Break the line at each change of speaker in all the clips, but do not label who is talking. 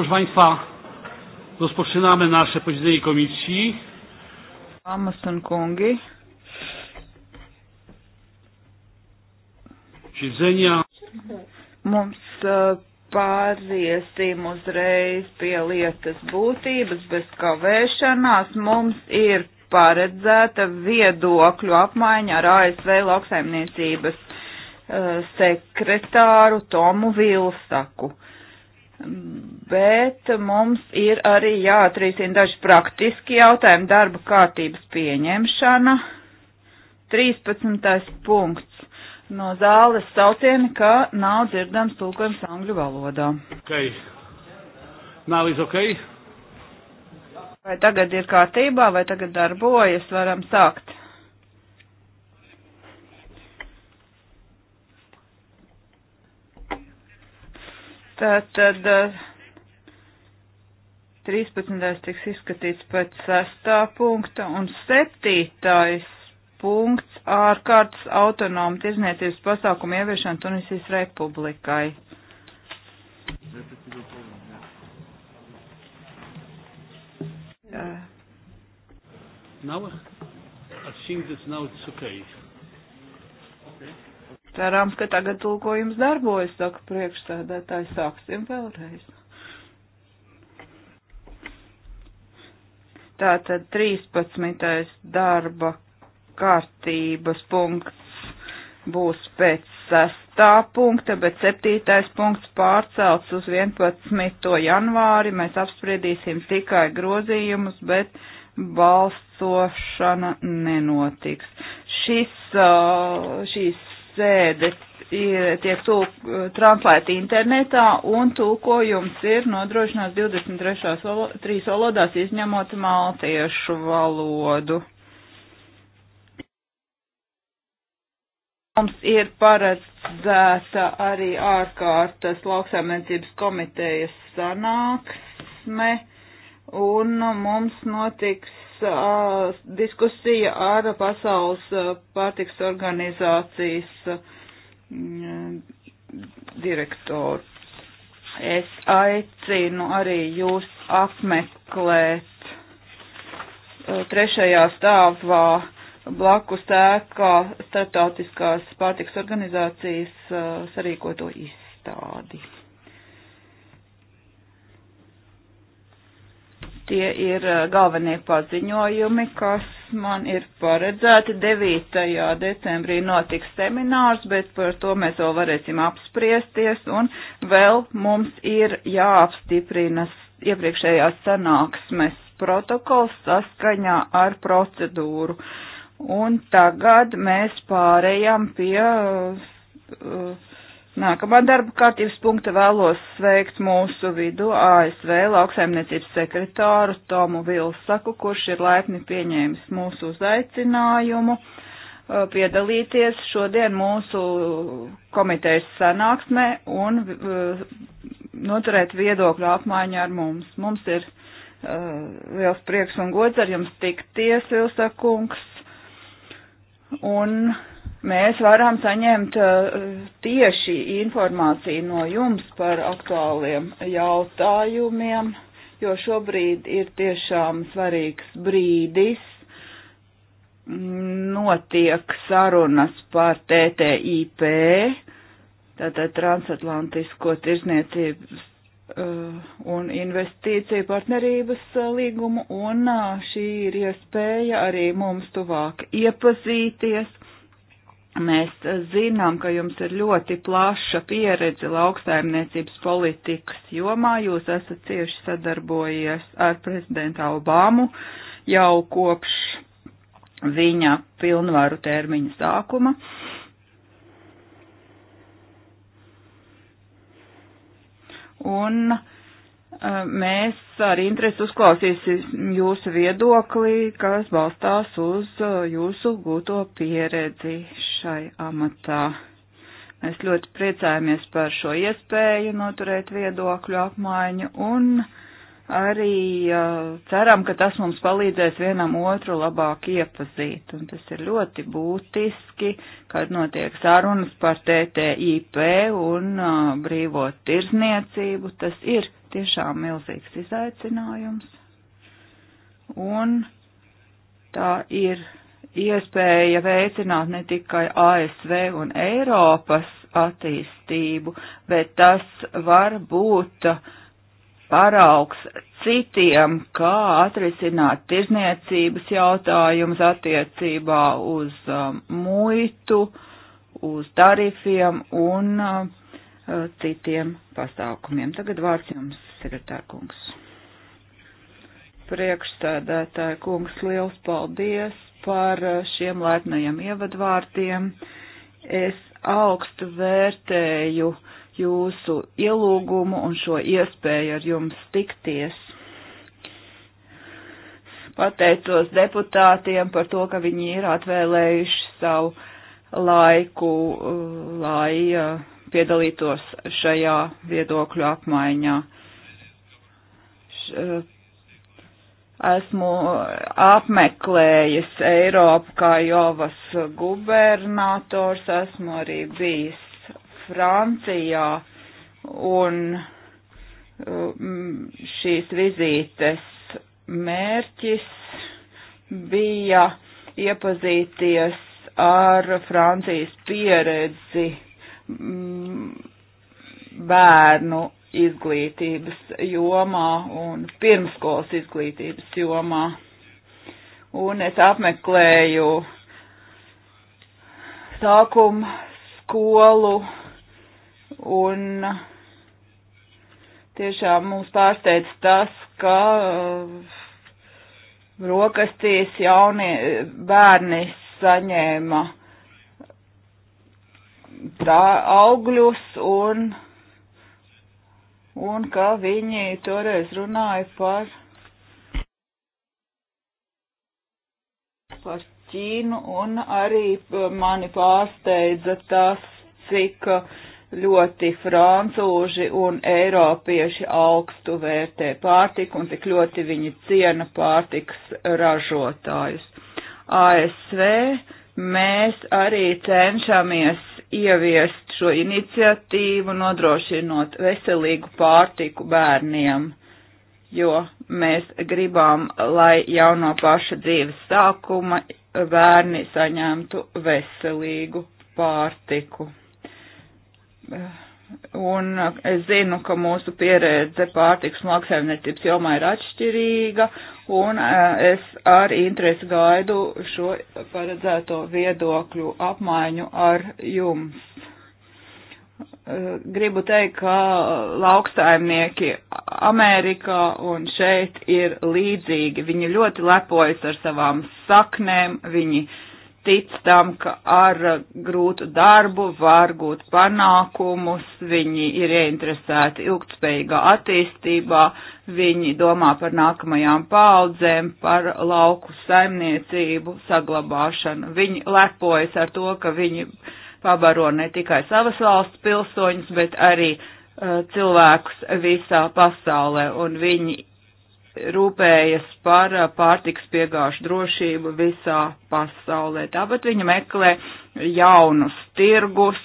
Proszę Państwa, rozpoczynamy nasze posiedzenie komisji.
Amazon Kongi.
Siedzenia. Mums
e, pāriesim uzreiz pie lietas būtības bez kavēšanās. Mums ir paredzēta viedokļu apmaiņa ar ASV lauksaimniecības uh, sekretāru Tomu Vilsaku. Um, bet mums ir arī jāatrisina daži praktiski jautājumi darba kārtības pieņemšana. 13. punkts. No zāles saucieni, ka nav dzirdams tulkojums angļu valodā.
Okay. Nav iz ok?
Vai tagad ir kārtībā, vai tagad darbojas, varam sākt? Tātad. Uh, 13. tiks izskatīts pēc 6. punkta un 7. punkts ārkārtas autonoma tirzniecības pasākumu ieviešana Tunisijas republikai.
Uh. Now, I think that now it's okay. okay.
Cerams, ka tagad tulkojums darbojas, saka priekšsēdētāji, sāksim vēlreiz. Tātad 13. darba kārtības punkts būs pēc 6. punkta, bet 7. punkts pārcelts uz 11. janvāri. Mēs apspriedīsim tikai grozījumus, bet balsošana nenotiks. Šis, uh, šīs sēde tiek tūk, translēta internetā un tūkojums ir nodrošināts 23 valo, valodās, izņemot maltiešu valodu. Mums ir paredzēta arī ārkārtas lauksaimniecības komitejas sanāksme, un mums notiks uh, diskusija ar Pasaules uh, pārtiks organizācijas uh, direktoru. Es aicinu arī jūs apmeklēt uh, trešajā stāvā blakus tēkā starptautiskās pārtiks organizācijas sarīkoto izstādi. Tie ir uh, galvenie paziņojumi, kas man ir paredzēti. 9. decembrī notiks seminārs, bet par to mēs vēl varēsim apspriesties, un vēl mums ir jāapstiprina iepriekšējās sanāksmes protokols saskaņā ar procedūru. Un tagad mēs pārējām pie uh, Nākamā darba kārtības punkta vēlos sveikt mūsu vidu ASV lauksaimniecības sekretāru Tomu Vilsaku, kurš ir laipni pieņēmis mūsu uzaicinājumu uh, piedalīties šodien mūsu komitejas sanāksmē un uh, noturēt viedokļu apmaiņu ar mums. Mums ir uh, liels prieks un gods ar jums tikties, Vilsakungs. Un mēs varam saņemt uh, tieši informāciju no jums par aktuāliem jautājumiem, jo šobrīd ir tiešām svarīgs brīdis. Notiek sarunas par TTIP, tātad transatlantisko tirzniecības uh, un investīciju partnerības uh, līgumu, un šī ir iespēja arī mums tuvāk iepazīties Mēs zinām, ka jums ir ļoti plaša pieredze lauksaimniecības politikas jomā. Jūs esat cieši sadarbojies ar prezidentu Obamu jau kopš viņa pilnvaru termiņa sākuma. Un uh, Eh, mēs ar interesi uzklausīsim jūsu viedoklī, kas balstās uz eh, jūsu gūto pieredzi šai amatā. Mēs ļoti priecājamies par šo iespēju noturēt viedokļu apmaiņu un arī eh, ceram, ka tas mums palīdzēs vienam otru labāk iepazīt. Un tas ir ļoti būtiski, kad notiek sarunas par TTIP un brīvo tirzniecību. Tas ir tiešām milzīgs izaicinājums. Un tā ir iespēja veicināt ne tikai ASV un Eiropas attīstību, bet tas var būt paraugs citiem, kā atrisināt tirzniecības jautājumus attiecībā uz um, muitu, uz tarifiem un um, Uh, citiem pasākumiem. Tagad vārds jums, sekretārkungs. Priekšsēdētāja kungs, liels paldies par uh, šiem laipnajiem ievadvārdiem. Es augstu vērtēju jūsu ielūgumu un šo iespēju ar jums tikties. Pateicos deputātiem par to, ka viņi ir atvēlējuši savu laiku, uh, lai uh, piedalītos šajā viedokļu apmaiņā. Š, eh, esmu apmeklējis Eiropu kā Jovas gubernators, esmu arī bijis Francijā un eh, šīs vizītes mērķis bija iepazīties ar Francijas pieredzi Mm, bērnu izglītības jomā un pirmskolas izglītības jomā. Un es apmeklēju sākumu skolu un tiešām mūs pārsteidz tas, ka uh, rokastīs jaunie bērni saņēma prā, augļus un, un ka viņi toreiz runāja par, par Ķīnu un arī mani pārsteidza tas, cik ļoti francūži un eiropieši augstu vērtē pārtiku un cik ļoti viņi ciena pārtikas ražotājus. ASV mēs arī cenšamies ieviest šo iniciatīvu, nodrošinot veselīgu pārtiku bērniem, jo mēs gribam, lai jau no paša dzīves sākuma bērni saņemtu veselīgu pārtiku. Uh Un es zinu, ka mūsu pieredze pārtiks lauksaimniecības jomā ir atšķirīga, un es ar interesi gaidu šo paredzēto viedokļu apmaiņu ar jums. Gribu teikt, ka lauksaimnieki Amerikā un šeit ir līdzīgi. Viņi ļoti lepojas ar savām saknēm, viņi uh, tic tam, ka ar grūtu darbu var gūt panākumus, viņi ir ieinteresēti ilgtspējīgā attīstībā, viņi domā par nākamajām paudzēm, par lauku saimniecību saglabāšanu. Viņi lepojas ar to, ka viņi pabaro ne tikai savas valsts pilsoņus, bet arī uh, cilvēkus visā pasaulē, un viņi rūpējas par uh, pārtiks piegāžu drošību visā pasaulē. Tāpat viņa meklē jaunus tirgus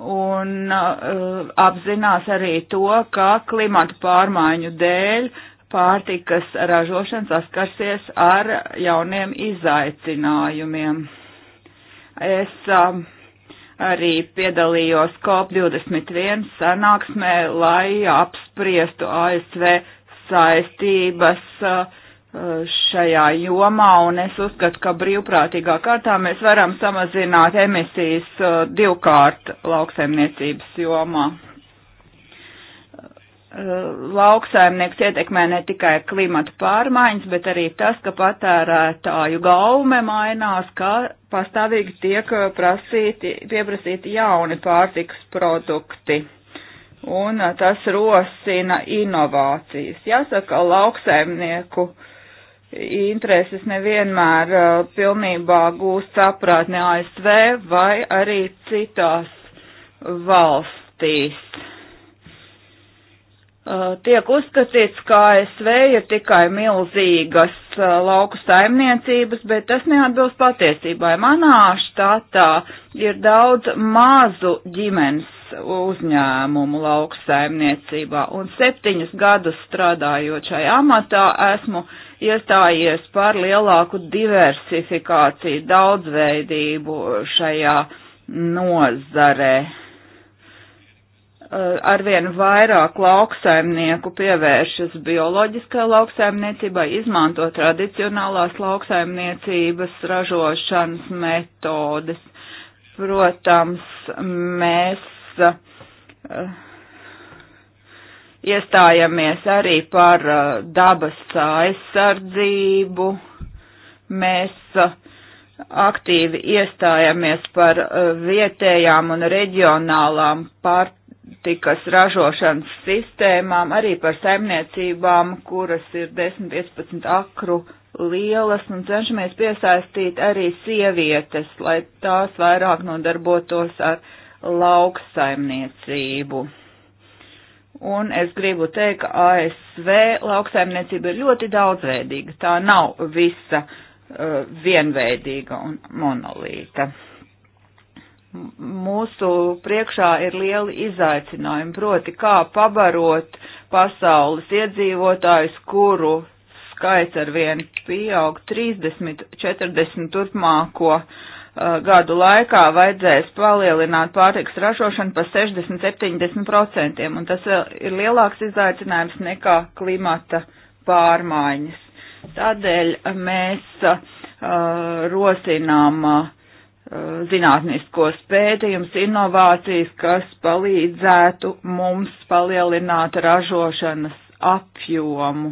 un uh, apzinās arī to, ka klimatu pārmaiņu dēļ pārtikas ražošana saskarsies ar jauniem izaicinājumiem. Es uh, arī piedalījos COP21 sanāksmē, lai apspriestu ASV saistības uh, šajā jomā, un es uzskatu, ka brīvprātīgā kārtā mēs varam samazināt emisijas uh, divkārt lauksaimniecības jomā. Uh, lauksaimnieks ietekmē ne tikai klimata pārmaiņas, bet arī tas, ka patērētāju gaume mainās, ka pastāvīgi tiek prasīti, pieprasīti jauni pārtikas produkti un tas rosina inovācijas. Jāsaka, lauksaimnieku intereses nevienmēr pilnībā gūst saprātni ASV vai arī citās valstīs. Tiek uzskatīts, ka ASV ir tikai milzīgas lauku saimniecības, bet tas neatbilst patiesībai. Manā štatā ir daudz mazu ģimenes uzņēmumu lauksaimniecībā. Un septiņus gadus strādājot šai amatā, esmu iestājies par lielāku diversifikāciju, daudzveidību šajā nozarē. Arvien vairāk lauksaimnieku pievēršas bioloģiskai lauksaimniecībai, izmanto tradicionālās lauksaimniecības ražošanas metodes protams, mēs Eh, iestājamies arī par eh, dabas aizsardzību. Mēs eh, aktīvi iestājamies par vietējām un reģionālām pārtikas ražošanas sistēmām, arī par saimniecībām, kuras ir 10-15 akru lielas, un cenšamies piesaistīt arī sievietes, lai tās vairāk nodarbotos ar lauksaimniecību. Un es gribu teikt, ka ASV lauksaimniecība ir ļoti daudzveidīga. Tā nav visa uh, vienveidīga un monolīta. Mūsu priekšā ir lieli izaicinājumi, proti kā pabarot pasaules iedzīvotājus, kuru skaits ar vienu pieaug 30, 40 turpmāko uh, Uh, gadu laikā vajadzēs palielināt pārtiks ražošanu pa 60-70%, un tas ir lielāks izaicinājums nekā klimata pārmaiņas. Tādēļ mēs uh, rosinām uh, zinātniskos pētījumus, inovācijas, kas palīdzētu mums palielināt ražošanas apjomu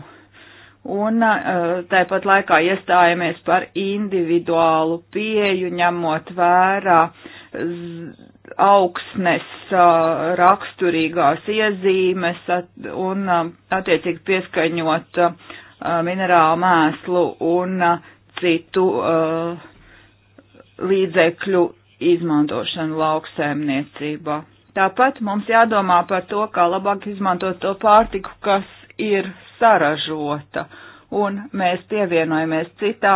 un eh, tāpat laikā iestājamies par individuālu pieju, ņemot vērā augsnes eh, raksturīgās iezīmes un eh, attiecīgi pieskaņot minerālu mēslu un citu līdzekļu izmantošanu lauksēmniecībā. Tāpat mums jādomā par to, kā labāk izmantot to pārtiku, kas ir saražota. Un mēs pievienojamies citā,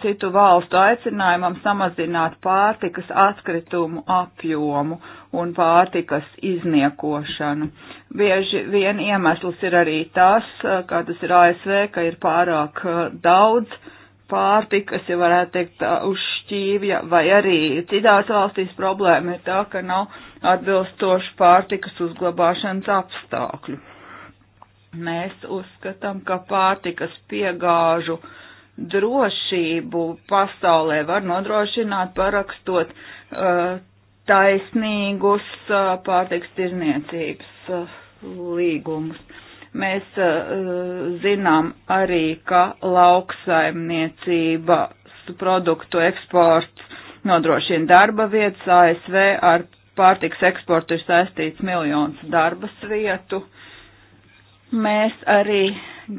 citu valstu aicinājumam samazināt pārtikas atkritumu apjomu un pārtikas izniekošanu. Bieži vien iemesls ir arī tas, kā tas ir ASV, ka ir pārāk uh, daudz pārtikas, ja varētu teikt, uzšķīvja, vai arī citās valstīs problēma ir tā, ka nav atbilstoši pārtikas uzglabāšanas apstākļu. Mēs uzskatām, ka pārtikas piegāžu drošību pasaulē var nodrošināt parakstot uh, taisnīgus uh, pārtiks tirzniecības uh, līgumus. Mēs uh, zinām arī, ka lauksaimniecības produktu eksports nodrošina darba vietas ASV ar pārtiks eksportu ir saistīts miljons darbas vietu. Uh, Mēs arī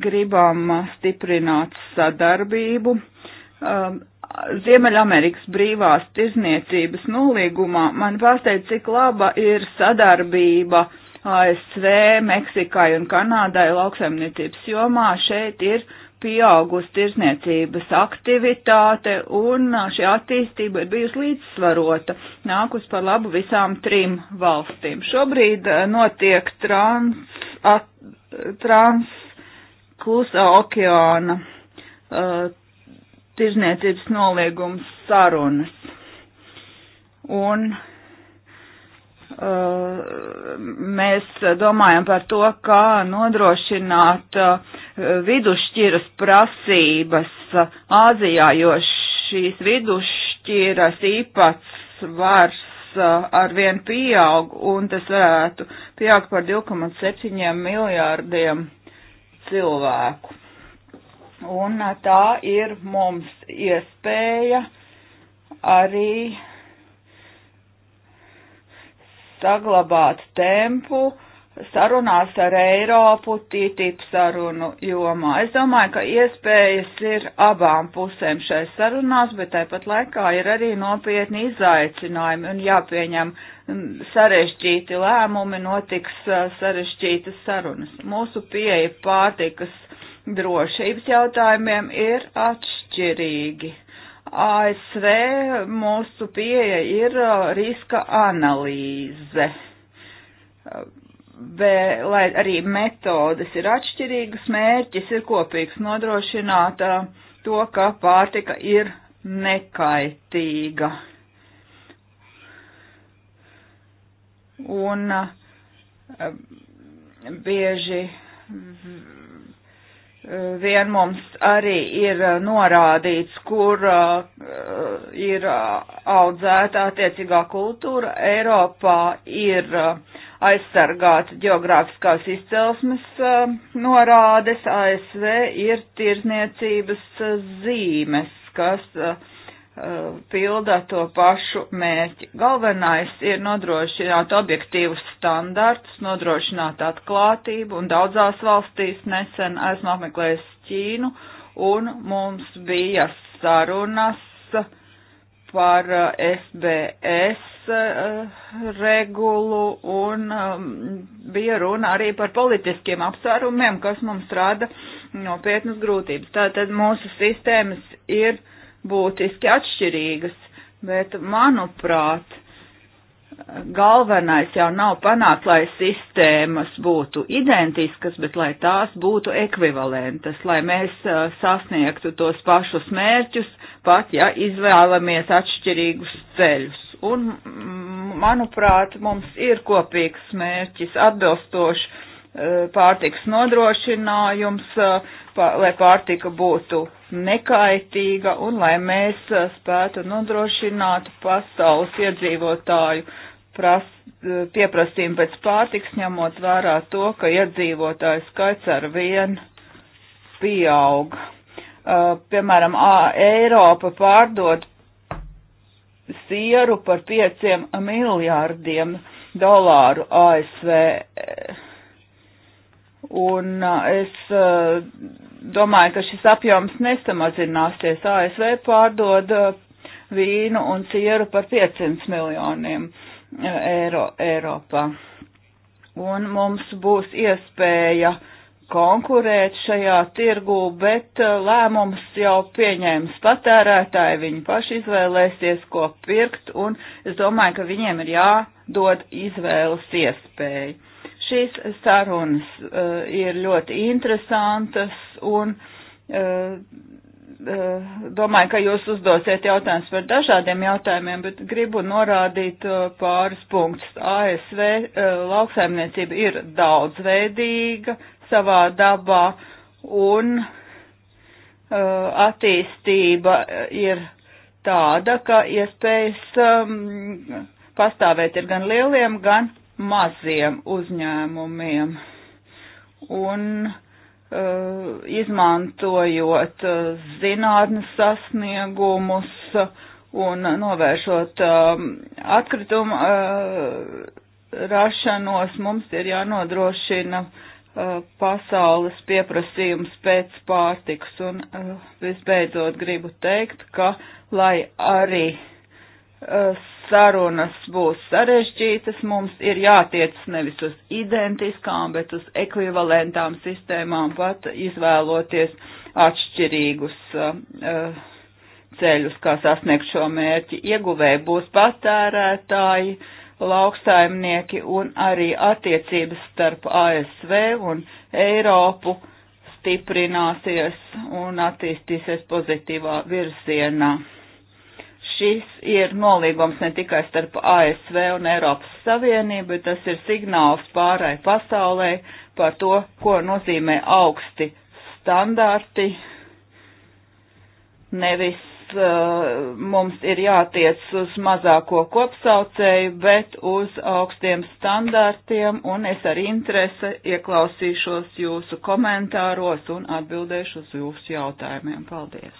gribam stiprināt sadarbību. Um, Ziemeļamerikas brīvās tirzniecības nolīgumā man pārsteidz, cik laba ir sadarbība ASV, Meksikai un Kanādai lauksaimniecības jomā. Šeit ir pieaugusi tirzniecības aktivitāte un šī attīstība ir bijusi līdzsvarota, nākus par labu visām trim valstīm. Šobrīd eh, notiek trans at, trans klusā okeāna uh, tirzniecības noliegums sarunas. Un uh, mēs domājam par to, kā nodrošināt uh, vidusšķiras prasības Āzijā, jo šīs vidusšķiras īpats vars ar vien pieaug, un tas varētu pieaugt par 2,7 miljārdiem cilvēku. Un tā ir mums iespēja arī saglabāt tempu, uh, sarunās ar Eiropu TTIP sarunu jomā. Es domāju, ka iespējas ir abām pusēm šai sarunās, bet tāpat laikā ir arī nopietni izaicinājumi un jāpieņem mm, sarežģīti lēmumi, notiks sarežģītas sarunas. Mūsu pieeja pārtikas drošības jautājumiem ir atšķirīgi. ASV mūsu pieeja ir riska analīze bet, lai arī metodes ir atšķirīgas, mērķis ir kopīgs nodrošināt uh, to, ka pārtika ir nekaitīga. Un uh, bieži vien mums arī ir norādīts, kur uh, ir audzēta attiecīgā kultūra. Eiropā ir uh, aizsargāt geogrāfiskās izcelsmes eh, norādes. ASV ir tirzniecības eh, zīmes, kas eh, pilda to pašu mērķi. Galvenais ir nodrošināt objektīvus standartus, nodrošināt atklātību, un daudzās valstīs nesen esmu apmeklējis Ķīnu, un mums bija sarunas uh, par SBS eh, eh, regulu un eh, bija runa arī par politiskiem apsvērumiem, kas mums rada nopietnas grūtības. Tātad mūsu sistēmas ir būtiski atšķirīgas, bet manuprāt, galvenais jau nav panākt, lai sistēmas būtu identiskas, bet lai tās būtu ekvivalentas, lai mēs sasniegtu tos pašus mērķus, pat, ja izvēlamies atšķirīgus ceļus. Un, manuprāt, mums ir kopīgs mērķis atbilstoši e, pārtiks nodrošinājums, e, lai pārtika būtu nekaitīga un lai mēs e, spētu nodrošināt pasaules iedzīvotāju pras, pieprasījumu pēc pārtiks, ņemot vērā to, ka iedzīvotāju skaits ar vien pieauga. Uh, piemēram, Eiropa pārdod sieru par pieciem miljārdiem dolāru ASV. Un uh, es uh, domāju, ka šis apjoms nesamazināsies. ASV pārdod vīnu un sieru par 500 miljoniem eiro Eiropā. Un mums būs iespēja uh, konkurēt šajā tirgū, bet uh, lēmums jau pieņēmis patērētāji, viņi paši izvēlēsies, ko pirkt, un es domāju, ka viņiem ir jādod izvēles iespēja. Šīs sarunas uh, ir ļoti interesantas, un uh, uh, domāju, ka jūs uzdosiet jautājumus par dažādiem jautājumiem, bet gribu norādīt uh, pāris punktus. ASV uh, lauksaimniecība ir daudzveidīga, savā dabā un uh, attīstība ir tāda, ka iespējas um, pastāvēt ir gan lieliem, gan maziem uzņēmumiem. Un uh, izmantojot uh, zinātnes sasniegumus un novēršot um, uh, atkritumu rašanos, mums ir jānodrošina uh, Eh, pasaules pieprasījums pēc pārtiks. Un eh, visbeidzot gribu teikt, ka lai arī eh, sarunas būs sarežģītas, mums ir jātiec nevis uz identiskām, bet uz ekvivalentām sistēmām, pat izvēloties atšķirīgus uh, ceļus, kā sasniegt šo mērķi. Ieguvēji būs patērētāji, uh, lauksaimnieki un arī attiecības starp ASV un Eiropu stiprināsies un attīstīsies pozitīvā virzienā. Šis ir nolīgums ne tikai starp ASV un Eiropas Savienību, bet tas ir signāls pārai pasaulē par to, ko nozīmē augsti standarti, nevis Tātad uh, mums ir jātiec uz mazāko kopsaucēju, bet uz augstiem standārtiem, un es ar interesi ieklausīšos jūsu komentāros un atbildēšu uz jūsu jautājumiem. Paldies!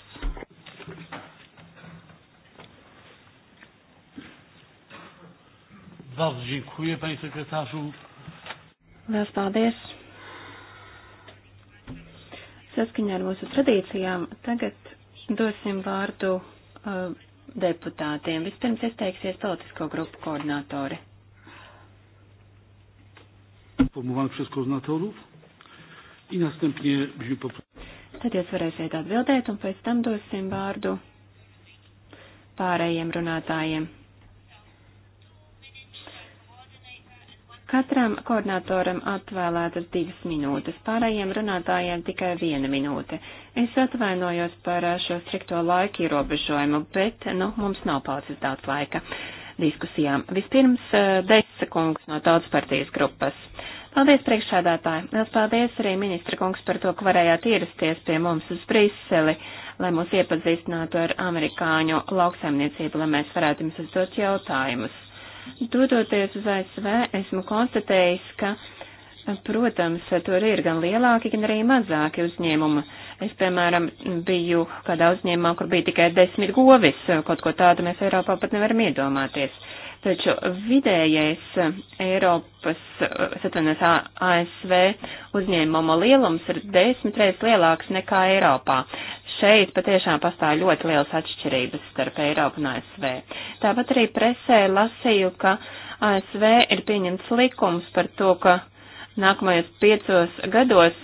Bardzo dziękuję, panie sekretarzu.
Lielas paldies! Saskaņā ar mūsu tradīcijām tagad dosim vārdu uh, deputātiem. Vispirms izteiksies politisko grupu koordinātori.
Formulējums przez koordinatorów i następnie brzmi poprawka.
Tad jūs varēsiet atbildēt un pēc tam dosim vārdu pārējiem runātājiem. Katram koordinatoram atvēlētas divas minūtes, pārējiem runātājiem tikai viena minūte. Es atvainojos par eh, šo strikto laika ierobežojumu, bet, nu, mums nav palicis daudz laika diskusijām. Vispirms eh, Deisa kungs no Tautas partijas grupas. Paldies priekšādātāji. Liels paldies arī ministra kungs par to, ka varējāt ierasties pie mums uz Briseli, lai mūs iepazīstinātu ar amerikāņu lauksaimniecību, lai mēs varētu jums uzdot jautājumus. Dodoties uz ASV, esmu konstatējis, ka, protams, tur ir gan lielāki, gan arī mazāki uzņēmumi. Es, piemēram, biju kādā uzņēmumā, kur bija tikai desmit govis, kaut ko tādu mēs Eiropā pat nevaram iedomāties. Taču vidējais Eiropas, satvenos, ASV uzņēmuma lielums ir desmit reizes lielāks nekā Eiropā šeit patiešām pastāv ļoti liels atšķirības starp Eiropu un ASV. Tāpat arī presē lasīju, ka ASV ir pieņemts likums par to, ka nākamajos piecos gados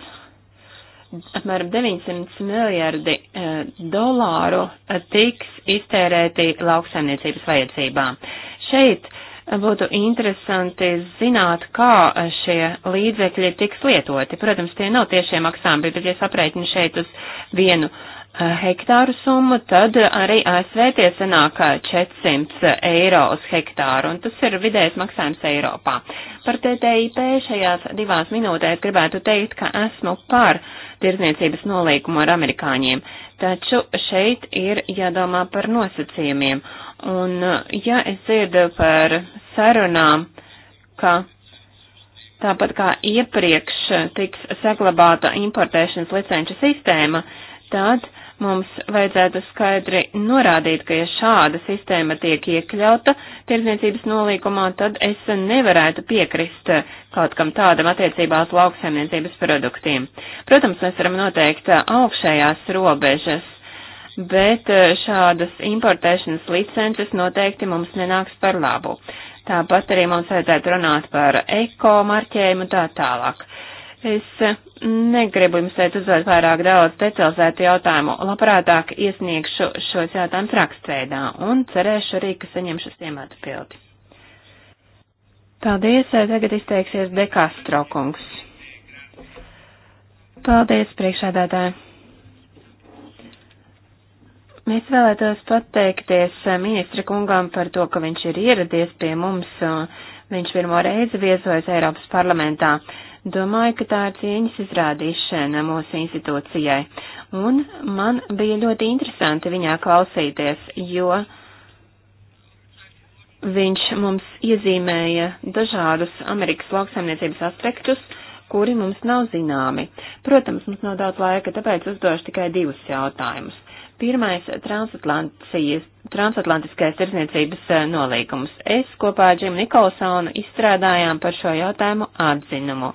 apmēram 900 miljardi e, dolāru tiks iztērēti lauksaimniecības vajadzībām. Šeit būtu interesanti zināt, kā šie līdzekļi tiks lietoti. Protams, tie nav tiešie maksājumi, bet, ja es aprēķinu šeit uz vienu Eh, hektāru summu, tad eh, arī ASV tie sanāk 400 eh, eiro uz hektāru, un tas ir vidējais maksājums Eiropā. Par TTIP šajās divās minūtēs gribētu teikt, ka esmu par tirzniecības nolīgumu ar amerikāņiem, taču šeit ir jādomā par nosacījumiem, un ja es dzirdu par sarunām, ka tāpat kā iepriekš tiks saglabāta importēšanas licenču sistēma, tad uh, Mums vajadzētu skaidri norādīt, ka ja šāda sistēma tiek iekļauta tirdzniecības nolīkumā, tad es nevarētu piekrist kaut kam tādam attiecībās lauksaimniecības produktiem. Protams, mēs varam noteikt augšējās robežas, bet šādas importēšanas licences noteikti mums nenāks par labu. Tāpat arī mums vajadzētu runāt par eko marķējumu un tā tālāk. Es negribu jums teikt uzdot vairāk daudz specializētu jautājumu, labprātāk iesniegšu šos jautājumus rakstveidā un cerēšu arī, ka saņemšu uz tiem atbildi. Paldies, tagad izteiksies Dekastro kungs. Paldies, priekšādātāji. Mēs vēlētos pateikties ministra kungam par to, ka viņš ir ieradies pie mums. Viņš pirmo reizi viesojas Eiropas parlamentā. Domāju, ka tā ir cieņas izrādīšana mūsu institūcijai. Un man bija ļoti interesanti viņā klausīties, jo viņš mums iezīmēja dažādus Amerikas lauksaimniecības aspektus, kuri mums nav zināmi. Protams, mums nav daudz laika, tāpēc uzdošu tikai divus jautājumus pirmais transatlantiskais tirsniecības eh, nolīgums. Es kopā ar Džimu Nikolsonu izstrādājām par šo jautājumu atzinumu.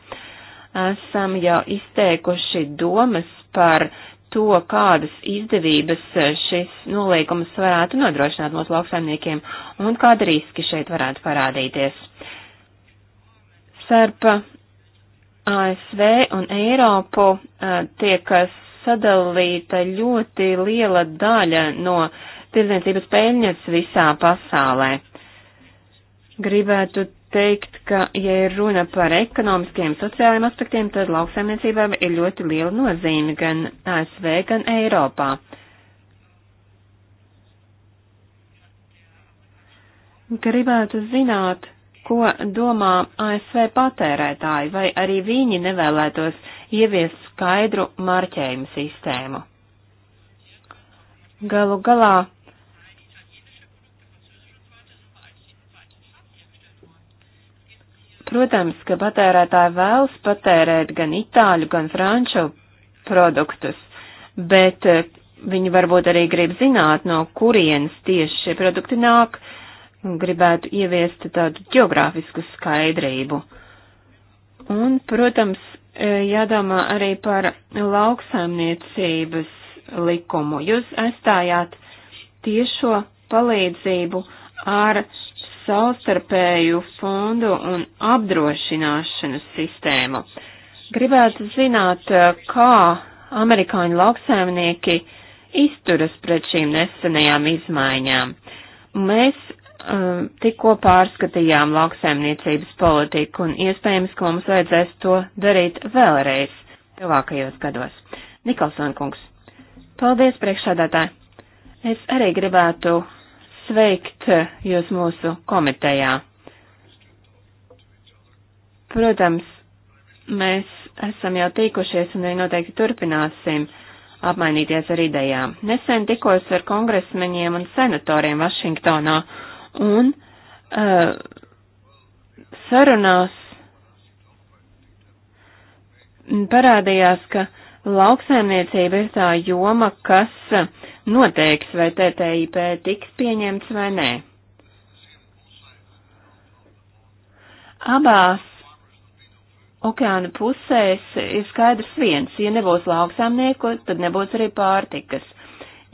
Esam jau izteikuši domas par to, kādas izdevības eh, šis nolīgums varētu nodrošināt mūsu lauksaimniekiem un kāda riski šeit varētu parādīties. Starp ASV un Eiropu eh, tiek sadalīta ļoti liela daļa no tirdzniecības peļņas visā pasaulē. Gribētu teikt, ka, ja ir runa par ekonomiskiem, sociālajiem aspektiem, tad lauksaimniecībām ir ļoti liela nozīme gan ASV, gan Eiropā. Gribētu zināt, ko domā ASV patērētāji, vai arī viņi nevēlētos ievies skaidru marķējumu sistēmu. Galu galā Protams, ka patērētāji vēlas patērēt gan itāļu, gan franču produktus, bet eh, viņi varbūt arī grib zināt, no kurienes tieši šie produkti nāk, gribētu ieviest tādu geogrāfisku skaidrību. Un, protams, E, jādomā arī par lauksaimniecības likumu. Jūs aizstājāt tiešo palīdzību ar savstarpēju fondu un apdrošināšanas sistēmu. Gribētu zināt, kā amerikāņu lauksaimnieki izturas pret šīm nesenajām izmaiņām. Mēs Uh, tikko pārskatījām lauksaimniecības politiku un iespējams, ka mums vajadzēs to darīt vēlreiz tuvākajos gados. Nikolson kungs, paldies priekšādātāji! Es arī gribētu sveikt jūs mūsu komitejā. Protams, mēs esam jau tīkušies un arī noteikti turpināsim apmainīties ar idejām. Nesen tikos ar kongresmeņiem un senatoriem Vašingtonā un uh, sarunās parādījās, ka lauksaimniecība ir tā joma, kas noteiks, vai TTIP tiks pieņemts vai nē. Abās okeāna pusēs ir skaidrs viens, ja nebūs lauksaimnieku, tad nebūs arī pārtikas.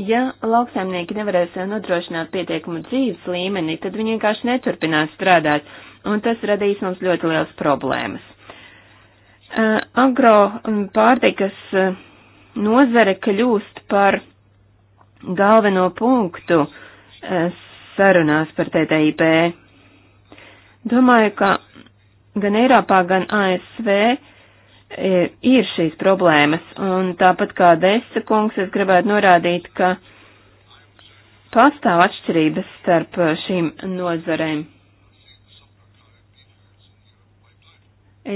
Ja lauksaimnieki nevarēs nodrošināt pietiekumu dzīves līmeni, tad viņi vienkārši neturpinās strādāt, un tas radīs mums ļoti liels problēmas. Uh, agro pārtikas uh, nozare kļūst par galveno punktu uh, sarunās par TTIP. Domāju, ka gan Eiropā, gan ASV E, ir šīs problēmas. Un tāpat kā Desa kungs, es gribētu norādīt, ka pastāv atšķirības starp šīm nozarēm.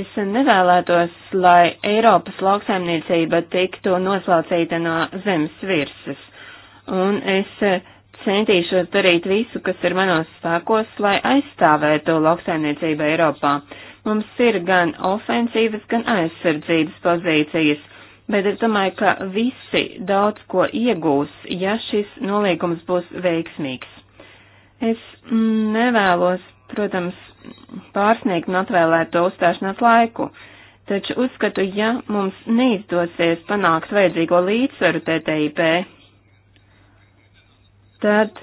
Es nevēlētos, lai Eiropas lauksaimniecība tiktu noslaucīta no zemes virsmas, un es centīšos darīt visu, kas ir manos spēkos, lai aizstāvētu lauksaimniecību Eiropā. Uh, Mums ir gan ofensīvas, gan aizsardzības pozīcijas, bet es domāju, ka visi daudz ko iegūs, ja šis nolīgums būs veiksmīgs. Es mm, nevēlos, protams, pārsniegt un atvēlēt to uzstāšanās laiku, taču uzskatu, ja mums neizdosies panākt vajadzīgo līdzsvaru TTIP, tad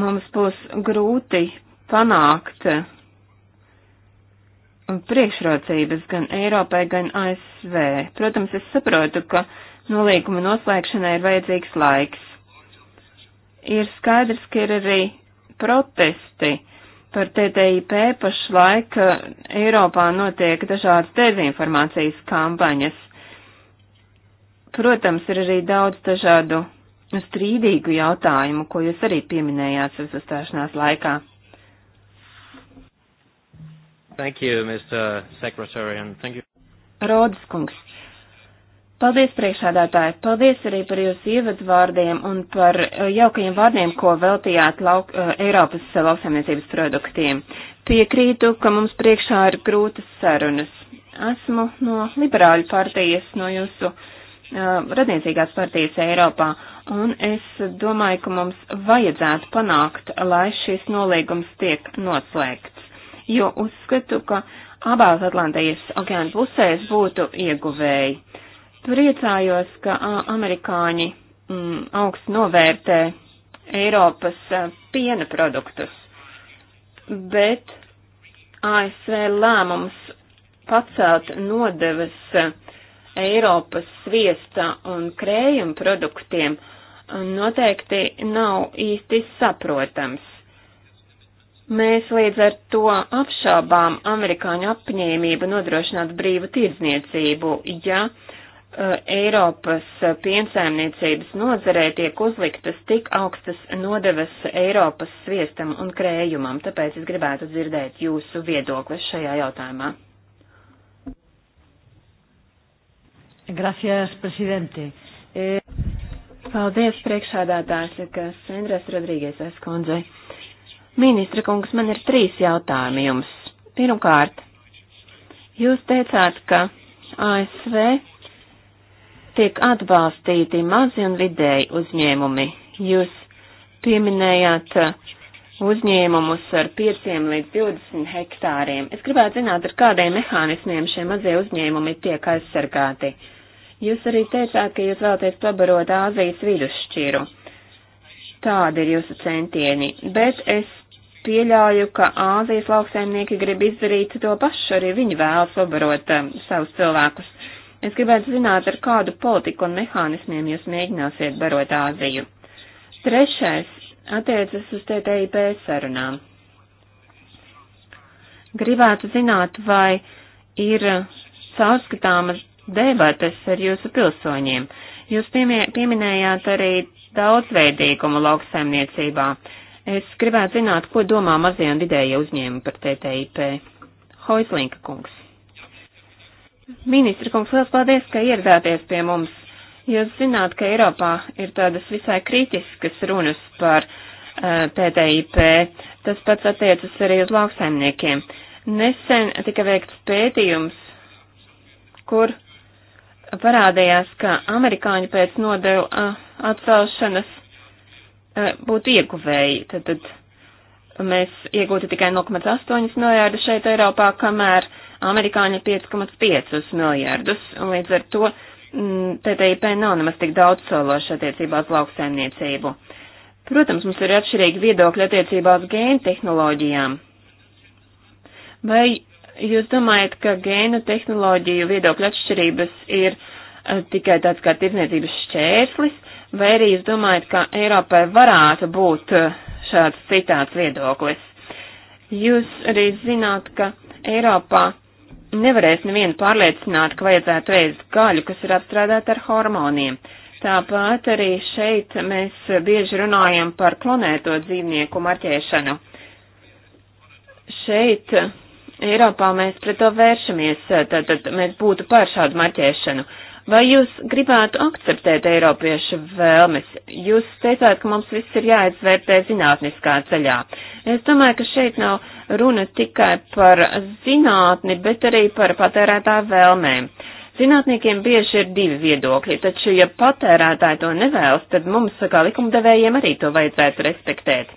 mums būs grūti panākt priekšrocības gan Eiropai, gan ASV. Protams, es saprotu, ka nolīguma noslēgšanai ir vajadzīgs laiks. Ir skaidrs, ka ir arī protesti par TTIP pašlaik eh, Eiropā notiek dažādas dezinformācijas kampaņas. Protams, ir arī daudz dažādu strīdīgu jautājumu, ko jūs arī pieminējāt savas uzstāšanās laikā.
Thank you, Mr. Secretary, and thank you.
Rodas kungs. Paldies, priekšādātāji. Paldies arī par jūsu ievadvārdiem un par eh, jaukajiem vārdiem, ko veltījāt lauk, eh, Eiropas lauksaimniecības produktiem. Piekrītu, ka mums priekšā ir grūtas sarunas. Esmu no liberāļu partijas, no jūsu eh, radniecīgās partijas Eiropā, un es domāju, ka mums vajadzētu panākt, lai šis nolīgums tiek noslēgts jo uzskatu, ka abās Atlantijas okeāna pusēs būtu ieguvēji. Priecājos, ka amerikāņi mm, augsts novērtē Eiropas piena produktus, bet ASV lēmums pacelt nodevas Eiropas sviesta un krējuma produktiem noteikti nav īsti saprotams. Mēs līdz ar to apšābām amerikāņu apņēmību nodrošināt brīvu tirdzniecību, ja uh, Eiropas piensaimniecības nozarē tiek uzliktas tik augstas nodevas Eiropas sviestam un krējumam, tāpēc es gribētu dzirdēt jūsu viedokli šajā jautājumā. Gracias, presidente. E... Paldies, priekšādātājs, ka Sendras Rodrīgēsais kundzei. Ministra kungs, man ir trīs jautājumi jums. Pirmkārt, jūs teicāt, ka ASV tiek atbalstīti mazi un vidēji uzņēmumi. Jūs pieminējāt uzņēmumus ar 5 līdz 20 hektāriem. Es gribētu zināt, ar kādiem mehānismiem šie mazie uzņēmumi tiek aizsargāti. Jūs arī teicāt, ka jūs vēlaties pabarot Āzijas vidusšķiru tādi ir jūsu centieni, bet es pieļauju, ka Āzijas lauksaimnieki grib izdarīt to pašu, arī viņi vēlas pabarot um, savus cilvēkus. Es gribētu zināt, ar kādu politiku un mehānismiem jūs mēģināsiet barot Āziju. Trešais attiecas uz TTIP sarunām. Gribētu zināt, vai ir caurskatāmas debates ar jūsu pilsoņiem. Jūs piemie, pieminējāt arī daudzveidīgumu lauksaimniecībā. Uh, Es gribētu zināt, ko domā mazie un vidējie uzņēmumi par TTIP. Hoislinka kungs. Ministra kungs, liels paldies, ka ieradāties pie mums. Jūs zināt, ka Eiropā ir tādas visai kritiskas runas par uh, eh, TTIP. Tas pats attiecas arī uz lauksaimniekiem. Nesen tika veikts pētījums, kur parādījās, ka amerikāņi pēc nodeļu uh, eh, atcelšanas Eh, būtu ieguvēji. Tad, tad mēs iegūtu tikai 0,8 miljārdus šeit Eiropā, kamēr amerikāņi 5,5 miljārdus. Un līdz ar to mm, TTIP nav nemaz tik daudz sološa attiecībā uz lauksaimniecību. Protams, mums ir atšķirīgi viedokļi attiecībā uz gēnu tehnoloģijām. Vai jūs domājat, ka gēnu tehnoloģiju viedokļu atšķirības ir Eh, tikai tāds kā tirdzniecības šķērslis, vai arī jūs domājat, ka Eiropai varētu būt eh, šāds citāds viedoklis? Jūs arī zināt, ka Eiropā nevarēs nevienu pārliecināt, ka vajadzētu ēst gaļu, kas ir apstrādāta ar hormoniem. Tāpat arī šeit mēs bieži runājam par klonēto dzīvnieku marķēšanu. Šeit eh, Eiropā mēs pret to vēršamies, tad, tad mēs būtu par šādu marķēšanu. Uh, Vai jūs gribētu akceptēt Eiropiešu vēlmes? Jūs teicāt, ka mums viss ir jāizvērtē zinātniskā ceļā. Es domāju, ka šeit nav runa tikai par zinātni, bet arī par patērētā vēlmēm. Zinātniekiem bieži ir divi viedokļi, taču, ja patērētāji to nevēlas, tad mums, kā likumdevējiem, arī to vajadzētu respektēt.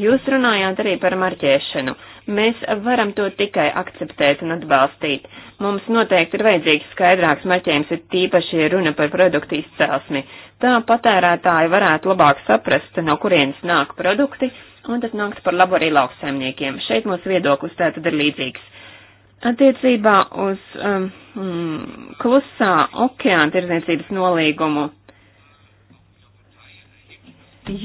Jūs runājāt arī par marķēšanu. Mēs varam to tikai akceptēt un atbalstīt. Mums noteikti ir vajadzīgs skaidrāks marķējums, ir tīpaši runa par produktu izcelsmi. Tā patērētāji varētu labāk saprast, no kurienes nāk produkti, un tas nāks par labu arī lauksaimniekiem. Šeit mūsu viedoklis tātad ir līdzīgs. Attiecībā uz um, mm, klusā okeāna tirdzniecības nolīgumu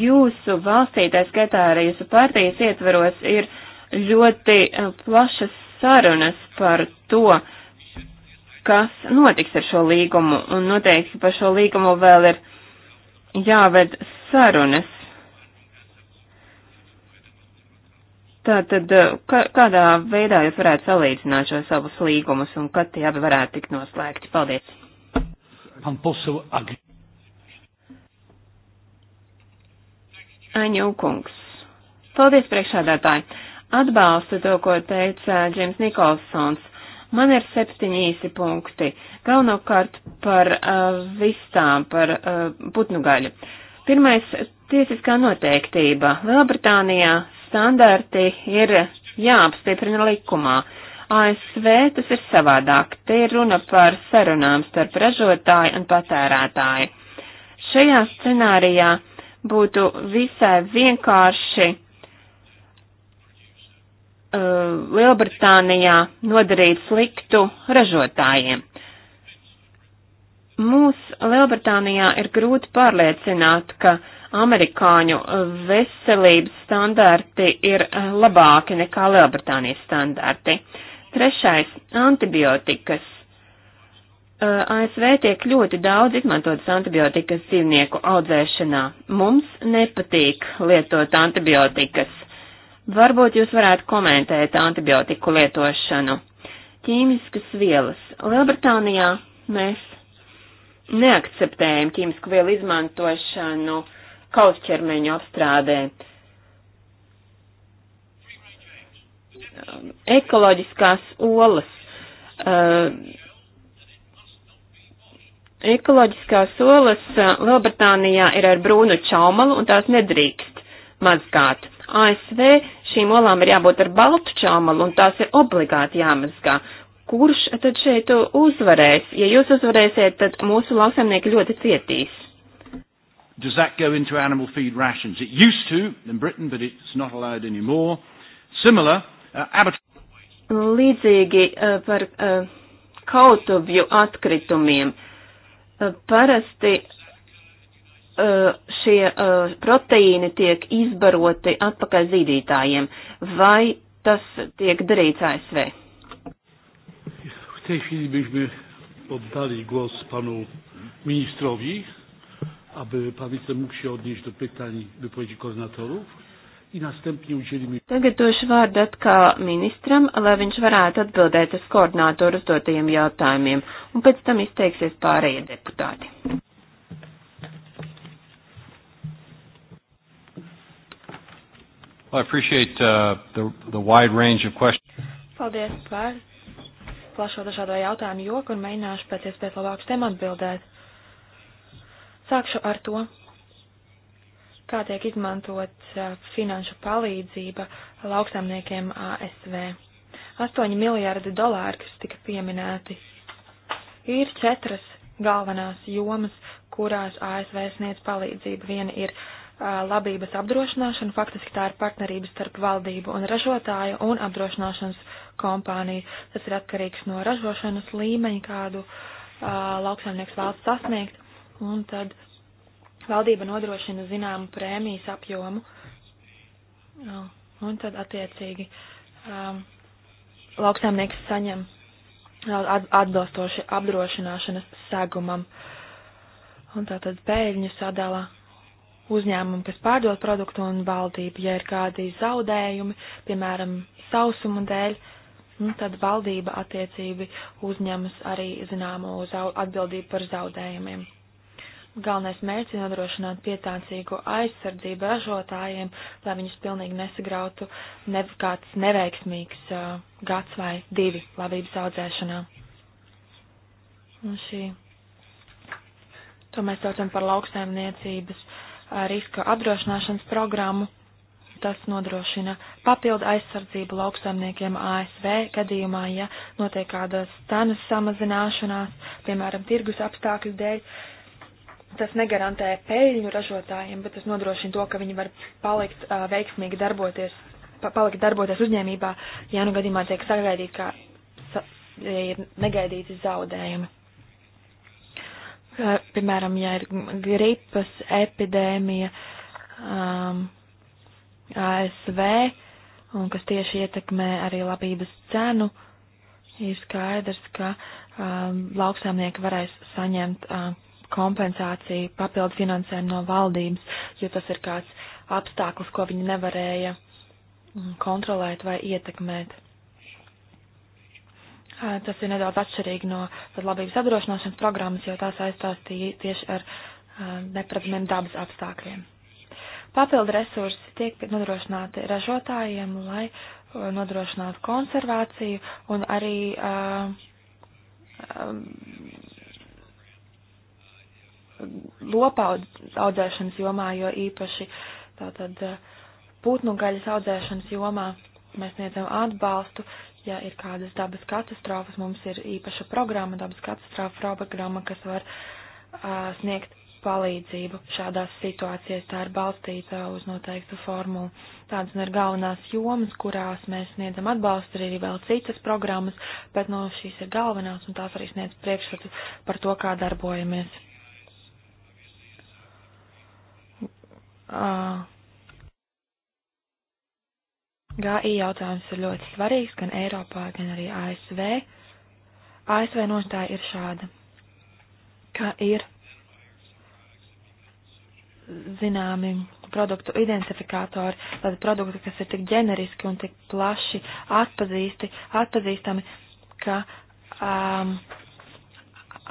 jūsu valstī, tā skaitā arī jūsu partijas ietveros, ir ļoti uh, plašas sarunas par to, kas notiks ar šo līgumu, un noteikti par šo līgumu vēl ir jāved sarunas. Tātad, kā, kādā veidā jūs varētu salīdzināt šos abus līgumus un kad tie abi varētu tikt noslēgti? Paldies! Aņu kungs. Paldies priekšādātāji. Atbalstu to, ko teica Džims Nikolsons. Man ir septiņi īsi punkti, galvenokārt par uh, vistām, par uh, putnu gaļu. Pirmais - tiesiskā noteiktība. Lielbritānijā standarti ir jāapstiprina likumā. ASV tas ir savādāk. Te ir runa par sarunām starp ražotāju un patērētāju. Šajā scenārijā būtu visai vienkārši Uh, Lielbritānijā nodarīt sliktu ražotājiem. Mūs Lielbritānijā ir grūti pārliecināt, ka amerikāņu veselības standarti ir labāki nekā Lielbritānijas standarti. Trešais - antibiotikas. Uh, ASV tiek ļoti daudz izmantotas antibiotikas dzīvnieku audzēšanā. Mums nepatīk lietot antibiotikas Varbūt jūs varētu komentēt antibiotiku lietošanu. Ķīmiskas vielas. Lielbritānijā mēs neakceptējam ķīmisku vielu izmantošanu kausķermeņu apstrādē. Um, ekoloģiskās olas. Uh, ekoloģiskās olas uh, Lielbritānijā ir ar brūnu čaumalu un tās nedrīkst mazgāt. ASV šīm olām ir jābūt ar baltu čāmalu un tās ir obligāti jāmazgā. Kurš tad šeit uzvarēs? Ja jūs uzvarēsiet, tad mūsu lauksaimnieki ļoti cietīs.
Does that go into animal feed rations? It used to in Britain, but it's not allowed anymore. Similar, uh, abattoir
waste. Līdzīgi uh, par uh, kautuvju atkritumiem. Uh, parasti Eh, šie eh, proteīni tiek izbaroti atpakaļ zīdītājiem, vai tas tiek darīts ASV?
W tej chwili byśmy oddali głos panu ministrowi, aby pan minister mógł się odnieść do pytań wypowiedzi koordynatorów.
Tagad došu vārdu atkal ministram, lai viņš varētu atbildēt uz koordinātoru uzdotajiem jautājumiem, un pēc tam izteiksies pārējie
deputāti.
Well, I appreciate uh, the, the wide range of questions.
Paldies par plašo dažādo jautājumu joku un mēģināšu pēc iespējas labāk uz tiem atbildēt. Sākšu ar to, kā tiek izmantot uh, finanšu palīdzība lauksaimniekiem ASV. 8 miljārdi dolāri, kas tika pieminēti, ir četras galvenās jomas, kurās ASV sniedz palīdzību. Viena ir labības apdrošināšanu. Faktiski tā ir partnerības starp valdību un ražotāju un apdrošināšanas kompāniju. Tas ir atkarīgs no ražošanas līmeņa, kādu lauksaimnieks vēlas sasniegt, un tad valdība nodrošina zināmu prēmijas apjomu, un tad attiecīgi lauksaimnieks saņem atbilstoši apdrošināšanas segumam. Un tātad pēļņu sadalā uzņēmumu, kas pārdod produktu un valdību, ja ir kādi zaudējumi, piemēram, sausuma dēļ, nu, tad valdība attiecīgi uzņemas arī zināmo atbildību par zaudējumiem. Galvenais mērķis ir nodrošināt pietācīgu aizsardzību ražotājiem, lai viņus pilnīgi nesagrautu ne, kāds neveiksmīgs uh, gads vai divi labības audzēšanā. Un šī. To mēs saucam par lauksaimniecības uh, riska apdrošināšanas programmu. Tas nodrošina papildu aizsardzību lauksaimniekiem ASV gadījumā, ja notiek kādas cenas samazināšanās, piemēram, tirgus apstākļu dēļ. Tas negarantē peļņu ražotājiem, bet tas nodrošina to, ka viņi var palikt uh, veiksmīgi darboties, pa, palikt darboties uzņēmībā, ja nu gadījumā tiek sagaidīt, ka sa, ir negaidīti zaudējumi piemēram, ja ir gripas epidēmija um, ASV, un kas tieši ietekmē arī labības cenu, ir skaidrs, ka um, lauksāmnieki varēs saņemt um, kompensāciju papildu finansējumu no valdības, jo tas ir kāds apstākļus, ko viņi nevarēja mm, kontrolēt vai ietekmēt. Tas ir nedaudz atšķirīgi no labības apdrošināšanas programmas, jo tās aizstās tieši ar neparedzamiem dabas apstākļiem. Papildu resursi tiek nodrošināti ražotājiem, lai nodrošinātu konservāciju un arī uh, lopaudu audzēšanas jomā, jo īpaši tātad putnu gaļas audzēšanas jomā mēs sniedzam atbalstu, ja ir kādas dabas katastrofas, mums ir īpaša programma, dabas katastrofa programma, kas var uh, sniegt palīdzību šādās situācijās. Tā ir balstīta uz noteiktu formulu. Tādas nu ir galvenās jomas, kurās mēs sniedzam atbalstu, ir arī vēl citas programmas, bet no nu, šīs ir galvenās un tās arī sniedz priekšstatu par to, kā darbojamies. Uh, GI jautājums ir ļoti svarīgs gan Eiropā, gan arī ASV. ASV nostāja ir šāda, ka ir zināmi produktu identifikātori, tādi produkti, kas ir tik ģeneriski un tik plaši atpazīsti, atpazīstami, ka um,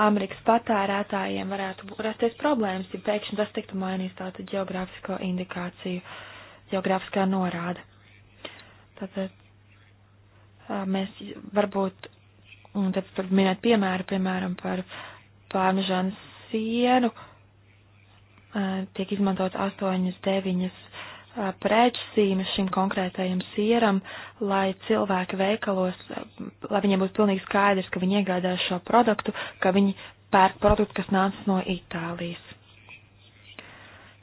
Amerikas patērētājiem varētu rasties problēmas, ja pēkšņi tas tiktu mainīts tātad geogrāfisko indikāciju, geogrāfiskā norāda. Tātad mēs varbūt, un tad var minēt piemēru, piemēram, par pārmežānu sienu, tiek izmantot 8, 9 prēķsīmes šim konkrētajam sieram, lai cilvēki veikalos, lai viņiem būtu pilnīgi skaidrs, ka viņi iegādās šo produktu, ka viņi pērk produktu, kas nācis no Itālijas.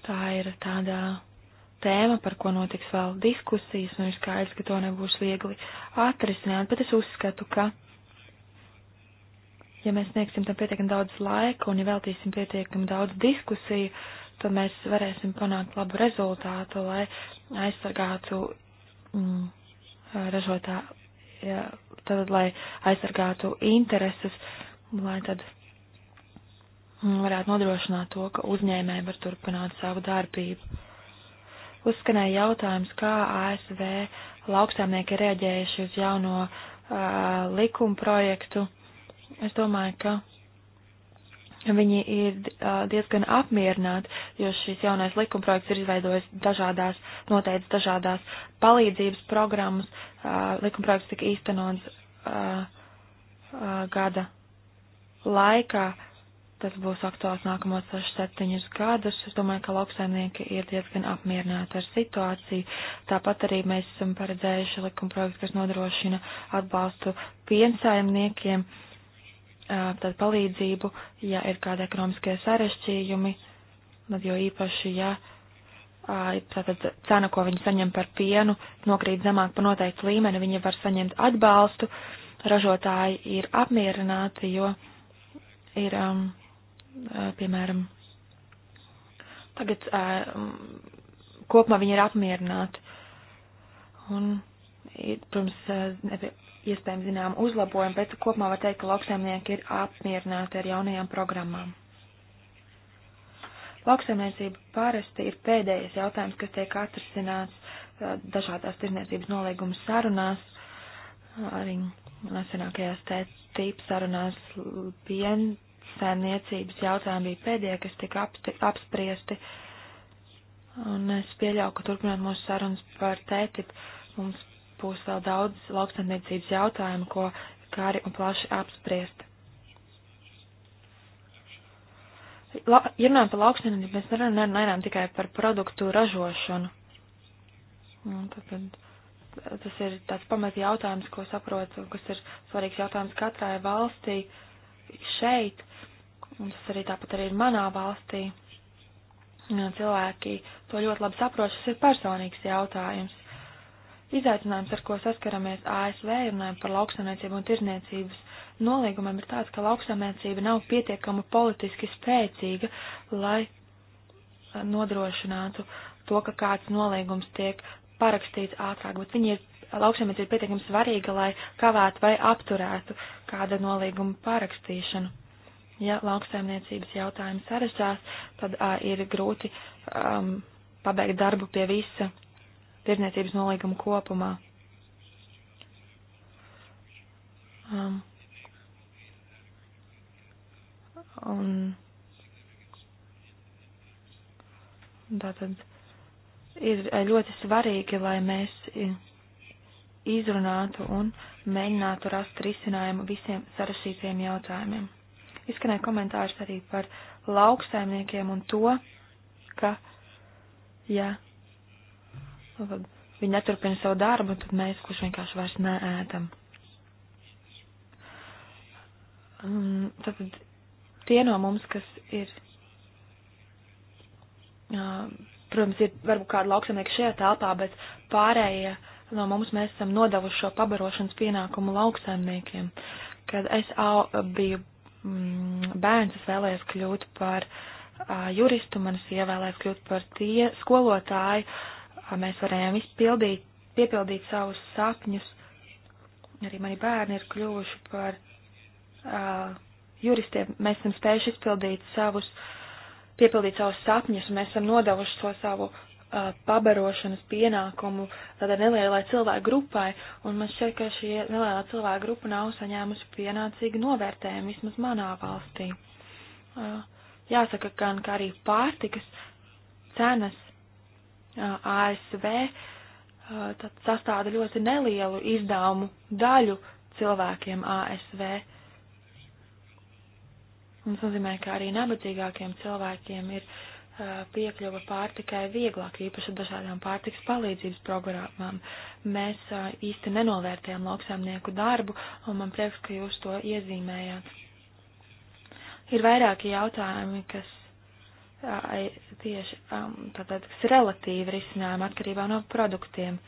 Tā ir tādā tēma, par ko notiks vēl diskusijas, un ir skaidrs, ka to nebūs viegli atrisināt, bet es uzskatu, ka, ja mēs sniegsim tam pietiekami daudz laika un ja veltīsim pietiekami daudz diskusiju, tad mēs varēsim panākt labu rezultātu, lai aizsargātu mm, ražotā, ja, tad, lai aizsargātu intereses, lai tad mm, varētu nodrošināt to, ka uzņēmēji var turpināt savu darbību. Uzskanēja jautājums, kā ASV lauksāmnieki reaģējuši uz jauno uh, likuma projektu. Es domāju, ka viņi ir uh, diezgan apmierināti, jo šis jaunais likuma projekts ir izveidojis dažādās, noteicis dažādās palīdzības programmas. Uh, likuma projekts tika īstenots uh, uh, gada laikā. Uh, Tas būs aktuāls nākamos 6-7 gadus. Es domāju, ka lauksaimnieki ir diezgan apmierināti ar situāciju. Tāpat arī mēs esam paredzējuši likumprojektu, kas nodrošina atbalstu piensaimniekiem, tad palīdzību, ja ir kādi ekonomiskie sarešķījumi, tad jo īpaši, ja tātad cena, ko viņi saņem par pienu, nokrīt zemāk par noteiktu līmeni, viņi var saņemt atbalstu. Ražotāji ir apmierināti, jo ir um, piemēram, tagad kopumā viņi ir apmierināti. Un, protams, iespējams zinām uzlabojumi, bet kopumā var teikt, ka lauksaimnieki ir apmierināti ar jaunajām programmām. Lauksaimniecība parasti ir pēdējais jautājums, kas tiek atrasināts dažādās tirniecības nolīgumu sarunās, arī nesenākajās tētību sarunās pien saimniecības jautājumi bija pēdējie, kas tika apsti, apspriesti. Un es pieļauju, ka turpinot mūsu sarunas par tētip, mums būs vēl daudz lauksaimniecības jautājumu, ko gari un plaši apspriest. La, ja runājam par lauksaimniecību, mēs nerunājam ner, ner, tikai par produktu ražošanu. Un tātad tas ir tāds pamat jautājums, ko saprotu, kas ir svarīgs jautājums katrai valstī šeit, un tas arī tāpat arī ir manā valstī, cilvēki to ļoti labi saprot, šis ir personīgs jautājums. Izaicinājums, ar ko saskaramies ASV, runājot par lauksaimniecību un tirzniecības nolīgumiem, ir tāds, ka lauksaimniecība nav pietiekama politiski spēcīga, lai eh, nodrošinātu to, ka kāds nolīgums tiek parakstīts ātrāk, bet viņi ir lauksaimniecība pietiekami svarīga, lai kavētu vai apturētu kāda nolīguma parakstīšanu. Ja lauksaimniecības jautājums sarežģās, tad uh, ir grūti um, pabeigt darbu pie visa tirdzniecības nolīguma kopumā. Um, un tātad ir ļoti svarīgi, lai mēs izrunātu un mēģinātu rast risinājumu visiem sarešķītiem jautājumiem. Izskanēja komentārs arī par lauksaimniekiem un to, ka, ja viņi neturpina savu darbu, tad mēs kurš vienkārši vairs neēdam. Mm, tad tie no mums, kas ir, protams, ir varbūt kādi lauksaimnieki šajā telpā, bet pārējie no mums mēs esam nodevuši šo pabarošanas pienākumu lauksaimniekiem. Kad es au, biju Mm, bērns, es vēlējos kļūt par juristu, man es ievēlējos kļūt par tie skolotāju, mēs varējām izpildīt, piepildīt savus sapņus. Arī mani bērni ir kļuvuši par uh, juristiem, mēs esam spējuši izpildīt savus, piepildīt savus sapņus, un mēs esam nodevuši to savu Uh, pabarošanas pienākumu tādai nelielai cilvēku grupai, un man šķiet, ka šī nelielā cilvēku grupa nav saņēmusi pienācīgu novērtējumu, vismaz manā valstī. Uh, jāsaka, gan ka arī pārtikas cenas uh, ASV tad sastāda ļoti nelielu izdevumu daļu cilvēkiem ASV. Un tas nozīmē, ka arī nabadzīgākiem cilvēkiem ir uh, piekļuva pārtikai vieglāk, īpaši dažādām pārtiks palīdzības programmām. Mēs īsti nenovērtējam lauksaimnieku darbu, un man prieks, ka jūs to iezīmējāt. Ir vairāki jautājumi, kas tieši tātad, kas relatīvi risinājumi atkarībā no produktiem,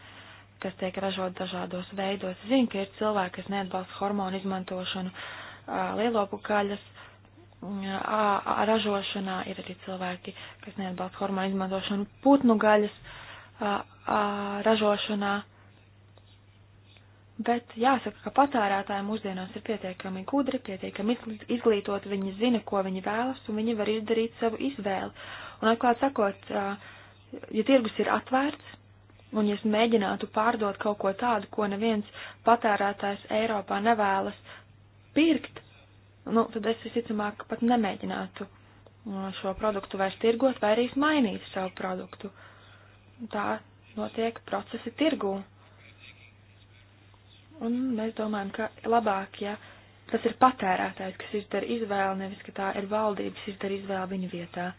kas tiek ražot dažādos veidos. Zinu, ka ir cilvēki, kas neatbalsta hormonu izmantošanu lielopu gaļas ražošanā ir arī cilvēki, kas neatbalsta hormonu izmantošanu putnu gaļas ražošanā. Bet jāsaka, ka patērētāji mūsdienās ir pietiekami gudri, pietiekami izglītoti, viņi zina, ko viņi vēlas, un viņi var izdarīt savu izvēli. Un atklāt sakot, ja tirgus ir atvērts, un ja es mēģinātu pārdot kaut ko tādu, ko neviens patērētājs Eiropā nevēlas pirkt, nu, tad es visticamāk pat nemēģinātu uh, šo produktu vairs tirgot, vai arī mainīt savu produktu. Tā notiek procesi tirgū. Un mēs domājam, ka labāk, ja tas ir patērētājs, kas izdara izvēli, nevis, ka tā ir valdības izdara izvēli viņa vietā.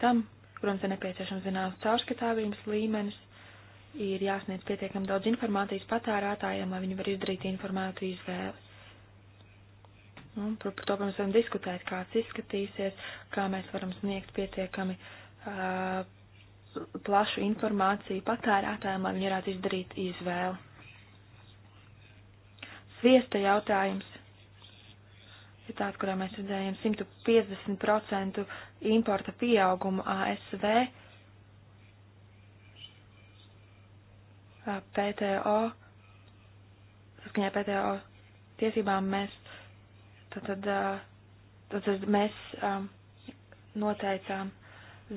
Tam, protams, ir nepieciešams zināms caurskatāvības līmenis, ir jāsniedz pietiekam daudz informācijas patērētājiem, lai viņi var izdarīt informētu izvēli Nu, un par, par to, protams, varam diskutēt, kāds izskatīsies, kā mēs varam sniegt pietiekami uh, plašu informāciju patērētājiem, lai viņi varētu izdarīt izvēli. Sviesta jautājums ir tāds, kurā mēs redzējām 150% importa pieaugumu ASV. PTO, saskaņā PTO tiesībām mēs Tātad, tātad eh, mēs eh, noteicām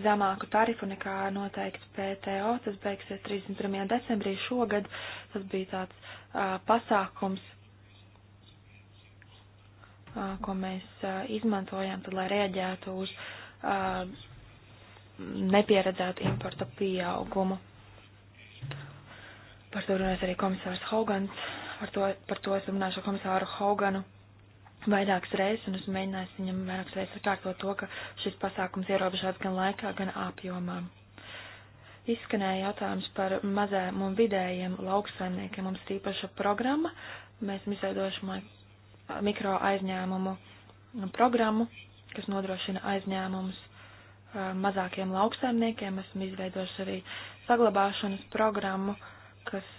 zemāku tarifu nekā noteikts PTO. Tas beigsies 31. decembrī šogad. Tas bija tāds eh, pasākums, ko mēs izmantojam, tad, lai reaģētu uz nepieredzētu importa pieaugumu. Par to runās arī komisārs Hogans. Par to, par to es runāšu komisāru Hoganu vairākas reizes, un esmu mēģinājis viņam vairākas reizes atkārtot to, ka šis pasākums ierobežots gan laikā, gan apjomā. Izskanēja jautājums par mazajiem un vidējiem lauksaimniekiem. Mums ir īpaša programma. Mēs esam izveidojuši mikro aizņēmumu programmu, kas nodrošina aizņēmumus mazākiem lauksaimniekiem. Esam izveidojuši arī saglabāšanas programmu, kas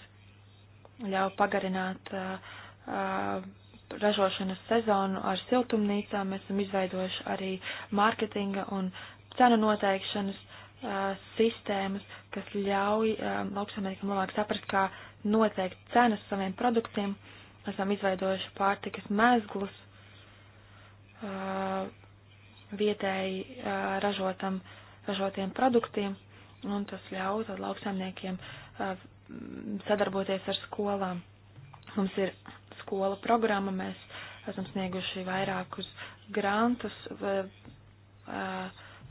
ļauj pagarināt uh, uh, ražošanas sezonu ar siltumnīcām. Mēs esam izveidojuši arī mārketinga un cenu noteikšanas uh, sistēmas, kas ļauj um, lauksamniekam labāk saprast, kā noteikt cenas saviem produktiem. Esam izveidojuši pārtikas mezglus uh, vietēji uh, ražotam, ražotiem produktiem, un tas ļauj lauksamniekiem uh, sadarboties ar skolām. Mums ir skola programma. Mēs esam snieguši vairākus grantus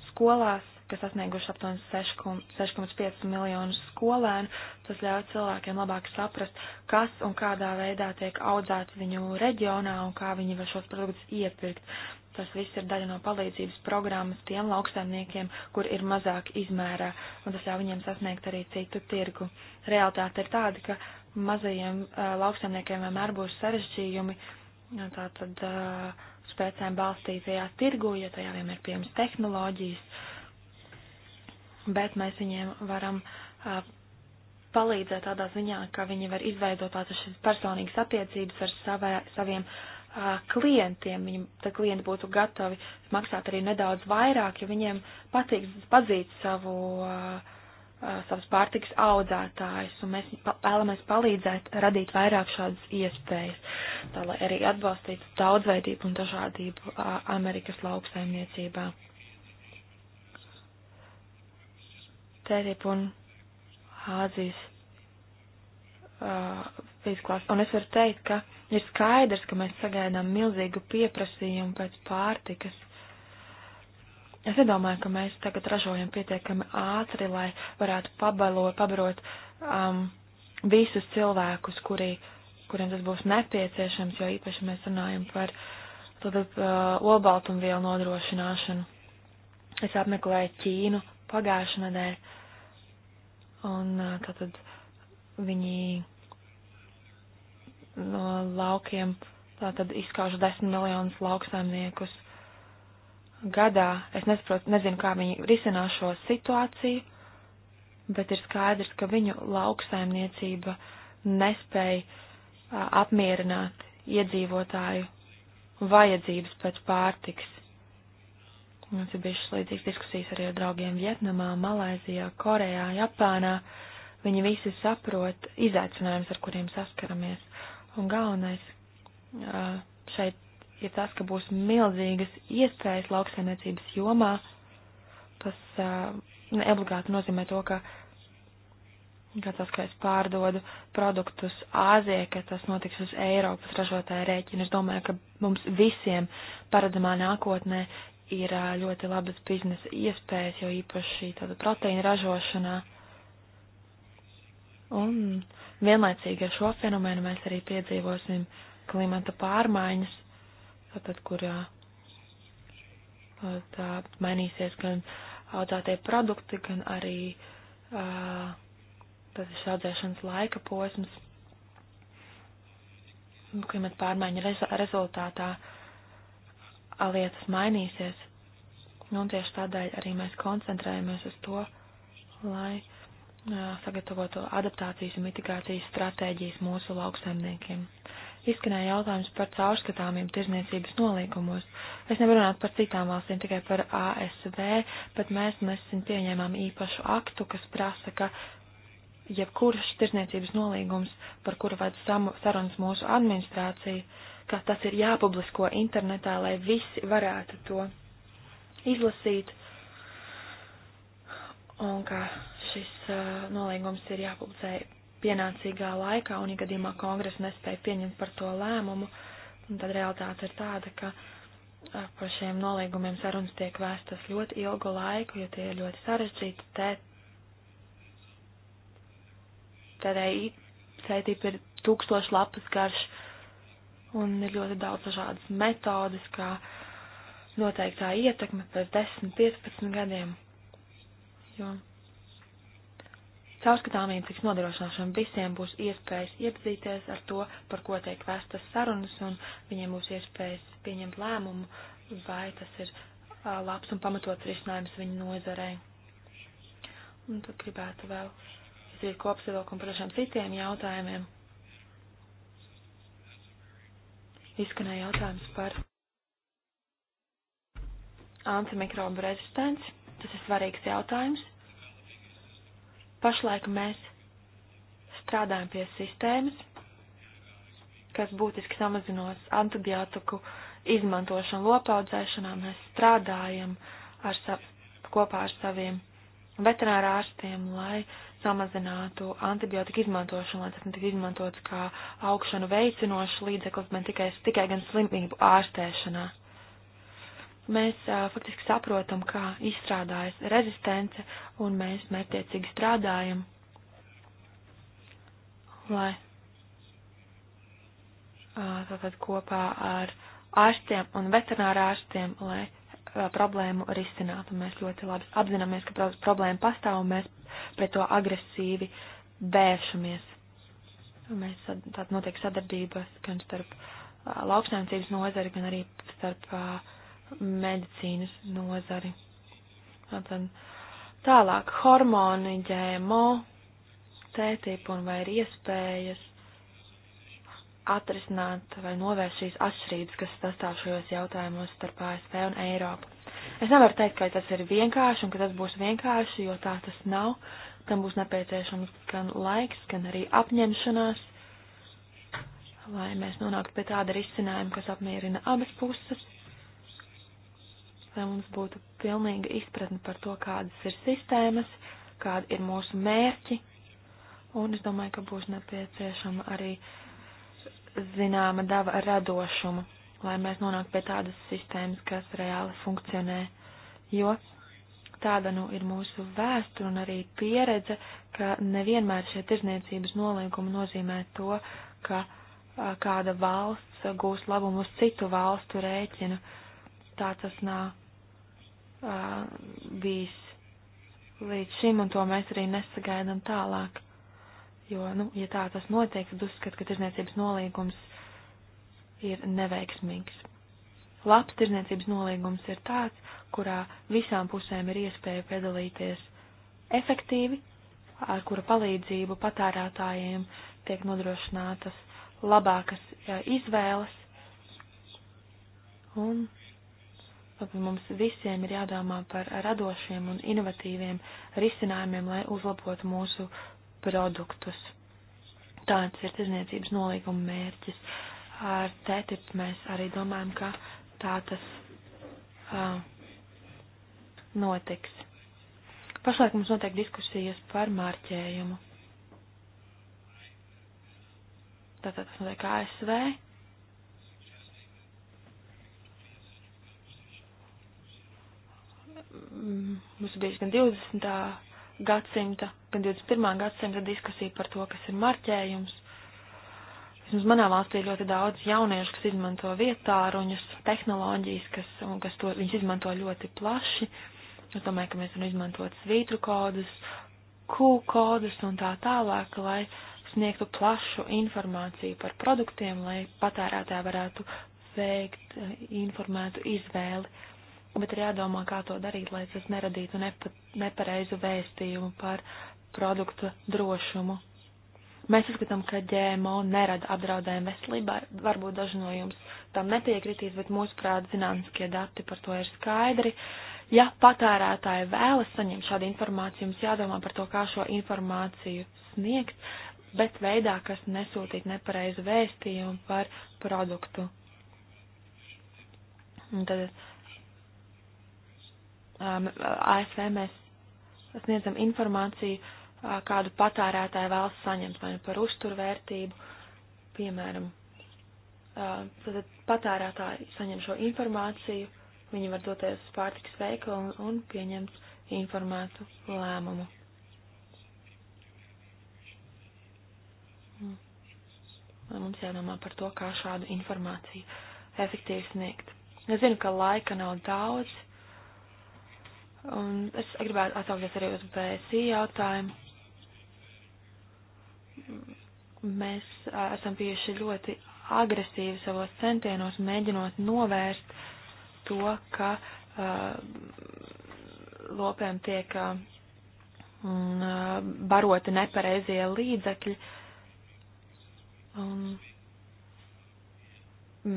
skolās, kas sasnieguši aptuveni 6,5 miljonus skolēnu. Tas ļauj cilvēkiem labāk saprast, kas un kādā veidā tiek audzēts viņu reģionā un kā viņi var šos produktus iepirkt. Tas viss ir daļa no palīdzības programmas tiem lauksaimniekiem, kur ir mazāk izmērā, un tas ļauj viņiem sasniegt arī citu tirgu. Realtāte ir tāda, ka mazajiem uh, lauksaimniekiem vienmēr būs sarežģījumi tātad uh, spēcēm balstītajā tirgu, jo tajā vienmēr ir pieejamas tehnoloģijas, bet mēs viņiem varam uh, palīdzēt tādā ziņā, ka viņi var izveidot tādas personīgas attiecības ar savē, saviem uh, klientiem, viņiem, tad klienti būtu gatavi maksāt arī nedaudz vairāk, jo viņiem patīk pazīt savu, savus pārtikas audzētājus, un mēs vēlamies palīdzēt radīt vairāk šādas iespējas, tā lai arī atbalstītu daudzveidību un dažādību Amerikas lauksaimniecībā. Tērip un Āzijas izklāst. Un es varu teikt, ka ir skaidrs, ka mēs sagaidām milzīgu pieprasījumu pēc pārtikas. Es nedomāju, ka mēs tagad ražojam pietiekami ātri, lai varētu pabalo, pabarot um, visus cilvēkus, kuri, kuriem tas būs nepieciešams, jo īpaši mēs runājam par tātad, uh, olbaltumvielu nodrošināšanu. Es apmeklēju Ķīnu pagājušajā nedēļā, un uh, tātad viņi no laukiem, tātad izkaužu desmit miljonus lauksaimniekus gadā. Es nesaprotu, nezinu, kā viņi risinās šo situāciju, bet ir skaidrs, ka viņu lauksaimniecība nespēja apmierināt iedzīvotāju vajadzības pēc pārtiks. Mums ir bijušas līdzīgas diskusijas arī ar draugiem Vietnamā, Malaizijā, Korejā, Japānā. Viņi visi saprot izaicinājumus, ar kuriem saskaramies Un galvenais uh, šeit ir tas, ka būs milzīgas iespējas lauksaimniecības jomā. Tas uh, neobligāti nozīmē to, ka kā tas, ka es pārdodu produktus Āzijai, ka tas notiks uz Eiropas ražotāja rēķina. Es domāju, ka mums visiem paredzamā nākotnē ir uh, ļoti labas biznesa iespējas, jo īpaši tāda proteīna ražošanā Un vienlaicīgi ar šo fenomenu mēs arī piedzīvosim klimata pārmaiņas, tātad, kur tā mainīsies gan audzētie produkti, gan arī tas ir audzēšanas laika posms. Klimata pārmaiņa rez rezultātā lietas mainīsies. Un tieši tādēļ arī mēs koncentrējamies uz to, lai sagatavotu adaptācijas un mitigācijas stratēģijas mūsu lauksaimniekiem. Izskanēja jautājums par caurskatāmiem tirzniecības nolīgumos. Es nevaru runāt par citām valstīm, tikai par ASV, bet mēs nesen pieņēmām īpašu aktu, kas prasa, ka jebkurš tirzniecības nolīgums, par kuru vada sarunas mūsu administrācija, ka tas ir jāpublisko internetā, lai visi varētu to izlasīt. Un ka šis uh, nolīgums ir jāpublicē pienācīgā laikā, un, ja gadījumā kongresa nespēja pieņemt par to lēmumu, tad realitāte ir tāda, ka uh, par šiem nolīgumiem sarunas tiek vēstas ļoti ilgu laiku, jo tie ir ļoti sarežģīti. Te, tādēļ cētība ir tūkstoši lapas garš, un ir ļoti daudz dažādas metodas, kā noteiktā ietekme pēc 10-15 gadiem. Jo caurskatāmību tiks nodrošināšana visiem būs iespējas iepazīties ar to, par ko tiek vestas sarunas, un viņiem būs iespējas pieņemt lēmumu, vai tas ir labs un pamatots risinājums viņu nozarei. Un tad gribētu vēl izdarīt kopsavilkumu par šiem citiem jautājumiem. Izskanēja jautājums par antimikrobu rezistenci. Tas ir svarīgs jautājums. Pašlaik mēs strādājam pie sistēmas, kas būtiski samazinos antibiotiku izmantošanu lopaudzēšanā. Mēs strādājam ar sav, kopā ar saviem veterinārā ārstiem, lai samazinātu antibiotiku izmantošanu, lai tas netika izmantots kā augšanu veicinošs līdzeklis, bet tikai, tikai gan slimību ārstēšanā. Mēs uh, faktiski saprotam, kā izstrādājas rezistence, un mēs mērķiecīgi strādājam, lai uh, tātad kopā ar ārstiem un veterinārārstiem, lai problēmu risināt, un mēs ļoti labi apzināmies, ka problēma pastāv, un mēs pret to agresīvi vēršamies. Mēs tad notiek sadarbības gan starp lauksainicības nozari, gan arī starp uh, medicīnas nozari. Tātad tālāk hormoni, ģēmo, tētību un vai ir iespējas atrisināt vai novērst šīs atšķirības, kas sastāv šajos jautājumos starp ASV un Eiropu. Es nevaru teikt, ka tas ir vienkārši un ka tas būs vienkārši, jo tā tas nav. Tam būs nepieciešams gan laiks, gan arī apņemšanās, lai mēs nonāktu pie tāda risinājuma, kas apmierina abas puses lai mums būtu pilnīga izpratne par to, kādas ir sistēmas, kādi ir mūsu mērķi, un es domāju, ka būs nepieciešama arī zināma dava radošuma, lai mēs nonāktu pie tādas sistēmas, kas reāli funkcionē, jo tāda nu ir mūsu vēsture un arī pieredze, ka nevienmēr šie tirzniecības nolīgumi nozīmē to, ka kāda valsts gūs labumu uz citu valstu rēķinu. Tā tas nav uh, bijis līdz šim, un to mēs arī nesagaidām tālāk. Jo, nu, ja tā tas notiek, tad uzskat, ka tirzniecības nolīgums ir neveiksmīgs. Labs tirzniecības nolīgums ir tāds, kurā visām pusēm ir iespēja piedalīties efektīvi, ar kura palīdzību patērētājiem tiek nodrošinātas labākas jā, izvēles. Un Mums visiem ir jādomā par radošiem un inovatīviem risinājumiem, lai uzlabotu mūsu produktus. Tāds ir tirzniecības nolīguma mērķis. Ar TTIP mēs arī domājam, ka tā tas uh, notiks. Pašlaik mums notiek diskusijas par mārķējumu. Tātad tas notiek ASV, mums bija gan 20. gadsimta, gan 21. gadsimta diskusija par to, kas ir marķējums. Vismaz manā valstī ir ļoti daudz jauniešu, kas izmanto vietāruņus, tehnoloģijas, kas, kas to, viņas izmanto ļoti plaši. Es domāju, ka mēs varam izmantot svītru kodus, Q kodus un tā tālāk, lai sniegtu plašu informāciju par produktiem, lai patērētāji varētu veikt eh, informētu izvēli bet ir jādomā, kā to darīt, lai tas neradītu nepa, nepareizu vēstījumu par produktu drošumu. Mēs uzskatām, ka ģēmo nerada apdraudējumu veselībai, varbūt daži no jums tam nepiekritīs, bet mūsuprāt zinātniskie dati par to ir skaidri. Ja patērētāji vēlas saņemt šādu informāciju, jums jādomā par to, kā šo informāciju sniegt, bet veidā, kas nesūtīt nepareizu vēstījumu par produktu. Un tad, uh, Um, ASV mēs sniedzam informāciju, uh, kādu patērētāju vēlas saņemt, vai nu par uzturvērtību, piemēram. Uh, tad patērētāji saņem šo informāciju, viņi var doties uz pārtikas veikalu un pieņemt informētu lēmumu. Mm. Mums jādomā par to, kā šādu informāciju efektīvi sniegt. Es zinu, ka laika nav daudz, Un es gribētu atsaukties arī uz BSI jautājumu. Mēs a, esam bijuši ļoti agresīvi savos centienos, mēģinot novērst to, ka a, lopiem tiek a, baroti nepareizie līdzekļi. Un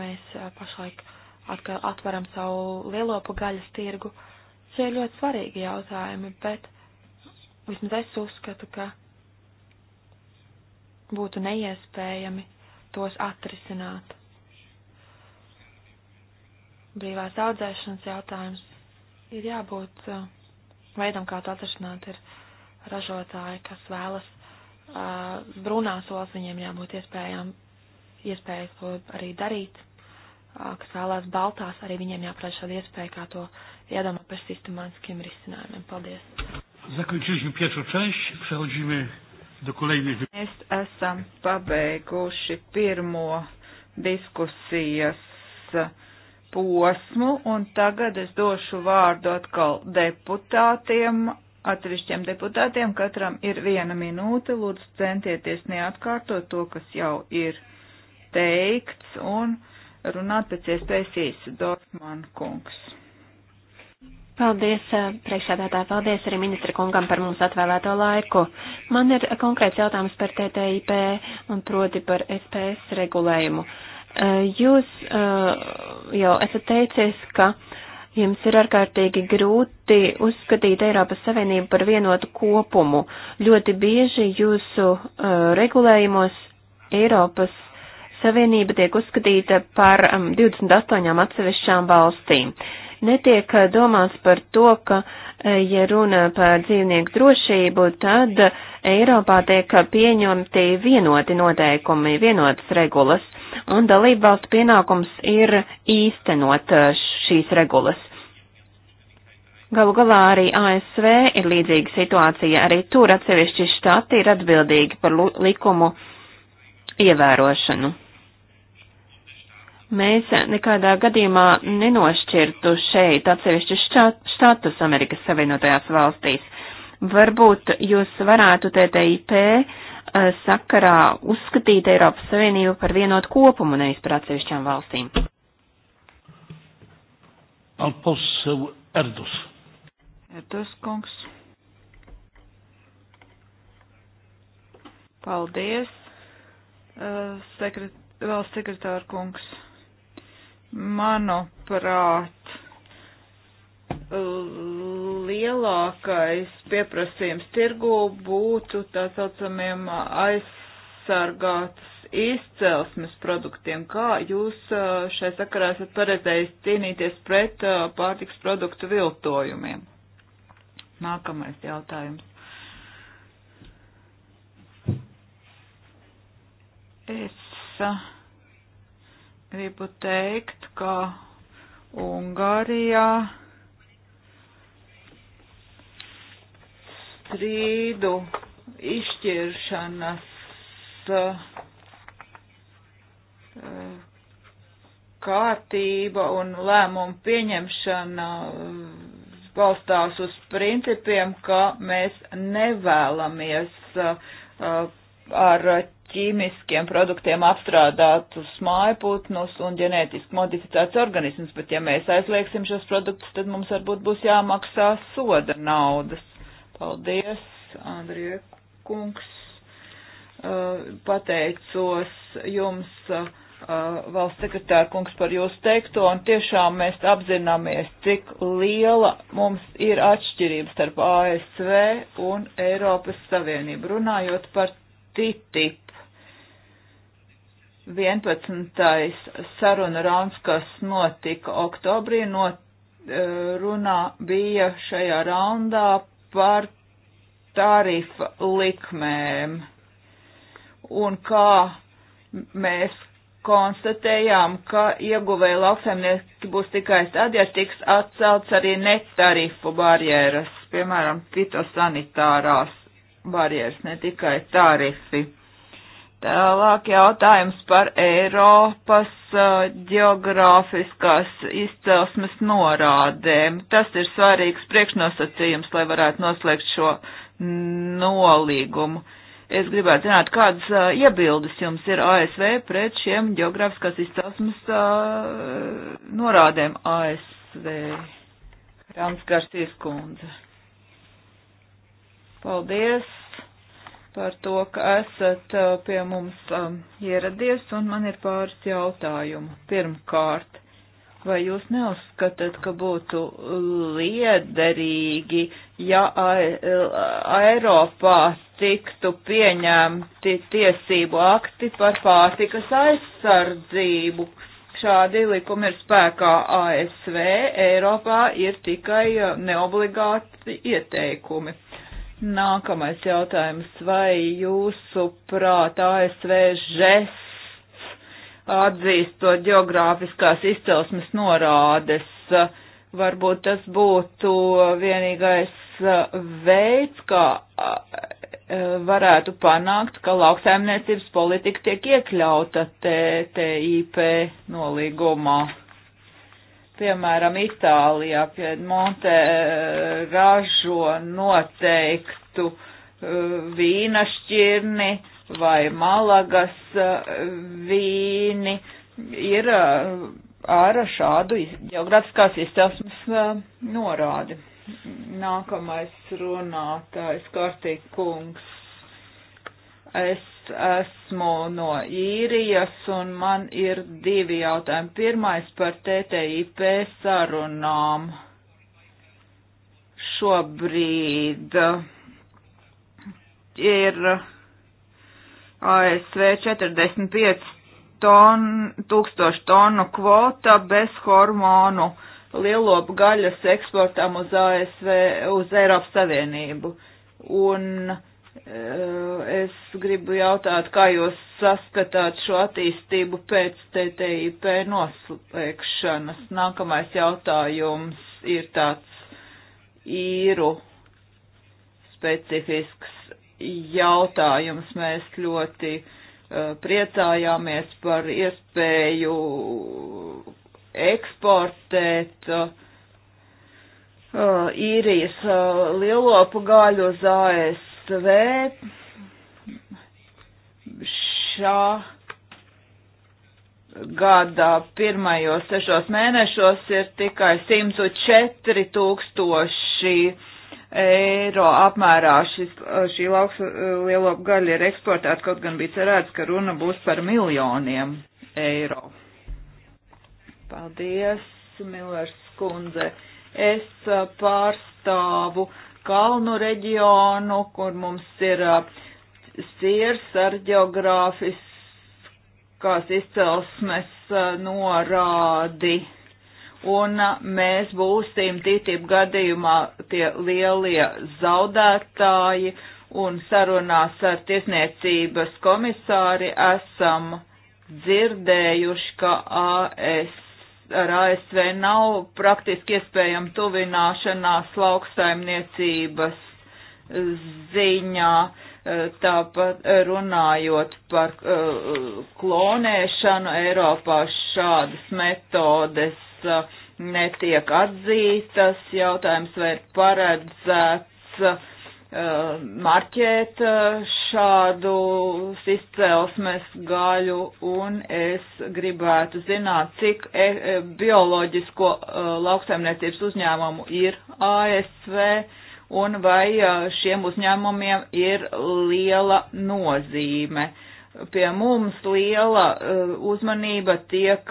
mēs pašlaik atkal atveram savu lielopu gaļas tirgu. Uh, Šie ir ļoti svarīgi jautājumi, bet vismaz es uzskatu, ka būtu neiespējami tos atrisināt. Brīvās audzēšanas jautājums ir jābūt uh, veidam, kā to atrisināt, ir ražotāji, kas vēlas uh, brūnās olas, viņiem jābūt iespējām, iespējas to arī darīt, uh, kas vēlās baltās, arī viņiem jāprāda šāda iespēja, kā to jādomā par sistemātiskiem risinājumiem. Paldies!
Zakończyliśmy pierwszą część, przechodzimy do kolejnych.
Mēs esam pabeiguši pirmo diskusijas posmu, un tagad es došu vārdu atkal deputātiem, atsevišķiem deputātiem, katram ir viena minūte, lūdzu centieties neatkārtot to, kas jau ir teikts,
un runāt pēc iespējas īsi, Dorfman kungs. Paldies, priekšādātāji, paldies arī ministra kungam par mums atvēlēto laiku. Man ir konkrēts jautājums par TTIP un proti par SPS regulējumu. Jūs jau esat teicis, ka jums ir ārkārtīgi grūti uzskatīt Eiropas Savienību par vienotu kopumu. Ļoti bieži jūsu regulējumos Eiropas Savienība tiek uzskatīta par 28 atsevišķām valstīm. Uh, Netiek eh, domāts par to, ka, eh, ja runa par dzīvnieku drošību, tad Eiropā tiek pieņemti vienoti noteikumi, vienotas regulas, un dalību valstu pienākums ir īstenot eh, šīs regulas. Galu galā arī ASV ir līdzīga situācija, arī tur atsevišķi štati ir atbildīgi par likumu ievērošanu. Mēs nekādā gadījumā nenošķirtu šeit atsevišķus štatus Amerikas Savienotajās valstīs. Varbūt jūs varētu TTIP eh, sakarā uzskatīt Eiropas Savienību par vienotu kopumu, nevis par atsevišķām valstīm. Alpos Erdus. Erdus kungs.
Paldies, eh, sekret, valsts sekretāra kungs. Manuprāt, lielākais pieprasījums tirgū būtu tā saucamiem aizsargātas izcelsmes produktiem. Kā jūs šai sakarā esat paredzējis cīnīties pret pārtiks produktu viltojumiem? Nākamais jautājums. Es. Uh, gribu teikt, ka Ungārijā strīdu izšķiršanas eh, kārtība un lēmumu pieņemšana eh, balstās uz principiem, ka mēs nevēlamies eh, ar ķīmiskiem produktiem apstrādātus mājputnus un ģenētiski modificēts organisms, bet ja mēs aizliegsim šos produktus, tad mums varbūt būs jāmaksā soda naudas. Paldies, Andrie Kungs. Uh, pateicos jums, uh, valsts sekretāra kungs, par jūsu teikto, un tiešām mēs apzināmies, cik liela mums ir atšķirība starp ASV un Eiropas Savienību. Runājot par TTIP, 11. saruna rauns, kas notika oktobrī, not, e, runā bija šajā raundā par tarifa likmēm un kā mēs konstatējām, ka ieguvēja lauksaimnieki būs tikai tad, ja tiks atcelts arī netarifu barjeras, piemēram, fitosanitārās barjeras, ne tikai tarifi. Tālāk jautājums par Eiropas uh, geogrāfiskās izcelsmes norādēm. Tas ir svarīgs priekšnosacījums, lai varētu noslēgt šo nolīgumu. Es gribētu zināt, kādas uh, iebildes jums ir ASV pret šiem geogrāfiskās izcelsmes uh, norādēm ASV. Rāms Garstīs kundze. Paldies! par to, ka esat uh, pie mums um, ieradies, un man ir pāris jautājumu. Pirmkārt, vai jūs neuzskatāt, ka būtu liederīgi, ja Eiropā tiktu pieņemti tiesību akti par pārtikas aizsardzību? Šādi likumi ir spēkā ASV, Eiropā ir tikai uh, neobligāti ieteikumi. Nākamais jautājums. Vai jūsu prāt ASV žests atzīstot geogrāfiskās izcelsmes norādes, varbūt tas būtu vienīgais veids, kā e, varētu panākt, ka lauksaimniecības politika tiek iekļauta TTIP nolīgumā? piemēram, Itālijā pie Monte eh, ražo noteiktu eh, vīna šķirni vai malagas eh, vīni, ir ar šādu geogrāfiskās izcelsmes norādi. Nākamais runātājs Kārtīgi kungs. Es esmu no īrijas un man ir divi jautājumi. Pirmais par TTIP sarunām. Šobrīd ir ASV 45 ton, tūkstošu tonu kvota bez hormonu lielopu gaļas eksportam uz ASV, uz Eiropas Savienību. Un uh,
Es
gribu jautāt, kā jūs saskatāt šo attīstību pēc TTIP noslēgšanas. Nākamais jautājums ir tāds īru specifisks jautājums. Mēs ļoti priecājāmies par iespēju eksportēt īrijas lielopu gaļu uz ASV ASV šā gada pirmajos sešos mēnešos ir tikai 104 tūkstoši eiro apmērā šis, šī lauks lielo gaļa ir eksportēta, kaut gan bija cerēts, ka runa būs par miljoniem eiro. Paldies, Milers kundze. Es uh, pārstāvu kalnu reģionu, kur mums ir siers ar geogrāfiskās izcelsmes norādi. Un mēs būsim tītību gadījumā tie lielie zaudētāji un sarunās ar tiesniecības komisāri esam dzirdējuši, ka AS ar ASV nav praktiski iespējama tuvināšanās lauksaimniecības ziņā, eh, tāpat runājot par eh, klonēšanu, Eiropā šādas metodes eh, netiek atzītas, jautājums vai ir paredzēts Uh, marķēt uh, šādu izcelsmes gaļu, un es gribētu zināt, cik e, e bioloģisko uh, lauksaimniecības uzņēmumu ir ASV, un vai šiem uzņēmumiem ir liela nozīme. Pie mums liela uzmanība tiek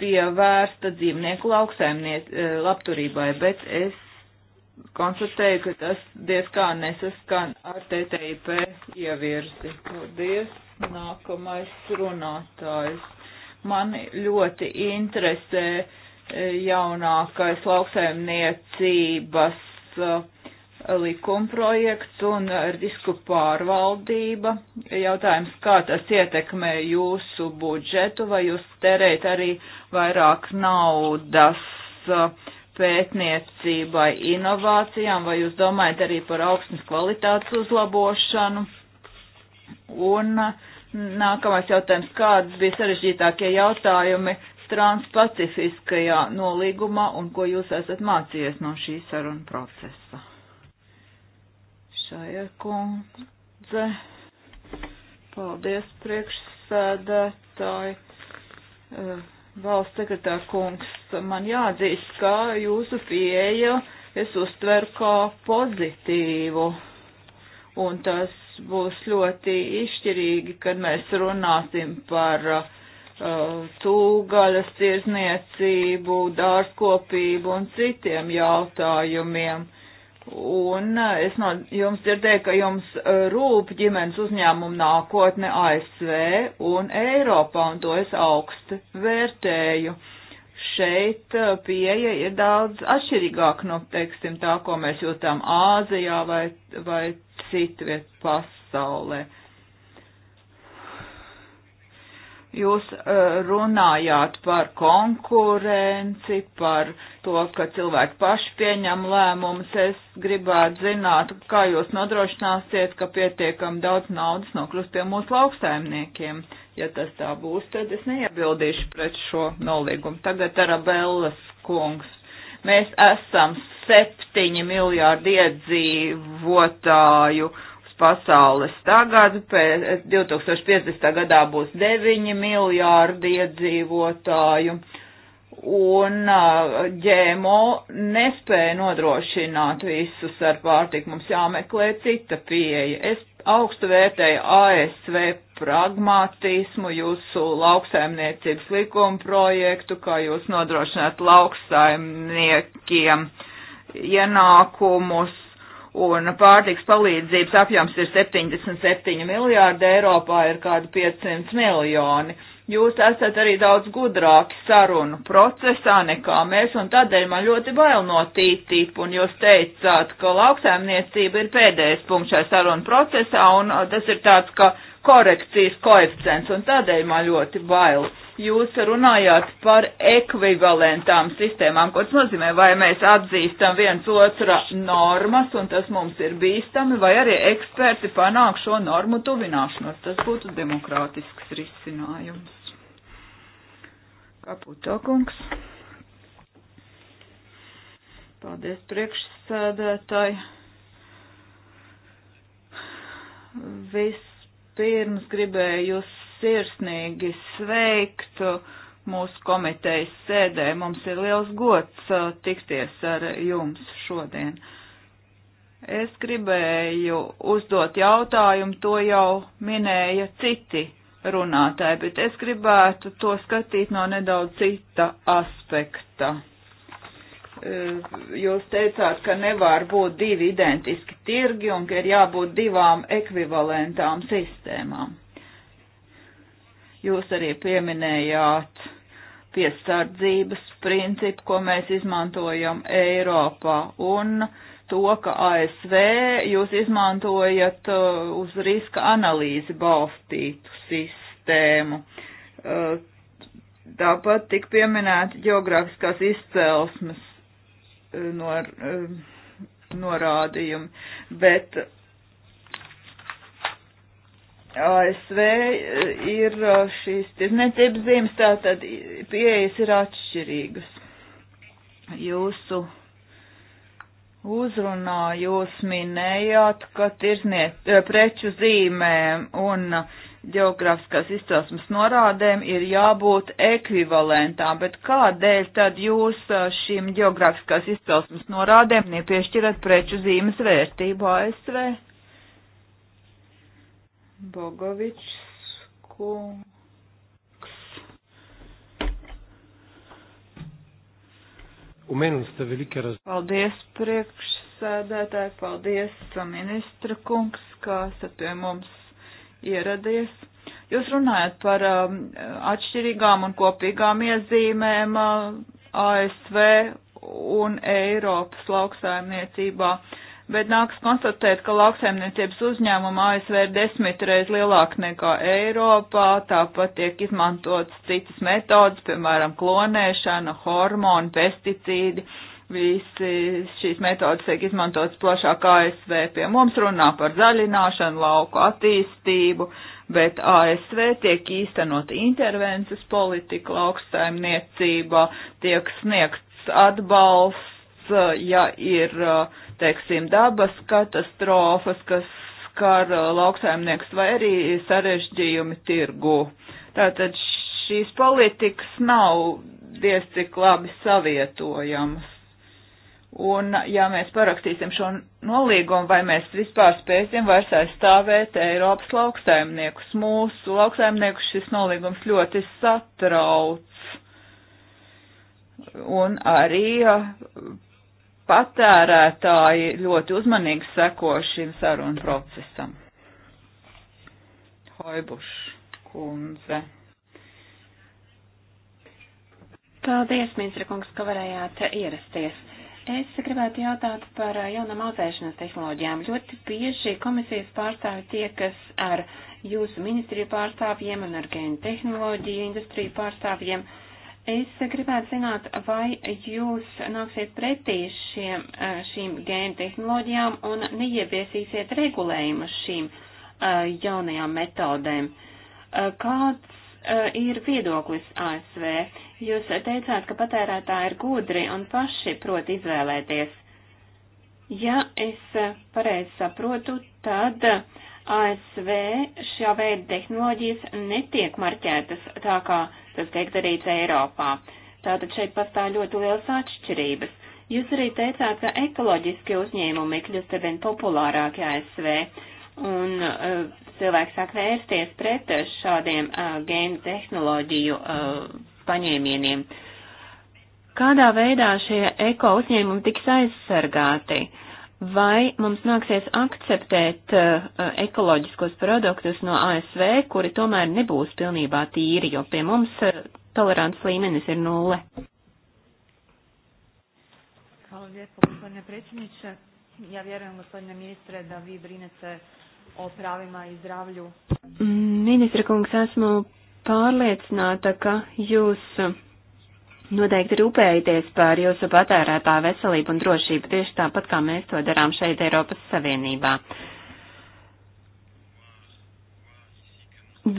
pievērsta dzīvnieku lauksaimniecībai, labturībai, bet es konstatēju, ka tas diezkā nesaskan ar TTIP ievirzi. Paldies, nākamais runātājs. Mani ļoti interesē e, jaunākais lauksaimniecības e, likumprojekts un risku pārvaldība. Jautājums, kā tas ietekmē jūsu budžetu, vai jūs terēt arī vairāk naudas uh, pētniecībai, inovācijām, vai jūs domājat arī par augstnes kvalitātes uzlabošanu? Un mm, nākamais jautājums, kādas bija sarežģītākie jautājumi transpacifiskajā nolīgumā un ko jūs esat mācījies no šī saruna procesa? Šajā kundze, paldies priekšsēdētāji. Uh valsts sekretāra kungs, man jāatzīst, ka jūsu pieeja es uztveru kā pozitīvu. Un tas būs ļoti izšķirīgi, kad mēs runāsim par uh, tūgaļas tirzniecību, dārzkopību un citiem jautājumiem Un es no jums dzirdēju, ka jums rūp ģimenes uzņēmumu nākotne ASV un Eiropā, un to es augstu vērtēju. Šeit pieeja ir daudz atšķirīgāka no, teiksim, tā, ko mēs jūtam Āzijā vai, vai citviet pasaulē. Uh, Jūs eh, runājāt par konkurenci, par to, ka cilvēki paši pieņem lēmumus. Es gribētu zināt, kā jūs nodrošināsiet, ka pietiekam daudz naudas nokļūst pie mūsu lauksaimniekiem. Ja tas tā būs, tad es neiebildīšu pret šo nolīgumu. Tagad Arabellas kungs. Mēs esam septiņi miljārdi iedzīvotāju. Uh, pasaules tagad, pēc 2050. gadā būs 9 miljārdi iedzīvotāju, un ģēmo nespēja nodrošināt visus ar pārtiku, mums jāmeklē cita pieeja. Es augstu vērtēju ASV pragmatismu, jūsu lauksaimniecības likuma projektu, kā jūs nodrošināt lauksaimniekiem ienākumus un pārtiks palīdzības apjoms ir 77 miljārdi, Eiropā ir kādi 500 miljoni. Jūs esat arī daudz gudrāki sarunu procesā nekā mēs, un tādēļ man ļoti bail no tītīp, un jūs teicāt, ka lauksaimniecība ir pēdējais punkts šajā sarunu procesā, un tas ir tāds, ka korekcijas koeficients, un tādēļ man ļoti bail. Jūs runājāt par ekvivalentām sistēmām, ko tas nozīmē, vai mēs atzīstam viens otra normas, un tas mums ir bīstami, vai arī eksperti panāk šo normu tuvināšanos. Tas būtu demokrātisks risinājums. Kaputo kungs. Paldies priekšsēdētāji. Viss Pirms gribēju jūs sirsnīgi sveikt mūsu komitejas sēdē. Mums ir liels gods uh, tikties ar jums šodien. Es gribēju uzdot jautājumu, to jau minēja citi runātāji, bet es gribētu to skatīt no nedaudz cita aspekta. Eh, jūs teicāt, ka nevar būt divi identiski tirgi un ka ir jābūt divām ekvivalentām sistēmām. Jūs arī pieminējāt piesardzības principu, ko mēs izmantojam Eiropā un to, ka ASV jūs izmantojat eh, uz riska analīzi balstītu sistēmu. Eh, tāpat tik pieminēta geogrāfiskās izcelsmes nor, um, norādījumi, bet ASV ir uh, šīs tirzniecības zīmes, tātad pieejas ir atšķirīgas. Jūsu uzrunā jūs minējāt, ka tirzniec, uh, preču zīmēm un uh, geogrāfiskās izcelsmes norādēm ir jābūt ekvivalentām, bet kādēļ tad jūs šīm geogrāfiskās izcelsmes norādēm nepiešķirat preču zīmes vērtību ASV? Bogovičs kungs.
Omenili ste velike razlike.
Paldies, priekšsēdētāji, paldies, ministra kungs, kā esat pie mums ieradies. Jūs runājat par um, atšķirīgām un kopīgām iezīmēm uh, ASV un Eiropas lauksaimniecībā, bet nāks konstatēt, ka lauksaimniecības uzņēmuma ASV ir desmitreiz lielāka nekā Eiropā, tāpat tiek izmantotas citas metodas, piemēram, klonēšana, hormoni, pesticīdi. Uh, Visi šīs metodas tiek izmantotas plašāk ASV pie mums runā par zaļināšanu, lauku attīstību, bet ASV tiek īstenot intervences politika lauksaimniecībā, tiek sniegts atbalsts ja ir, teiksim, dabas katastrofas, kas skar lauksaimnieks vai arī sarežģījumi tirgu. Tātad šīs politikas nav diez cik labi savietojamas. Un, ja mēs parakstīsim šo nolīgumu, vai mēs vispār spēsim vairs aizstāvēt Eiropas lauksaimniekus, mūsu lauksaimniekus šis nolīgums ļoti satrauc. Un arī patērētāji ļoti uzmanīgi seko šim sarunu procesam. Hoibuš kundze.
Paldies, ministra kungs, ka varējāt ierasties. Es gribētu jautāt par uh, jaunām audzēšanas tehnoloģijām. Ļoti bieži komisijas pārstāvi tiekas ar jūsu ministriju pārstāvjiem un ar gēnu tehnoloģiju industriju pārstāvjiem. Es gribētu zināt, vai jūs nāksiet pretī šiem, uh, šīm gēnu tehnoloģijām un neieviesīsiet regulējumu šīm uh, jaunajām metodēm. Kāds ir viedoklis ASV? Jūs teicāt, ka patērētāji ir gudri un paši prot izvēlēties. Ja es pareizi saprotu, tad ASV šā veida tehnoloģijas netiek marķētas tā, kā tas tiek darīts Eiropā. Tātad šeit pastāv ļoti liels atšķirības. Jūs arī teicāt, ka ekoloģiskie uzņēmumi kļūst arvien populārāki ASV, un uh, cilvēki sāk vērsties pret šādiem uh, gēnu tehnoloģiju uh, paņēmieniem. Kādā veidā šie eko uzņēmumi tiks aizsargāti? Vai mums nāksies akceptēt uh, ekoloģiskos produktus no ASV, kuri tomēr nebūs pilnībā tīri, jo pie mums uh, tolerants līmenis ir nulle?
Hvala lijepo, gospodine predsjedniče. Ja vjerujem, gospodine ministre, da vi brinete o pravima i zdravlju.
Ministra kungs, esmu pārliecināta, ka jūs noteikti rūpējaties par jūsu patērētāju veselību un drošību tieši tāpat, kā mēs to darām šeit Eiropas Savienībā.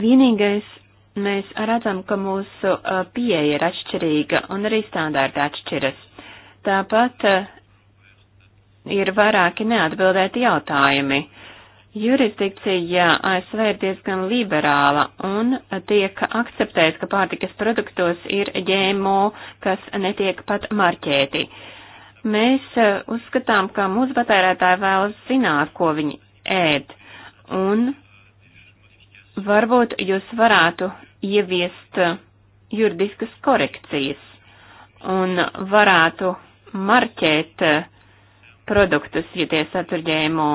Vienīgais mēs redzam, ka mūsu uh, pieeja ir atšķirīga un arī standārti atšķiras. Tāpat uh, ir vairāki neatbildēti jautājumi. Uh, Jurisdikcija ASV ir diezgan liberāla un tiek akceptēts, ka pārtikas produktos ir ģēmo, kas netiek pat marķēti. Mēs e, uzskatām, ka mūsu patērētāji vēlas zināt, ko viņi ēd, un varbūt jūs varētu ieviest e, juridiskas korekcijas un varētu marķēt e, produktus, ja tie satur ģēmo.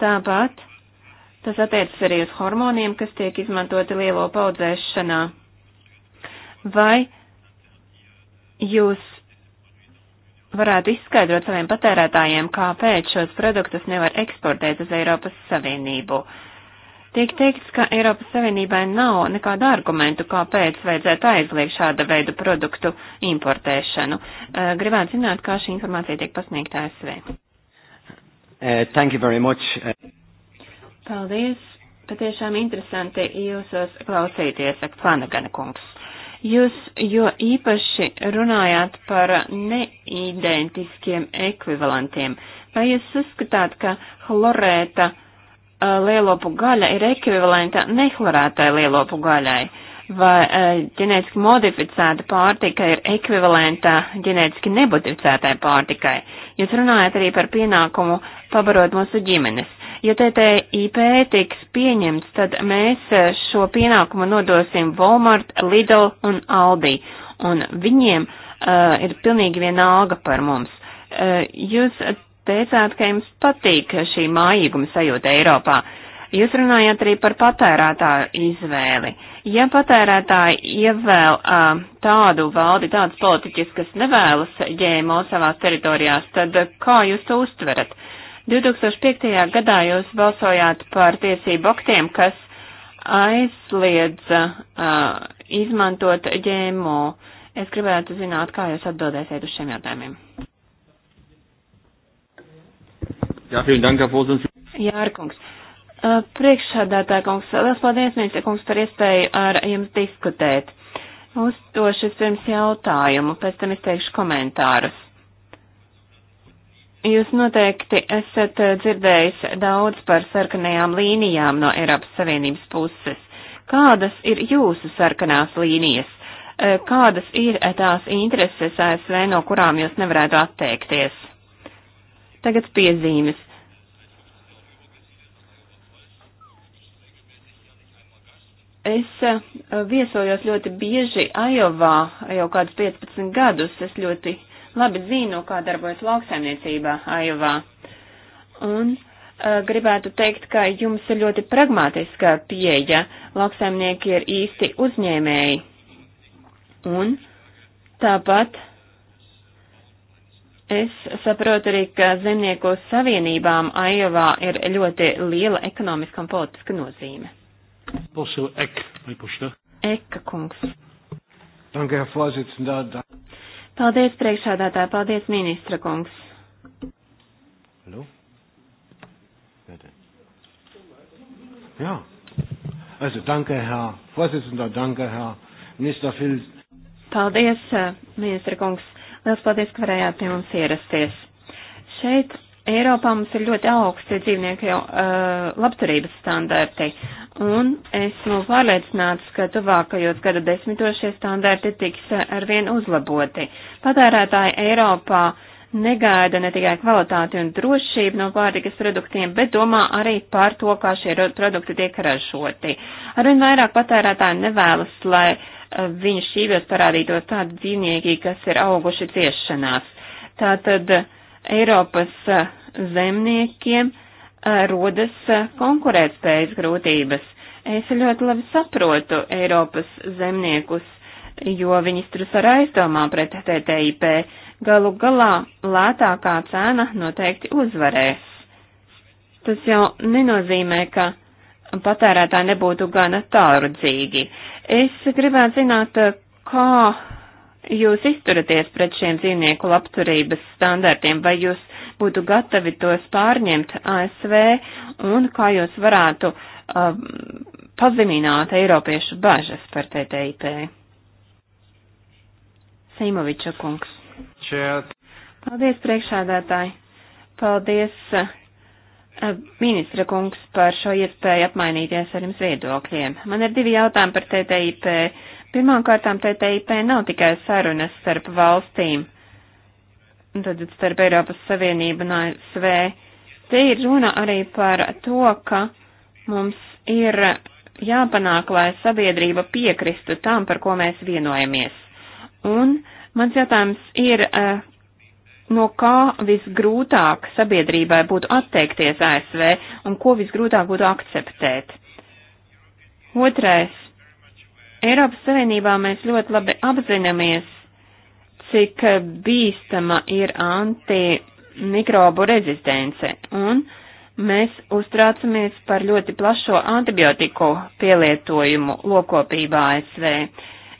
Tāpat tas attiecas arī uz hormoniem, kas tiek izmantoti lielo paudzēšanā. Vai jūs varētu izskaidrot saviem patērētājiem, kāpēc šos produktus nevar eksportēt uz Eiropas Savienību? Tiek teikts, ka Eiropas Savienībai nav nekāda argumentu, kāpēc vajadzētu aizliegt šāda veida produktu importēšanu. Eh, gribētu zināt, kā šī informācija tiek pasniegta ASV.
Uh, thank you very much. Uh,
Paldies. Patiešām interesanti jūsos klausīties, saka Flanagana kungs. Jūs jo īpaši runājāt par neidentiskiem ekvivalentiem. Vai jūs uzskatāt, ka hlorēta uh, lielopu gaļa ir ekvivalenta nehlorētai lielopu gaļai? Uh, vai e, ģenētiski modificēta pārtika ir ekvivalenta ģenētiski nemodificētai pārtikai. Jūs runājat arī par pienākumu pabarot mūsu ģimenes. Ja TTIP tiks pieņemts, tad mēs šo pienākumu nodosim Walmart, Lidl un Aldi, un viņiem uh, ir pilnīgi vienalga par mums. Uh, jūs teicāt, ka jums patīk šī mājīguma sajūta Eiropā. Uh, Jūs runājāt arī par patērētāju izvēli. Ja patērētāji ievēl uh, tādu valdi, tādus politiķus, kas nevēlas ģēmo savās teritorijās, tad kā jūs to uztverat? 2005. gadā jūs balsojāt par tiesību aktiem, kas aizliedza uh, izmantot ģēmo. Es gribētu zināt, kā jūs atbildēsiet uz šiem jautājumiem. Jā, Jārkungs. Uh, Priekšsādātā kungs, liels paldies, ministra kungs, par iespēju ar jums diskutēt. Uzdošu pirms jautājumu, pēc tam izteikšu komentārus. Jūs noteikti esat dzirdējis daudz par sarkanajām līnijām no Eiropas Savienības puses. Kādas ir jūsu sarkanās līnijas? Uh, kādas ir tās intereses ASV, no kurām jūs nevarētu atteikties? Tagad piezīmes. Es eh, viesojos ļoti bieži Ajovā jau kādus 15 gadus. Es ļoti labi zinu, kā darbojas lauksaimniecībā Ajovā. Un uh, gribētu teikt, ka jums ir ļoti pragmatiska pieeja. Lauksaimnieki ir īsti uzņēmēji. Un tāpat es saprotu arī, ka zemnieku savienībām Ajovā ir ļoti liela ekonomiska un politiska nozīme.
Posel Ek, vai pušta?
Eka kungs.
Danke, Herr Vorsitzender.
Paldies, priekšādātāji, paldies, ministra kungs.
Hallo? Ja. Also danke, Herr Vorsitzender, danke, Herr Minister Fils.
Paldies, eh, ministra kungs. Liels paldies, ka varējāt pie mums ierasties. Šeit Eiropā mums ir ļoti augsti dzīvnieku jau, uh, labturības standarti, un esmu nu pārliecināts, ka tuvākajos gada desmitos šie standarti tiks arvien uzlaboti. Patērētāji Eiropā negaida ne tikai kvalitāti un drošību no pārtikas produktiem, bet domā arī par to, kā šie produkti tiek ražoti. Arvien vairāk patērētāji nevēlas, lai uh, viņu šķīvjos parādītos tādi dzīvnieki, kas ir auguši ciešanās. Tātad Eiropas uh, zemniekiem rodas konkurētspējas grūtības. Es ļoti labi saprotu Eiropas zemniekus, jo viņi strus ar aizdomām pret TTIP. Galu galā lētākā cena noteikti uzvarēs. Tas jau nenozīmē, ka patērētāji nebūtu gana tālrudzīgi. Es gribētu zināt, kā jūs izturaties pret šiem dzīvnieku labturības standartiem, vai jūs būtu gatavi tos pārņemt ASV un kā jūs varētu uh, pazemināt Eiropiešu bažas par TTIP. Seimoviča kungs. Čēt. Paldies priekšādātāji. Paldies uh, ministra kungs par šo iespēju apmainīties ar jums viedokļiem. Man ir divi jautājumi par TTIP. Pirmkārtām TTIP nav tikai sarunas starp valstīm tad starp Eiropas Savienību un ASV. Te ir runa arī par to, ka mums ir jāpanāk, lai sabiedrība piekristu tam, par ko mēs vienojamies. Un mans jautājums ir, eh, no kā visgrūtāk sabiedrībai būtu atteikties ASV un ko visgrūtāk būtu akceptēt? Otrais. Eiropas Savienībā mēs ļoti labi apzināmies, cik bīstama ir antimikrobu rezistence, un mēs uztraucamies par ļoti plašo antibiotiku pielietojumu lokopībā ASV.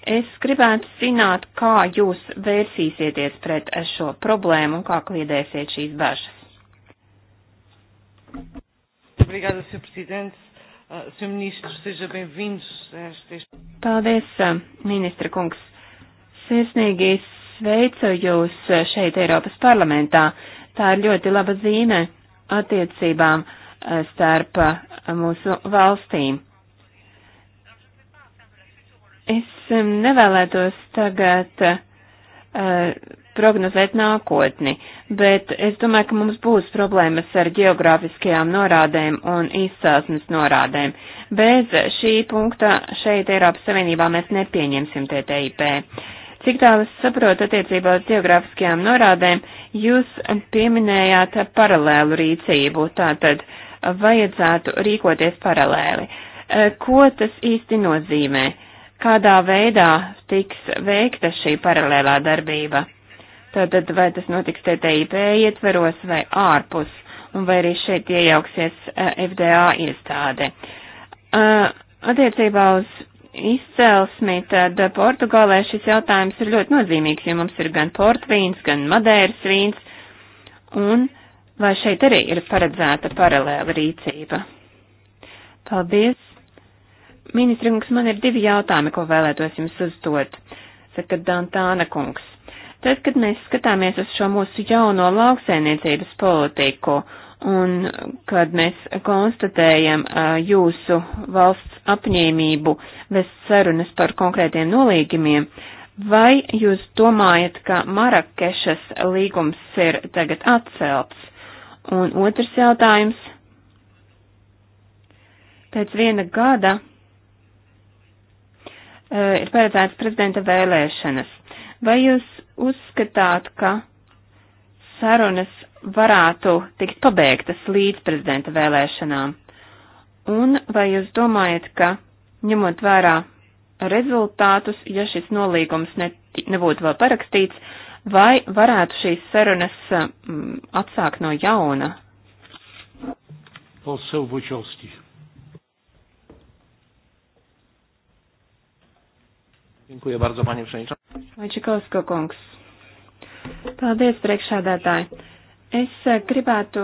Es gribētu zināt, kā jūs vērsīsieties pret šo problēmu un kā kliedēsiet šīs bažas.
Obrigada, Sr. Presidente. Ah, Sr. Ministro, seja bem-vindos a este.
Paldies, ah, ministra kungs. Sirsnīgi Sveicu jūs šeit Eiropas parlamentā. Tā ir ļoti laba zīme attiecībām eh, starp eh, mūsu valstīm. Es nevēlētos tagad uh, prognozēt nākotni, bet es domāju, ka mums būs problēmas ar geogrāfiskajām norādēm un izcelsmes norādēm. Bez šī punkta šeit Eiropas Savienībā mēs nepieņemsim TTIP. Cik tālu es saprotu attiecībā uz geogrāfiskajām norādēm, jūs pieminējāt paralēlu rīcību, tātad vajadzētu rīkoties paralēli. E, ko tas īsti nozīmē? Kādā veidā tiks veikta šī paralēlā darbība? Tātad vai tas notiks TTIP ietveros vai ārpus, un vai arī šeit iejauksies e, FDA iestāde? E, attiecībā uz izcelsmi, tad eh, Portugālē šis jautājums ir ļoti nozīmīgs, jo mums ir gan portvīns, gan madēras vīns, un vai šeit arī ir paredzēta paralēla rīcība? Paldies! Ministri kungs, man ir divi jautājumi, ko vēlētos jums uzdot, saka Dantāna kungs. Tad, kad mēs skatāmies uz šo mūsu jauno lauksēniecības politiku, Un kad mēs konstatējam jūsu valsts apņēmību vest sarunas par konkrētiem nolīgumiem, vai jūs domājat, ka Marakešas līgums ir tagad atcelts? Un otrs jautājums. Pēc viena gada ir paredzēts prezidenta vēlēšanas. Vai jūs uzskatāt, ka sarunas varētu tikt pabeigtas līdz prezidenta vēlēšanām? Un vai jūs domājat, ka ņemot vērā rezultātus, ja šis nolīgums neti, nebūtu vēl parakstīts, vai varētu šīs sarunas m, mm, atsākt no jauna? Poseł Wojciechowski.
Dziękuję
bardzo, panie przewodniczący.
Wojciechowsko kungs. Paldies, priekšādātāji. Es eh, gribētu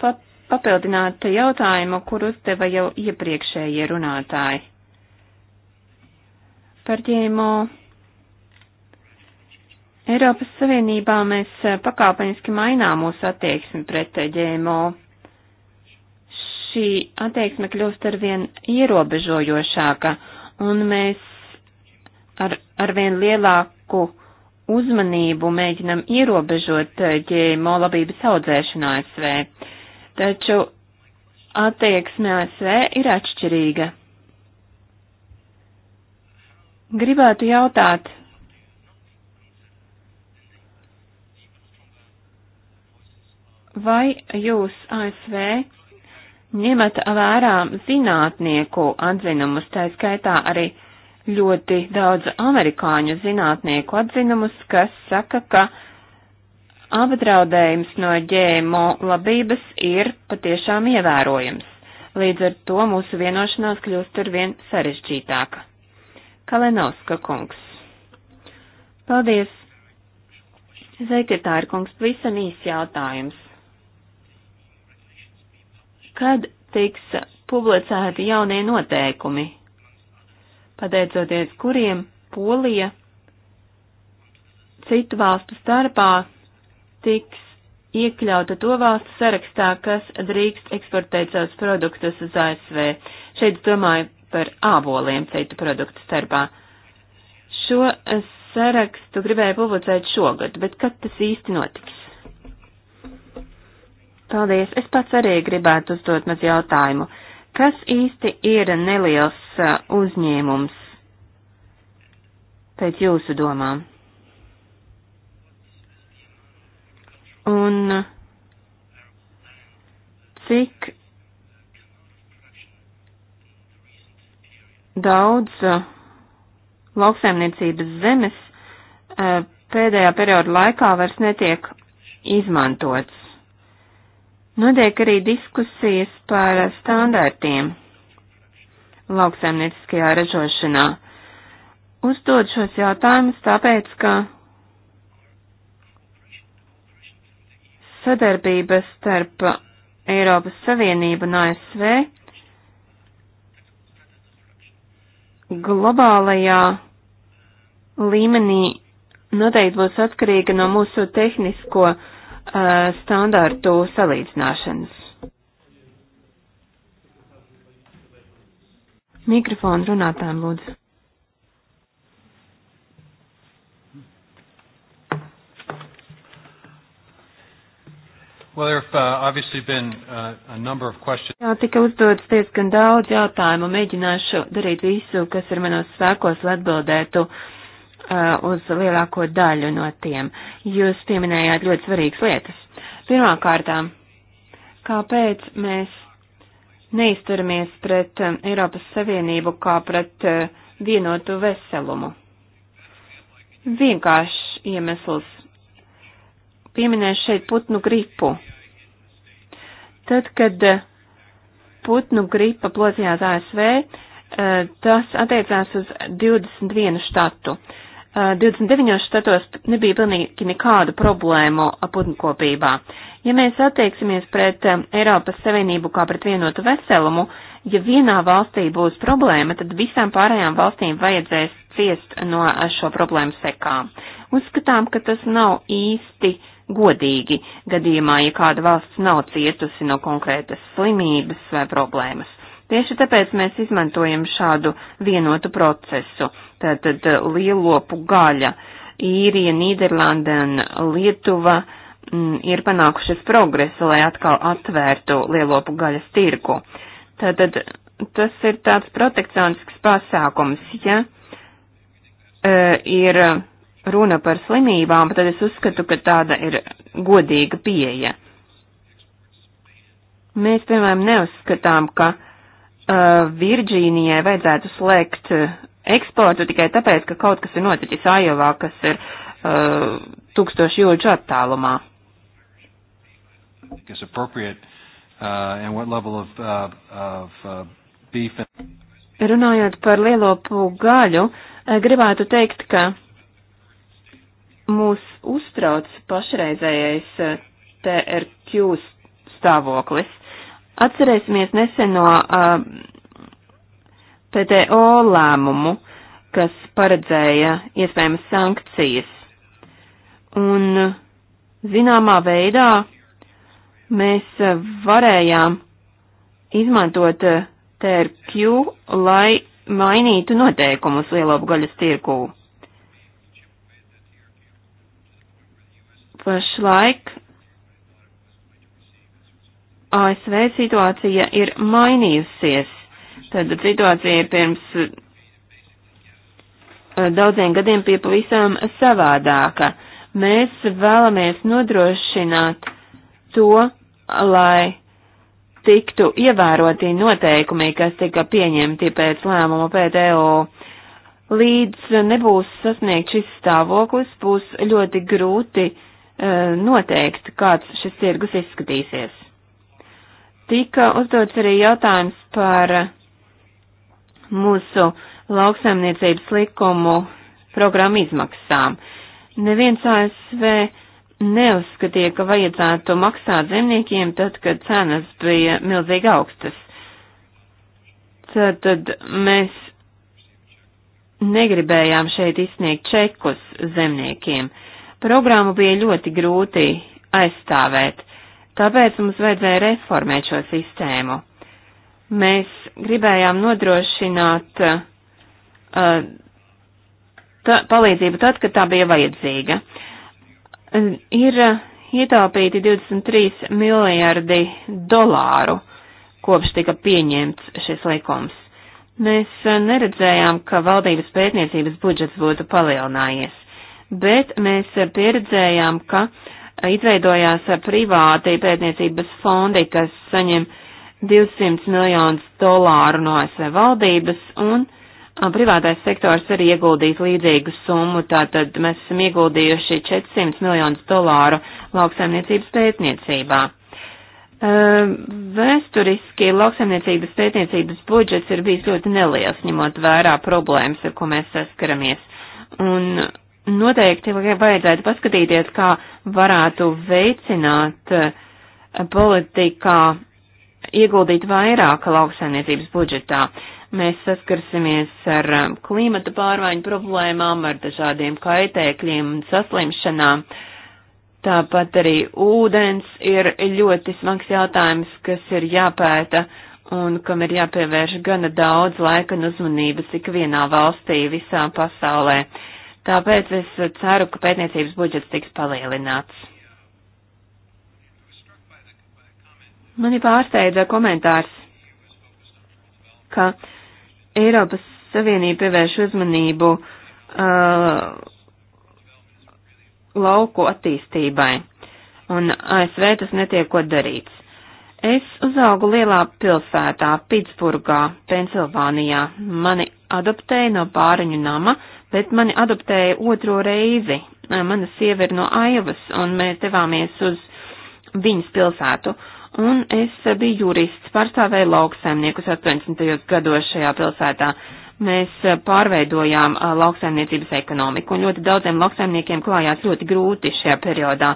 pat papildināt jautājumu, kur uzdeva jau iepriekšējie runātāji. Par ģēmo Eiropas Savienībā mēs eh, pakāpeniski mainām mūsu attieksmi pret eh, ģēmo. Šī attieksme kļūst arvien ierobežojošāka, un mēs ar, arvien lielāku uzmanību mēģinam ierobežot eh, ģēmo labības audzēšanā ASV, taču attieksme ASV ir atšķirīga. Gribētu jautāt, vai jūs ASV ņemat vērā zinātnieku atzinumus, tā skaitā arī ļoti daudz amerikāņu zinātnieku atzinumus, kas saka, ka apdraudējums no ģēmo labības ir patiešām ievērojams. Līdz ar to mūsu vienošanās kļūst ar vien sarežģītāka. Kalenovska kungs. Paldies. Sekretāra kungs, pavisam īs jautājums. Kad tiks publicēti jaunie noteikumi pateicoties kuriem Polija citu valstu starpā tiks iekļauta to valstu sarakstā, kas drīkst eksportēt savus produktus uz ASV. Šeit domāju par āboliem citu produktu starpā. Šo sarakstu gribēju publicēt šogad, bet kad tas īsti notiks? Paldies, es pats arī gribētu uzdot maz jautājumu. Kas īsti ir neliels uh, uzņēmums pēc jūsu domām? Un uh, cik daudz uh, lauksaimniecības zemes pēdējā perioda laikā vairs netiek izmantots? Notiek arī diskusijas par standārtiem lauksaimnieciskajā ražošanā. Uzdod šos jautājumus tāpēc, ka sadarbība starp Eiropas Savienību un ASV globālajā līmenī noteikti būs atkarīga no mūsu tehnisko uh, Uh, standārtu salīdzināšanas. Mikrofonu runātājiem lūdzu.
Well, there have uh, obviously been uh, a number of questions.
Jā, tika uzdodas
diezgan daudz jautājumu, mēģināšu darīt visu, kas ir manos spēkos, lai atbildētu uh, Uh, uz lielāko daļu no tiem. Jūs pieminējāt ļoti svarīgas lietas. Pirmkārtām, kāpēc mēs neizturamies pret um, Eiropas Savienību kā pret uh, vienotu veselumu? Vienkāršs iemesls. Pieminēšu šeit putnu gripu. Tad, kad uh, putnu gripa plosījās ASV, tas attiecās uz 21 štatu. 29 eh, štatos nebija pilnīgi nekādu problēmu eh, putnkopībā. Ja mēs attieksimies pret eh, Eiropas Savienību kā pret vienotu veselumu, ja vienā valstī būs problēma, tad visām pārējām valstīm vajadzēs ciest no šo problēmu sekām. Uzskatām, ka tas nav īsti godīgi gadījumā, ja kāda valsts nav cietusi no konkrētas slimības vai problēmas. Tieši tāpēc mēs izmantojam šādu vienotu procesu. Tātad eh, lielopu gaļa, īrija, Nīderlanda un Lietuva m, mm, ir panākušas progresu, lai atkal atvērtu lielopu gaļas tirgu. Tātad tas ir tāds protekcionisks pasākums, ja e, ir runa par slimībām, tad es uzskatu, ka tāda ir godīga pieeja. Mēs, piemēram, neuzskatām, ka Uh, Virģīnijai vajadzētu slēgt uh, eksportu tikai tāpēc, ka kaut kas ir noticis Ajovā, kas ir uh, tūkstoši jūdžu attālumā.
Uh,
Runājot par lielopu gaļu, gribētu teikt, ka mūs uztrauc pašreizējais TRQ stāvoklis. Atcerēsimies neseno uh, PTO lēmumu, kas paredzēja iespējamas sankcijas. Un zināmā veidā mēs varējām izmantot TRQ, lai mainītu noteikumus lielopgaļas tirgū. Pašlaik ASV situācija ir mainījusies. Tad situācija pirms e, daudziem gadiem bija pavisam savādāka. Mēs vēlamies nodrošināt to, lai tiktu ievēroti noteikumi, kas tika pieņemti pēc lēmuma PTO. Līdz nebūs sasniegt šis stāvoklis, būs ļoti grūti uh, noteikt, kāds šis tirgus izskatīsies. Tika uzdots arī jautājums par mūsu lauksaimniecības likumu programmu izmaksām. Neviens ASV neuzskatīja, ka vajadzētu maksāt zemniekiem tad, kad cenas bija milzīgi augstas. Tad, tad mēs negribējām šeit izsniegt čekus zemniekiem. Programmu bija ļoti grūti aizstāvēt. Tāpēc mums vajadzēja reformēt šo sistēmu. Mēs gribējām nodrošināt uh, ta, palīdzību tad, kad tā bija vajadzīga. Uh, ir uh, ietaupīti 23 miljardi dolāru, kopš tika pieņemts šis likums. Mēs uh, neredzējām, ka valdības pētniecības budžets būtu palielinājies, bet mēs uh, pieredzējām, ka uh, izveidojās privāti pētniecības fondi, kas saņem 200 miljonus dolāru no ASV valdības, un privātais sektors ir ieguldījis līdzīgu summu, tātad mēs esam ieguldījuši 400 miljonus dolāru lauksaimniecības pētniecībā. Vēsturiski lauksaimniecības pētniecības budžets ir bijis ļoti neliels, ņemot vērā problēmas, ar ko mēs saskaramies. Un noteikti vajadzētu paskatīties, kā varētu veicināt eh, politikā ieguldīt vairāk lauksainiecības budžetā. Mēs saskarsimies ar eh, klimata pārmaiņu problēmām, ar dažādiem kaitēkļiem un saslimšanām. Tāpat arī ūdens ir ļoti smags jautājums, kas ir jāpēta un kam ir jāpievērš gana daudz laika un uzmanības ikvienā valstī visā pasaulē. Uh, Tāpēc es ceru, ka pētniecības budžets tiks palielināts. Mani pārsteidza komentārs, ka Eiropas Savienība pievērš uzmanību uh, lauku attīstībai, un ASV tas netiekot darīts. Es uzaugu lielā pilsētā, Pitsburgā, Pensilvānijā. Mani adoptēja no pāriņu nama, uh, bet mani adoptēja otro reizi. Mana sieva ir no Aivas, un mēs devāmies uz viņas pilsētu. Un es biju jurists, pārstāvēju lauksaimniekus 80. gados šajā pilsētā. Mēs pārveidojām lauksaimniecības ekonomiku, un ļoti daudziem lauksaimniekiem klājās ļoti grūti šajā periodā.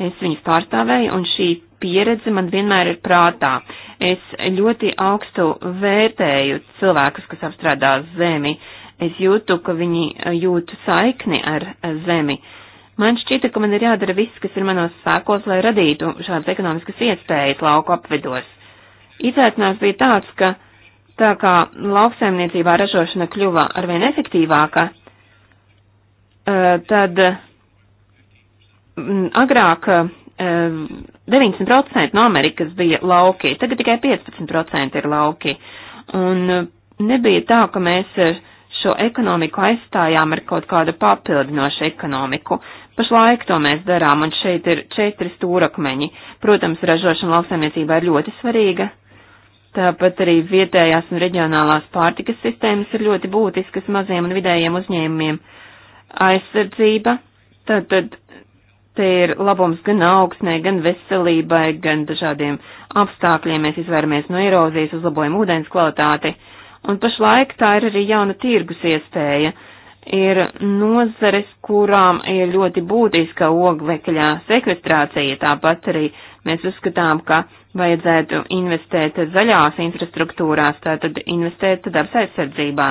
Es viņus pārstāvēju, un šī pieredze man vienmēr ir prātā. Es ļoti augstu vērtēju cilvēkus, kas apstrādā zemi. Uh, Es jūtu, ka viņi eh, jūtu saikni ar zemi. Man šķita, ka man ir jādara viss, kas ir manos spēkos, lai radītu šādas ekonomiskas iespējas lauku apvidos. Izaicinājums bija tāds, ka tā kā lauksaimniecībā ražošana kļuva arvien efektīvāka, eh, tad mm, agrāk 90% eh, no Amerikas bija lauki, tagad tikai 15% ir lauki. Un nebija tā, ka mēs šo ekonomiku aizstājām ar kaut kādu papildinošu ekonomiku. Pašlaik to mēs darām, un šeit ir četri stūrakmeņi. Protams, ražošana lauksaimniecībā ir ļoti svarīga. Tāpat arī vietējās un reģionālās pārtikas sistēmas ir ļoti būtiskas maziem un vidējiem uzņēmumiem. Aizsardzība, tad, tad te ir labums gan augsnē, gan veselībai, gan dažādiem apstākļiem. Mēs izvairamies no erozijas, uzlabojam ūdens kvalitāti. Uh, Un pašlaik tā ir arī jauna tirgus iespēja. Ir nozares, kurām ir ļoti būtiska oglekļa sekvestrācija, tāpat arī mēs uzskatām, ka vajadzētu investēt zaļās infrastruktūrās, tātad investēt dabas aizsardzībā.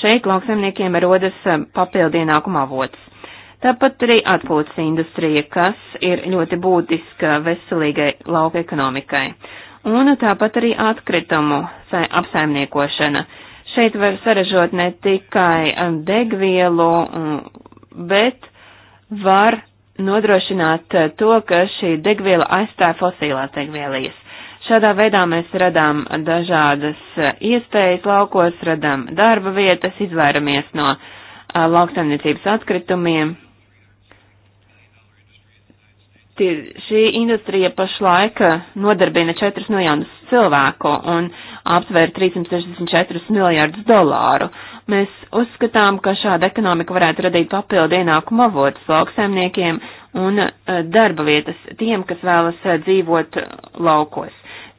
Šeit lauksaimniekiem rodas papildienākuma avots. Tāpat arī atpūtas industrija, kas ir ļoti būtiska veselīgai lauka ekonomikai. Un tāpat arī atkritumu apsaimniekošana. Šeit var saražot ne tikai um, degvielu, bet var nodrošināt uh, to, ka šī degviela aizstāja fosilās degvielijas. Šādā veidā mēs radām dažādas uh, iespējas laukos, radām darba vietas, izvairamies no uh, lauksaimniecības atkritumiem, Tie, šī industrija pašlaik nodarbina 4 miljonus cilvēku un aptver 364 miljārdus dolāru. Mēs uzskatām, ka šāda ekonomika varētu radīt papildu ienākumu avotus lauksaimniekiem un eh, darba vietas tiem, kas vēlas eh, dzīvot laukos.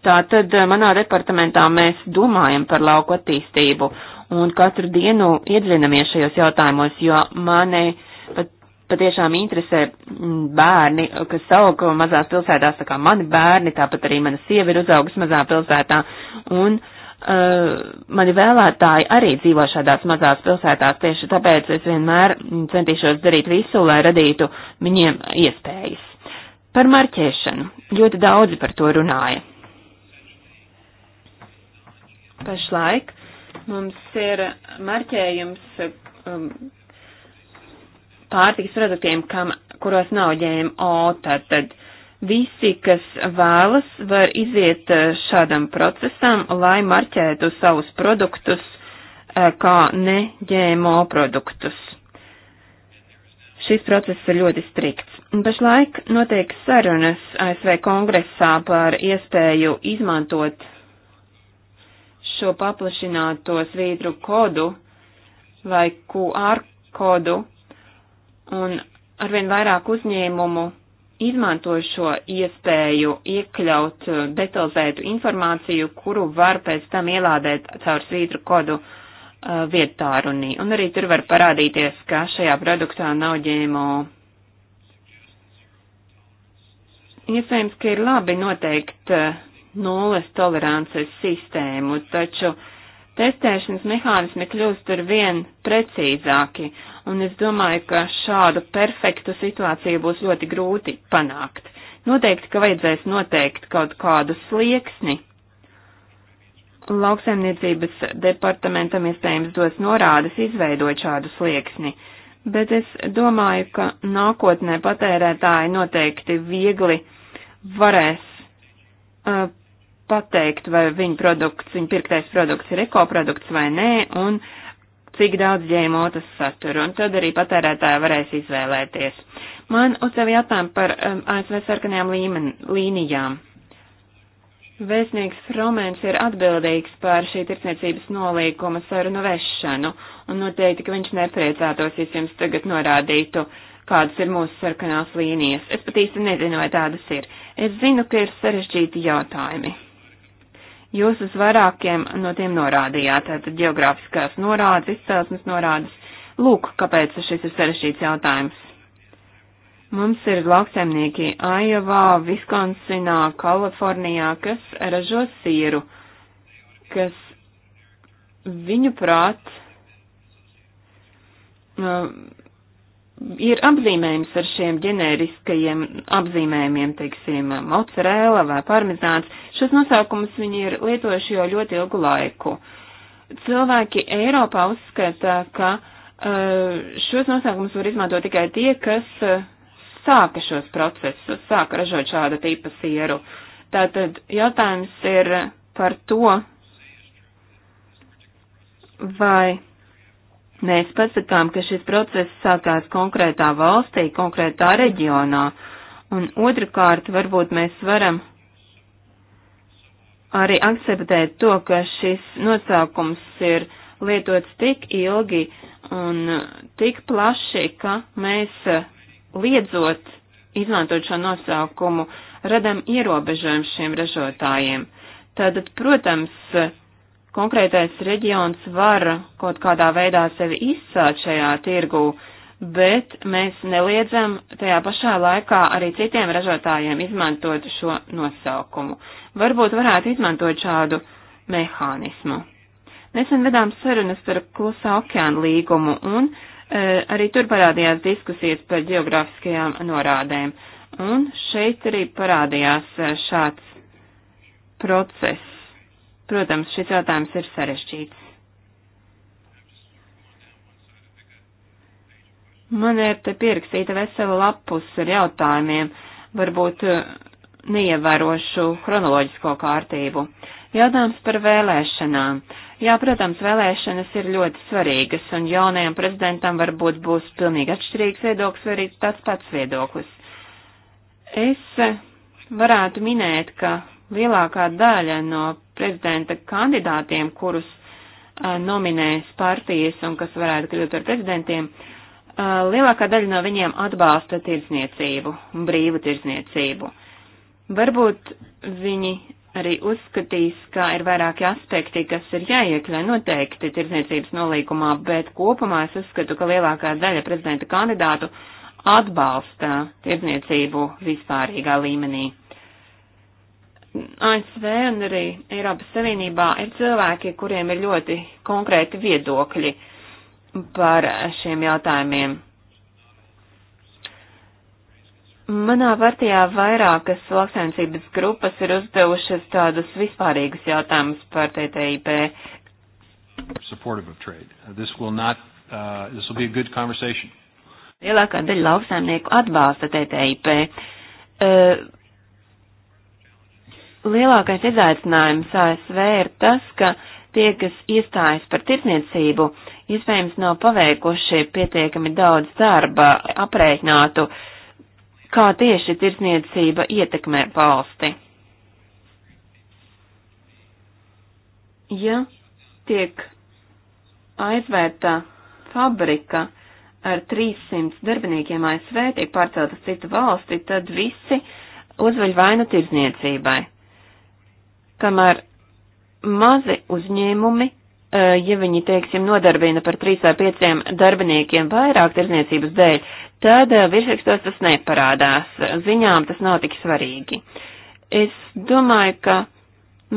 Tātad eh, manā departamentā mēs domājam par lauku attīstību un katru dienu iedzinamies šajos jautājumos, jo mani pat patiešām interesē mm, bērni, kas aug mazās pilsētās, tā kā mani bērni, tāpat arī mana sieva ir uzaugusi mazā pilsētā, un uh, mani vēlētāji arī dzīvo šādās mazās pilsētās, tieši tāpēc es vienmēr centīšos darīt visu, lai radītu viņiem iespējas. Par marķēšanu. Ļoti daudzi par to runāja. Pašlaik mums ir marķējums um, pārtikas produktiem, kam, kuros nav ģēmo, tātad visi, kas vēlas, var iziet eh, šādam procesam, lai marķētu savus produktus eh, kā ne ģēmo produktus. Šis process ir ļoti strikts. Pašlaik notiek sarunas ASV kongresā par iespēju izmantot šo paplašināto svītru kodu vai QR kodu Un arvien vairāk uzņēmumu izmanto šo iespēju iekļaut uh, detalizētu informāciju, kuru var pēc tam ielādēt caur svītru kodu uh, vietārunī. Un arī tur var parādīties, ka šajā produktā nav ģēmo. Iespējams, ka ir labi noteikt uh, nulles tolerances sistēmu, taču uh, testēšanas mehānismi kļūst ar vien precīzāki, un es domāju, ka šādu perfektu situāciju būs ļoti grūti panākt. Noteikti, ka vajadzēs noteikt kaut kādu slieksni. Lauksaimniecības departamentam iespējams dos norādes izveidot šādu slieksni, bet es domāju, ka nākotnē patērētāji noteikti viegli varēs uh, pateikt, vai viņa produkts, viņa pirktais produkts ir ekoprodukts vai nē, un cik daudz ģēmo tas satur, un tad arī patērētāji varēs izvēlēties. Man uzdev jautājumu par um, ASV sarkanajām līmen, līnijām. Vēstnieks Romēns ir atbildīgs par šī tirdzniecības nolīkuma sarunu vešanu, un noteikti, ka viņš nepriecātos, ja jums tagad norādītu, kādas ir mūsu sarkanās līnijas. Es pat īsti nezinu, vai tādas ir. Es zinu, ka ir sarežģīti jautājumi. Jūs uz vairākiem no tiem norādījāt, tātad geogrāfiskās norādes, izcelsmes norādes. Lūk, kāpēc šis ir sarešķīts jautājums. Mums ir lauksaimnieki Aijavā, Viskonsinā, Kalifornijā, kas ražo sīru, kas viņu prāt nu, ir apzīmējums ar šiem ģenēriskajiem apzīmējumiem, teiksim, mozzarella vai parmezāns. Šos nosaukumus viņi ir lietojuši jau ļoti ilgu laiku. Cilvēki Eiropā uzskata, ka e, šos nosaukumus var izmantot tikai tie, kas e, sāka šos procesus, sāka ražot šāda tipa sieru. Tātad jautājums ir par to, vai Mēs pasakām, ka šis process sākās konkrētā valstī, konkrētā reģionā, un otrkārt varbūt mēs varam arī akceptēt to, ka šis nosaukums ir lietots tik ilgi un tik plaši, ka mēs liedzot izmantot šo nosaukumu, radam ierobežojumu šiem ražotājiem. Tātad, protams, konkrētais reģions var kaut kādā veidā sevi izsākt šajā tirgū, bet mēs neliedzam tajā pašā laikā arī citiem ražotājiem izmantot šo nosaukumu. Varbūt varētu izmantot šādu mehānismu. Nesen vedām sarunas par klusā okeāna līgumu, un e, arī tur parādījās diskusijas par geogrāfiskajām norādēm. Un šeit arī parādījās e, šāds process. Protams, šis jautājums ir sarežģīts. Man ir te pierakstīta vesela lapus ar jautājumiem, varbūt eh, neievērošu chronoloģisko kārtību. Jautājums par vēlēšanām. Jā, protams, vēlēšanas ir ļoti svarīgas, un jaunajam prezidentam varbūt būs pilnīgi atšķirīgs viedoklis vai arī tāds pats viedoklis. Es eh, varētu minēt, ka lielākā daļa no prezidenta kandidātiem, kurus uh, nominēs partijas un kas varētu kļūt par prezidentiem, uh, lielākā daļa no viņiem atbalsta tirdzniecību, brīvu tirdzniecību. Varbūt viņi arī uzskatīs, ka ir vairāki aspekti, kas ir jāiekļauj noteikti tirdzniecības nolīgumā, bet kopumā es uzskatu, ka lielākā daļa prezidenta kandidātu atbalsta tirdzniecību vispārīgā līmenī. ASV un arī Eiropas Savienībā ir cilvēki, kuriem ir ļoti konkrēti viedokļi par šiem jautājumiem. Manā partijā vairākas lauksaimniecības grupas ir uzdevušas tādus vispārīgus jautājumus par TTIP.
Not, uh,
Lielākā daļa lauksaimnieku atbalsta TTIP. Uh, lielākais izaicinājums ASV ir tas, ka tie, kas iestājas par tirdzniecību, iespējams nav paveikuši pietiekami daudz darba aprēķinātu, kā tieši tirdzniecība ietekmē valsti. Ja tiek aizvērta fabrika ar 300 darbiniekiem ASV, tiek pārcelt uz citu valsti, tad visi uzveļ vainu tirdzniecībai. Kamēr mazi uzņēmumi, e, ja viņi, teiksim, nodarbina par 3 vai 5 darbiniekiem vairāk tirzniecības dēļ, tad e, virsrakstos tas neparādās. Ziņām tas nav tik svarīgi. Es domāju, ka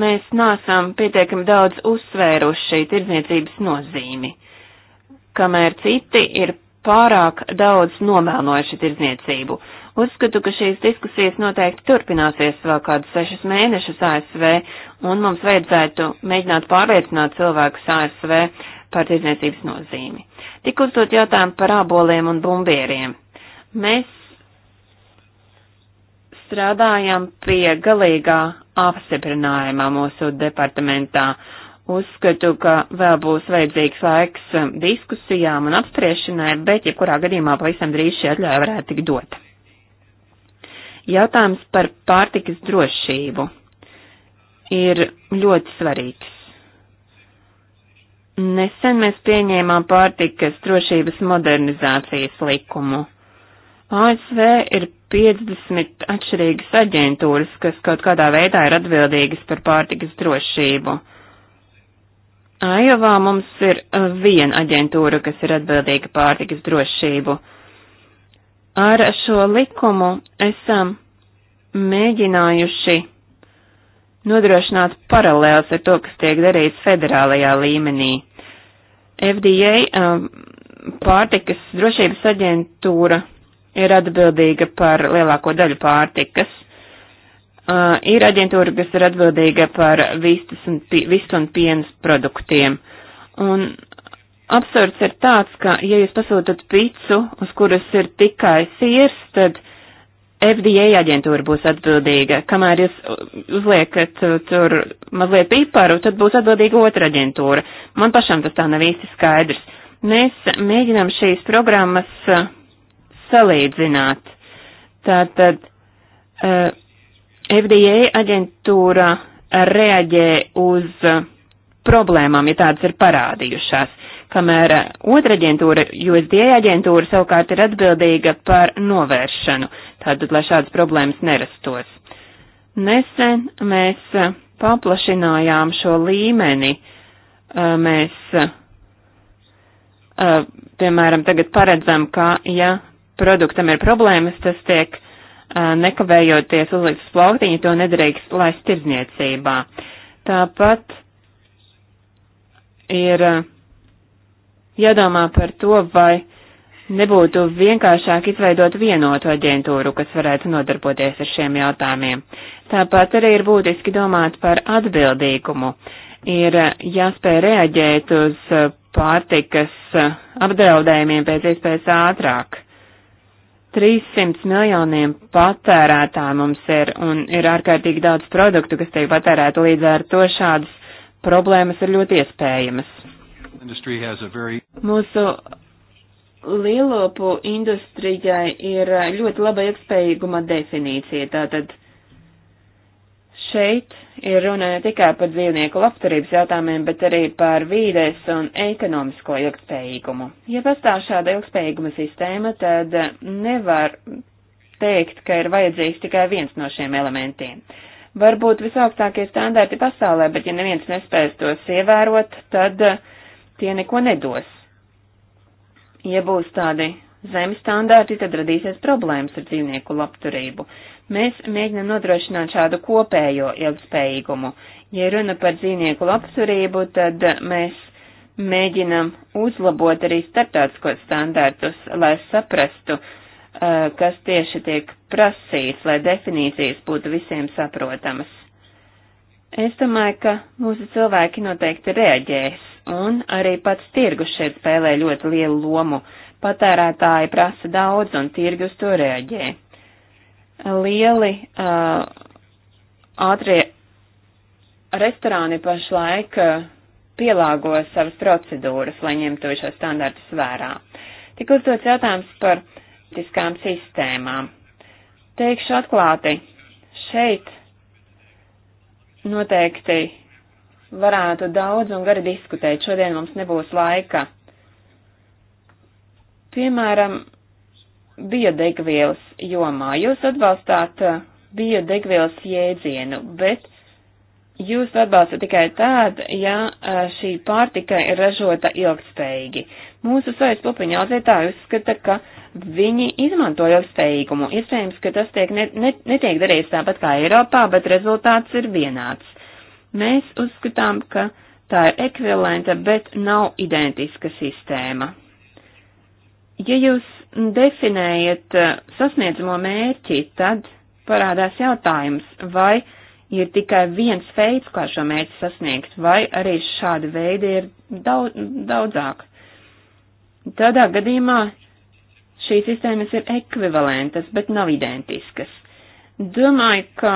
mēs nāsam pietiekami daudz uzsvēruši tirdzniecības nozīmi, kamēr citi ir pārāk daudz nomēlojuši tirdzniecību. Uzskatu, ka šīs diskusijas noteikti turpināsies vēl kādus sešus mēnešus ASV, un mums vajadzētu mēģināt pārliecināt cilvēkus ASV par tirdzniecības nozīmi. Tik uzdot jautājumu par āboliem un bumbieriem. Mēs strādājam pie galīgā apstiprinājumā mūsu departamentā. Uzskatu, ka vēl būs vajadzīgs laiks diskusijām un apspriešanai, bet jebkurā gadījumā pavisam drīz šī atļauja varētu tikt dota. Jautājums par pārtikas drošību ir ļoti svarīgs. Nesen mēs pieņēmām pārtikas drošības modernizācijas likumu. ASV ir 50 atšķirīgas aģentūras, kas kaut kādā veidā ir atbildīgas par pārtikas drošību. Ajovā mums ir viena aģentūra, kas ir atbildīga pārtikas drošību. Ar šo likumu esam mēģinājuši nodrošināt paralēls ar to, kas tiek darīts federālajā līmenī. FDA um, pārtikas drošības aģentūra ir atbildīga par lielāko daļu pārtikas. Uh, ir aģentūra, kas ir atbildīga par vistas un, vistas un pienas produktiem. Un absurds ir tāds, ka, ja jūs pasūtat picu, uz kuras ir tikai sirs, tad FDA aģentūra būs atbildīga. Kamēr jūs uzliekat uh, tur mazliet piparu, tad būs atbildīga otra aģentūra. Man pašam tas tā nav īsti skaidrs. Mēs mēģinām šīs programmas uh, salīdzināt. Tātad uh, FDA aģentūra reaģē uz uh, problēmām, ja tādas ir parādījušās kamēr otra aģentūra, USDA aģentūra, savukārt ir atbildīga par novēršanu, tātad, lai šādas problēmas nerastos. Nesen mēs uh, paplašinājām šo līmeni, uh, mēs, uh, piemēram, tagad paredzam, ka, ja produktam ir problēmas, tas tiek nekavējoties uzlikts plauktiņi, to nedrīkst laist tirzniecībā. Tāpat ir jādomā par to, vai nebūtu vienkāršāk izveidot vienotu aģentūru, kas varētu nodarboties ar šiem jautājumiem. Tāpat arī ir būtiski domāt par atbildīgumu. Ir jāspēj reaģēt uz pārtikas apdraudējumiem pēc iespējas ātrāk. 300 miljoniem patērētāju mums ir, un ir ārkārtīgi daudz produktu, kas tiek patērēta līdz ar to šādas problēmas ir ļoti iespējamas very... Mūsu lielopu industrijai ir ļoti laba ilgspējīguma definīcija. Tātad šeit ir runa ne tikai par dzīvnieku labturības jautājumiem, bet arī par vīdes un ekonomisko ilgspējīgumu. Ja pastāv šāda ilgspējīguma sistēma, tad nevar teikt, ka ir vajadzīgs tikai viens no šiem elementiem. Varbūt visaugstākie standarti pasaulē, bet ja neviens nespēs tos ievērot, tad uh, tie neko nedos. Ja būs tādi zemi standārti, tad radīsies problēmas ar dzīvnieku labturību. Mēs mēģinam nodrošināt šādu kopējo ilgspējīgumu. Ja runa par dzīvnieku labturību, tad mēs mēģinam uzlabot arī starptautiskos standārtus, lai saprastu, kas tieši tiek prasīts, lai definīcijas būtu visiem saprotamas. Es domāju, ka mūsu cilvēki noteikti reaģēs un arī pats tirgus šeit spēlē ļoti lielu lomu. Patērētāji prasa daudz, un tirgus to reaģē. Lieli uh, ātrie restorāni pašlaik uh, pielāgo savas procedūras, lai ņemtu šo standartus vērā. Tik uzdots jautājums par tiskām sistēmām. Teikšu atklāti, šeit noteikti varētu daudz un gari diskutēt. Šodien mums nebūs laika. Piemēram, biodegvielas jomā. Jūs atbalstāt uh, biodegvielas jēdzienu, bet jūs atbalstat tikai tād, ja uh, šī pārtika ir ražota ilgspējīgi. Mūsu sojas pupiņa audzētāji uzskata, ka viņi izmanto ilgspējīgumu. Iespējams, ka tas tiek ne, ne, netiek darīts tāpat kā Eiropā, bet rezultāts ir vienāds. Mēs uzskatām, ka tā ir ekvivalenta, bet nav identiska sistēma. Ja jūs definējat eh, sasniedzamo mērķi, tad parādās jautājums, vai ir tikai viens veids, kā šo mērķi sasniegt, vai arī šādi veidi ir daudz, daudzāk. Tādā gadījumā šīs sistēmas ir ekvivalentas, bet nav identiskas. Domāju, ka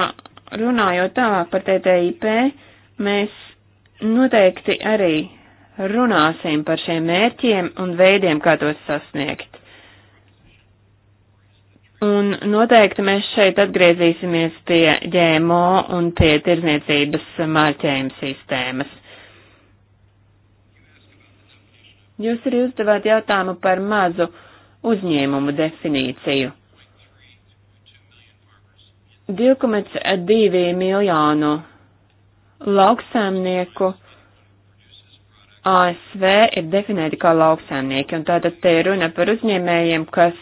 runājot tālāk par TTIP, Mēs noteikti arī runāsim par šiem mērķiem un veidiem, kā tos sasniegt. Un noteikti mēs šeit atgriezīsimies pie ģēmo un pie tirzniecības mārķējuma sistēmas. Jūs arī uzdevāt jautājumu par mazu uzņēmumu definīciju. 2,2 miljonu lauksēmnieku ASV ir definēti kā lauksēmnieki, un tātad te ir runa par uzņēmējiem, kas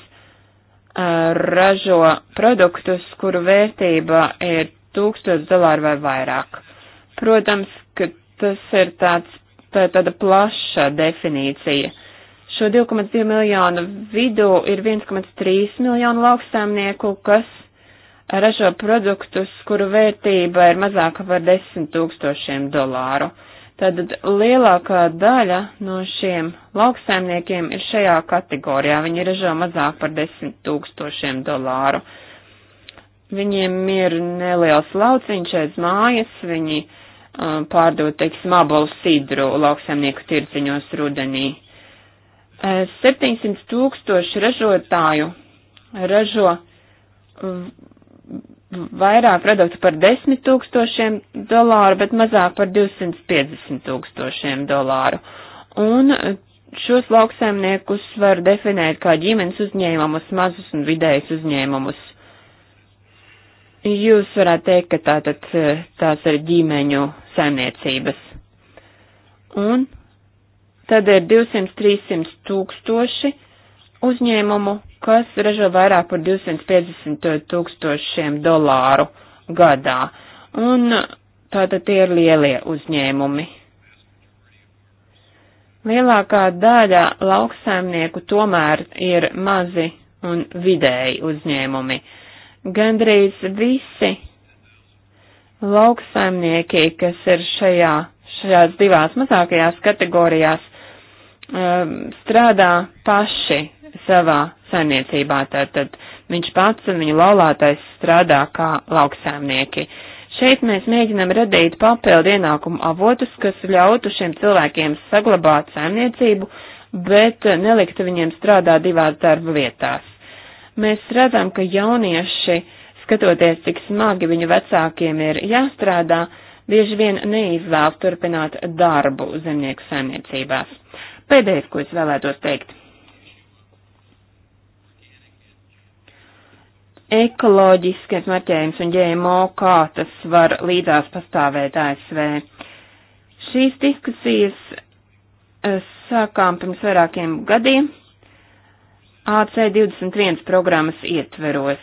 uh, ražo produktus, kuru vērtība ir tūkstots dolāru vai vairāk. Protams, ka tas ir tāds, tā, tāda plaša definīcija. Šo 2,2 miljonu vidū ir 1,3 miljonu lauksēmnieku, kas ražo produktus, kuru vērtība ir mazāka par 10 tūkstošiem dolāru. Tātad lielākā daļa no šiem lauksaimniekiem ir šajā kategorijā. Viņi ražo mazāk par 10 tūkstošiem dolāru. Viņiem ir neliels lauciņš aiz mājas, viņi um, pārdod, teiksim, abolu sidru lauksaimnieku tirciņos rudenī. 700 eh, tūkstoši ražotāju ražo vairāk produktu par 10 tūkstošiem dolāru, bet mazāk par 250 tūkstošiem dolāru. Un e, šos lauksaimniekus var definēt kā ģimenes uzņēmumus, mazus un vidējus uzņēmumus. Jūs varētu teikt, ka tātad e, tās ir ģimeņu saimniecības. Un tad ir 200-300 tūkstoši uzņēmumu, kas ražo vairāk par 250 tūkstošiem dolāru gadā. Un tātad tie ir lielie uzņēmumi. Lielākā daļa lauksaimnieku tomēr ir mazi un vidēji uzņēmumi. Gandrīz visi lauksaimnieki, kas ir šajā, šajās divās mazākajās kategorijās, um, strādā paši savā saimniecībā, tātad viņš pats un viņa laulātais strādā kā lauksēmnieki. Šeit mēs mēģinam radīt papildu ienākumu avotus, kas ļautu šiem cilvēkiem saglabāt saimniecību, bet neliktu viņiem strādāt divās darba vietās. Mēs redzam, ka jaunieši, skatoties, cik smagi viņu vecākiem ir jāstrādā, bieži vien neizvēlas turpināt darbu zemnieku saimniecībās. Pēdējais, ko es vēlētos teikt. ekoloģiskais marķējums un ģēmo, kā tas var līdzās pastāvēt ASV. Šīs diskusijas eh, sākām pirms vairākiem gadiem AC21 programmas ietveros.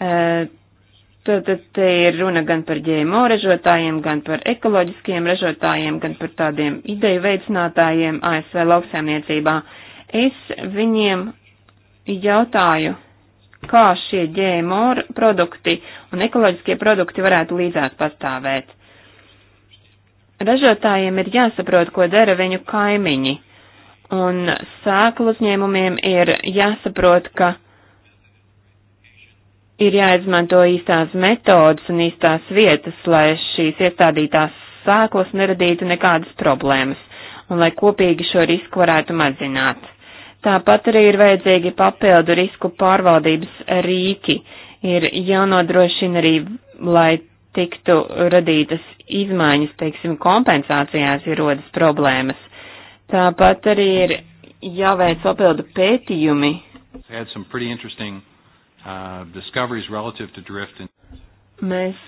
Eh, tad te ir runa gan par ģēmo ražotājiem, gan par ekoloģiskiem ražotājiem, gan par tādiem ideju veicinātājiem ASV lauksēmniecībā. Es viņiem jautāju, kā šie GMO produkti un ekoloģiskie produkti varētu līdzās pastāvēt. Ražotājiem ir jāsaprot, ko dara viņu kaimiņi, un sēklu uzņēmumiem ir jāsaprot, ka ir jāizmanto īstās metodas un īstās vietas, lai šīs iestādītās sēklas neradītu nekādas problēmas, un lai kopīgi šo risku varētu mazināt. Tāpat arī ir vajadzīgi papildu risku pārvaldības rīki. Ir jānodrošina arī, lai tiktu radītas izmaiņas, teiksim, kompensācijās, ja rodas problēmas. Tāpat arī ir jāveic papildu pētījumi. Uh, Mēs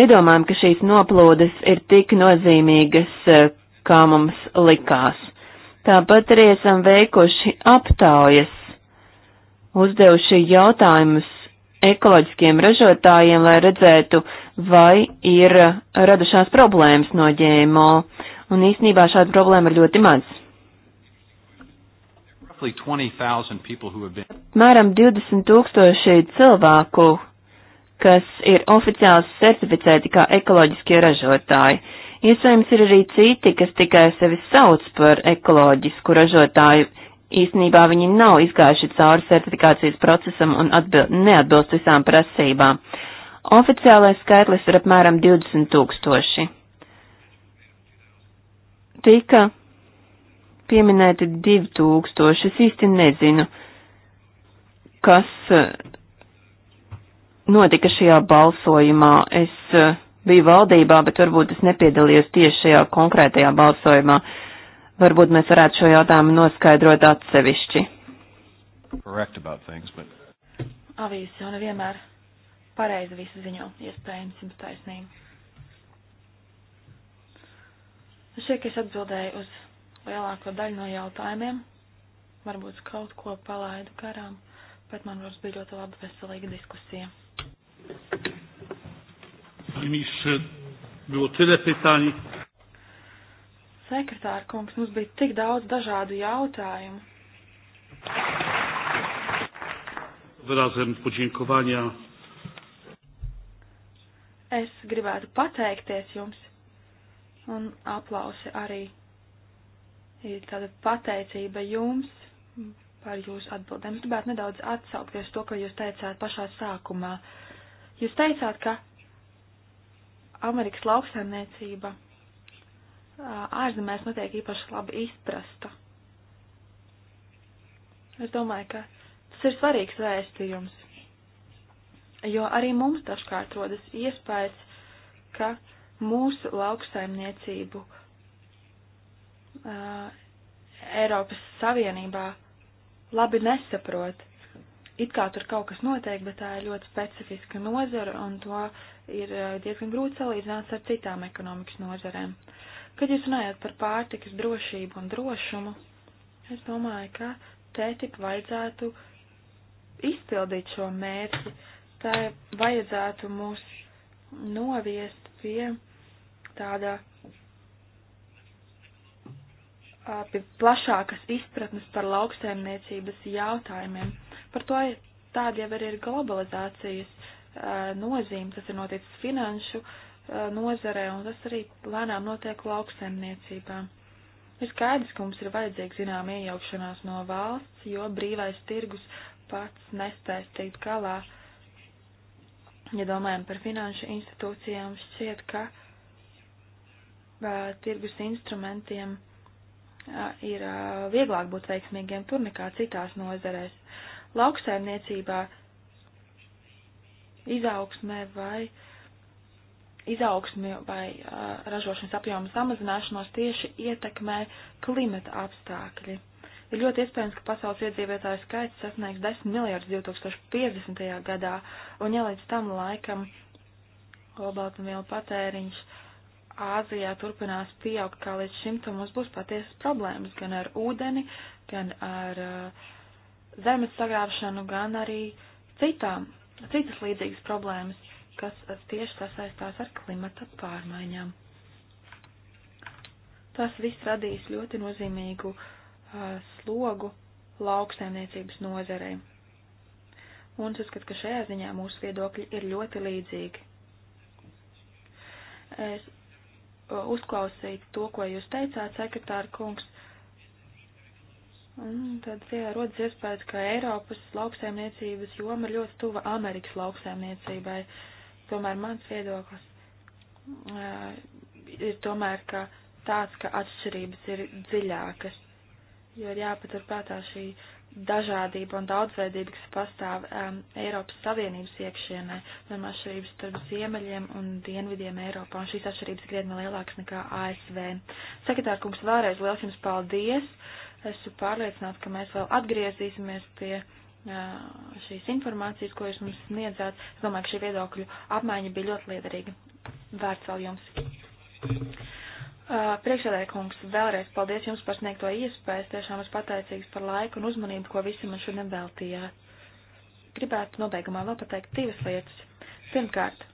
nedomājam, ka šīs noplūdes ir tik nozīmīgas, uh, kā mums likās. Tāpat arī esam veikuši aptaujas, uzdevuši jautājumus ekoloģiskiem ražotājiem, lai redzētu, vai ir radušās problēmas no ģēmo. Un īsnībā šāda problēma ir ļoti maz. Mēram 20 tūkstoši cilvēku, kas ir oficiāli certificēti kā ekoloģiskie ražotāji. Iespējams, ir arī citi, kas tikai sevi sauc par ekoloģisku ražotāju. Īsnībā viņi nav izgājuši cauri certifikācijas procesam un atbil neatbilst visām prasībām. Oficiālais skaitlis ir apmēram 20 tūkstoši. Tika pieminēti 2000. Es īsti nezinu, kas eh, notika šajā balsojumā. Es eh, biju valdībā, bet varbūt es nepiedalījos tieši šajā konkrētajā balsojumā. Varbūt mēs varētu šo jautājumu noskaidrot atsevišķi. Things, but...
Avīzes jau nevienmēr pareizi visu ziņo, iespējams, jums taisnība. Es šeit, ka es atbildēju uz lielāko daļu no jautājumiem, varbūt kaut ko palaidu garām, bet man, protams, bija ļoti laba veselīga diskusija.
Panie ministrze, było tyle pytań.
Sekretāra kungs, mums bija tik daudz dažādu jautājumu.
Wyrazem podziękowania.
Es gribētu pateikties jums un aplausi arī ir tāda pateicība jums par jūsu atbildēm. Es gribētu nedaudz atsaukties to, ko jūs teicāt pašā sākumā. Jūs teicāt, ka Amerikas lauksaimniecība ārzemēs netiek īpaši labi izprasta. Es domāju, ka tas ir svarīgs vēstījums, jo arī mums dažkārt rodas iespējas, ka mūsu lauksaimniecību uh, Eiropas Savienībā labi nesaprot it kā tur kaut kas notiek, bet tā ir ļoti specifiska nozara un to ir eh, diezgan grūti salīdzināt ar citām ekonomikas nozarēm. Kad jūs runājat par pārtikas drošību un drošumu, es domāju, ka tētip vajadzētu izpildīt šo mērķi. Tā vajadzētu mūs noviest pie tāda pie plašākas izpratnes par lauksaimniecības jautājumiem. Par to tāda jau arī ir globalizācijas nozīme, tas ir noticis finanšu nozarē, un tas arī lēnām notiek lauksaimniecībā. Ir skaidrs, ka mums ir vajadzīga zinām iejaukšanās no valsts, jo brīvais tirgus pats nespēs tikt galā. Ja domājam par finanšu institūcijām, šķiet, ka uh, tirgus instrumentiem uh, ir uh, vieglāk būt veiksmīgiem tur nekā citās nozarēs. Uh, lauksaimniecībā izaugsmē vai izaugsmi vai uh, ražošanas apjomu samazināšanos tieši ietekmē klimata apstākļi. Ir ļoti iespējams, ka pasaules iedzīvotāju skaits sasniegs 10 miljardus 2050. gadā, un ja līdz tam laikam obaltumvielu patēriņš Āzijā turpinās pieaugt kā līdz šim, tad mums būs patiesas problēmas gan ar ūdeni, gan ar uh, zemes sagrāvšanu, gan arī citām, citas līdzīgas problēmas, kas tieši sasaistās ar klimata pārmaiņām. Tas viss radīs ļoti nozīmīgu uh, slogu lauksaimniecības nozarei. Un es uzskatu, ka šajā ziņā mūsu viedokļi ir ļoti līdzīgi. Es uzklausīju to, ko jūs teicāt, sekretāra kungs, Un tad tajā rodas iespējas, ka Eiropas lauksaimniecības joma ir ļoti tuva Amerikas lauksaimniecībai. Tomēr mans viedoklis uh, ir tomēr, ka tāds, ka atšķirības ir dziļākas, jo ir jāpaturprātā šī dažādība un daudzveidība, kas pastāv um, Eiropas Savienības iekšienē, un atšķirības starp ziemeļiem un dienvidiem Eiropā, un šīs atšķirības ir krietni lielākas nekā ASV. Sekretārkungs, vēlreiz liels jums paldies! Uh, Esmu pārliecināts, ka mēs vēl atgriezīsimies pie šīs informācijas, ko jūs mums sniedzāt. Es domāju, ka šī viedokļu apmaiņa bija ļoti liederīga. Vērts vēl jums. Priekšsēdētāj kungs, vēlreiz paldies jums par sniegto iespēju. Es tiešām esmu pateicīgs par laiku un uzmanību, ko visi man šodien veltījāt. Gribētu nobeigumā vēl pateikt divas lietas. Pirmkārt,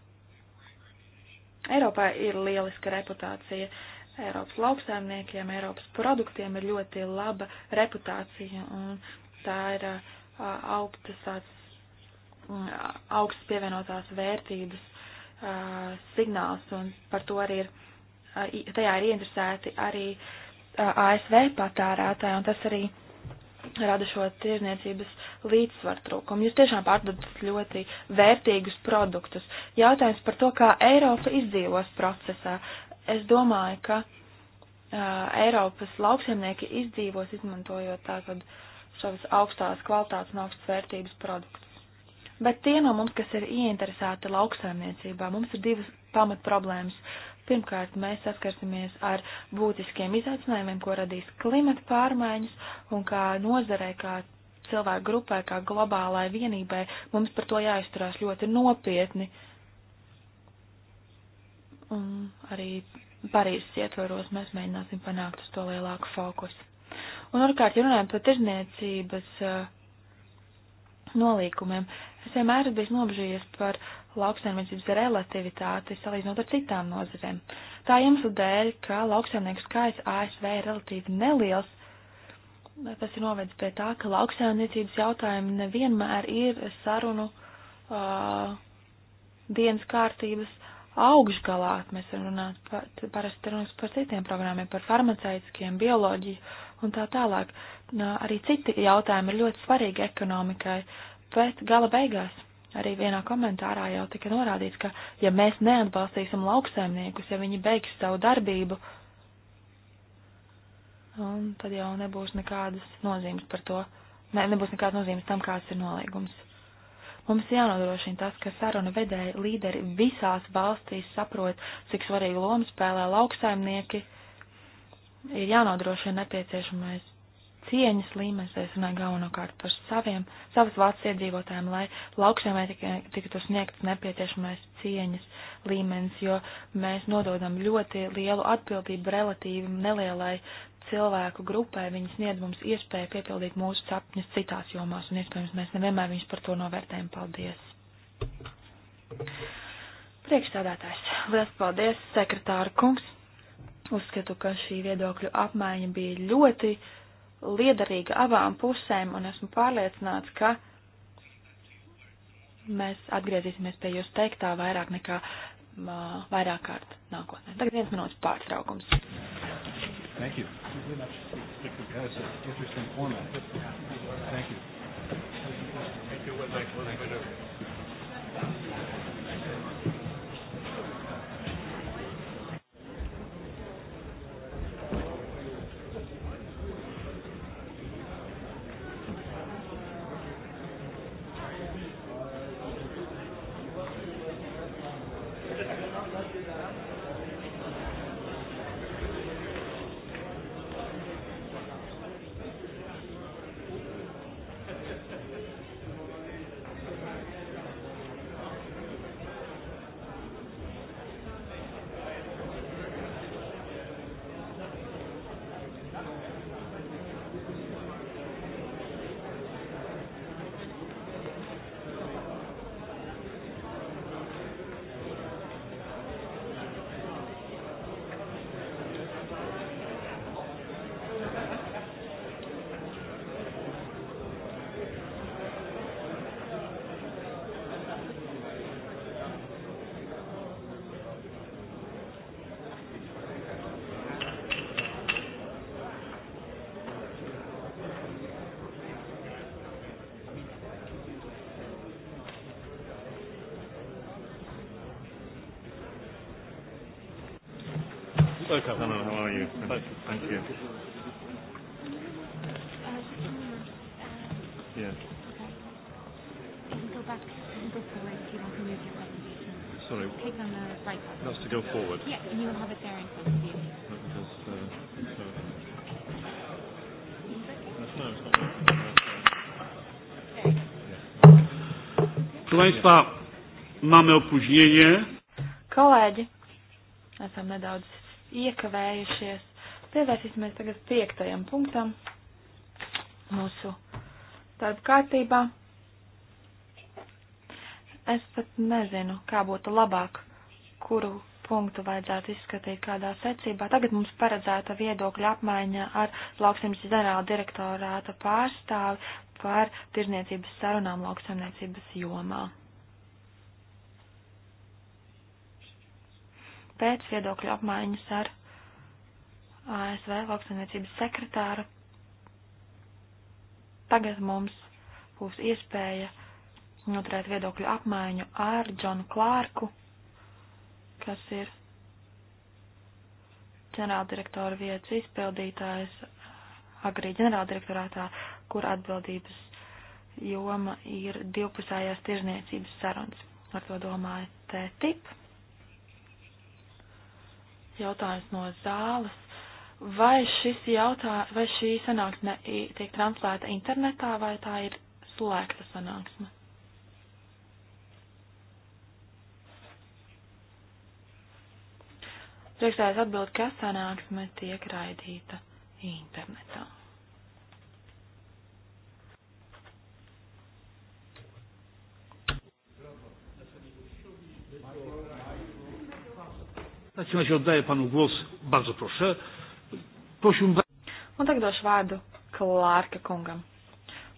Eiropā ir lieliska reputācija. Uh, Eiropas lauksaimniekiem, Eiropas produktiem ir ļoti laba reputācija un tā ir augstas, augstas pievienotās vērtības signāls un par to arī ir, tajā ir interesēti arī ASV patērētāji un tas arī rada šo tirzniecības līdzsvaru trūkumu. Jūs tiešām pārdodat ļoti vērtīgus produktus. Jautājums par to, kā Eiropa izdzīvos procesā. Es domāju, ka uh, Eiropas lauksaimnieki izdzīvos izmantojot tātad savas augstās kvalitātes un augstas vērtības produktus. Bet tie no mums, kas ir ieinteresēti lauksaimniecībā, mums ir divas pamat problēmas. Pirmkārt, mēs saskarsimies ar būtiskiem izaicinājumiem, ko radīs klimata pārmaiņas un kā nozarei, kā cilvēku grupai, kā globālai vienībai, mums par to jāizturās ļoti nopietni. Uh, Un arī Parīzes ietvaros mēs mēģināsim panākt uz to lielāku fokusu. Un otrkārt, ja runājam par tirzniecības uh, nolīkumiem, es vienmēr esmu bijis nobežījies par lauksaimniecības relativitāti salīdzinot ar citām nozarēm. Tā iemesla dēļ, ka lauksaimnieku skaits ASV ir relatīvi neliels, tas ir novedis pie tā, ka lauksaimniecības jautājumi nevienmēr ir sarunu uh, dienas kārtības augšgalā. Mēs varam runāt, par, parasti runas par citiem programmiem, par farmaceitiskiem, bioloģiju un tā tālāk. Nā, arī citi jautājumi ir ļoti svarīgi ekonomikai, bet gala beigās arī vienā komentārā jau tika norādīts, ka ja mēs neatbalstīsim lauksaimniekus, ja viņi beigs savu darbību, tad jau nebūs nekādas nozīmes par to, ne, nebūs nekādas nozīmes tam, kāds ir nolīgums. Mums jānodrošina tas, ka saruna vedēja līderi visās valstīs saprot, cik svarīgu lomu spēlē lauksaimnieki. Ir jānodrošina nepieciešamais cieņas līmenis, es runāju galvenokārt par saviem, savas valsts iedzīvotājiem, lai lauksaimnieki tiktu sniegts nepieciešamais cieņas līmenis, jo mēs nododam ļoti lielu atbildību relatīvi nelielai cilvēku grupai, viņi sniedz mums iespēju piepildīt mūsu sapņus citās jomās, un iespējams mēs nevienmēr viņus par to novērtējam. Paldies! Priekšstādātājs, liels paldies, sekretāra kungs! Uzskatu, ka šī viedokļu apmaiņa bija ļoti liederīga abām pusēm, un esmu pārliecināts, ka mēs atgriezīsimies pie jūsu teiktā vairāk nekā vairāk kārt nākotnē. Tagad viens minūtes pārtraukums.
Thank you. Thank you very much. That's an interesting format. Thank you. Thank you. Thank you. Welcome. Hello, how are you? Welcome. Thank you. Yeah. Sorry. Click on the right button. That's to go forward. Yeah, and you'll have it there in front of you. Let me just. Uh, so. No, it's not. Proszę Państwa,
mamy opóźnienie.
Koledzy, ja sam na drodze iekavējušies. Pievērsīsimies tagad piektajam punktam mūsu darba kārtībā. Es pat nezinu, kā būtu labāk, kuru punktu vajadzētu izskatīt kādā secībā. Tagad mums paredzēta viedokļa apmaiņa ar lauksimnes ģenerāla direktorāta pārstāvi par tirzniecības sarunām lauksimniecības jomā. pēc viedokļu apmaiņas ar ASV lauksaimniecības sekretāru. Tagad mums būs iespēja noturēt viedokļu apmaiņu ar Džonu Klārku, kas ir ģenerāldirektora vietas izpildītājs agrī ģenerāldirektorātā, kur atbildības joma ir divpusējās tirzniecības sarunas. Ar to domāju TTIP jautājums no zāles. Vai, jautā, vai šī sanāksme tiek translēta internetā vai tā ir slēgta sanāksme? Priekšstājs atbild, ka sanāksme tiek raidīta internetā.
Thank you
takim razie oddaję panu głos. Bardzo proszę. Prosiłbym...
Un tagad došu vārdu Klārka kungam.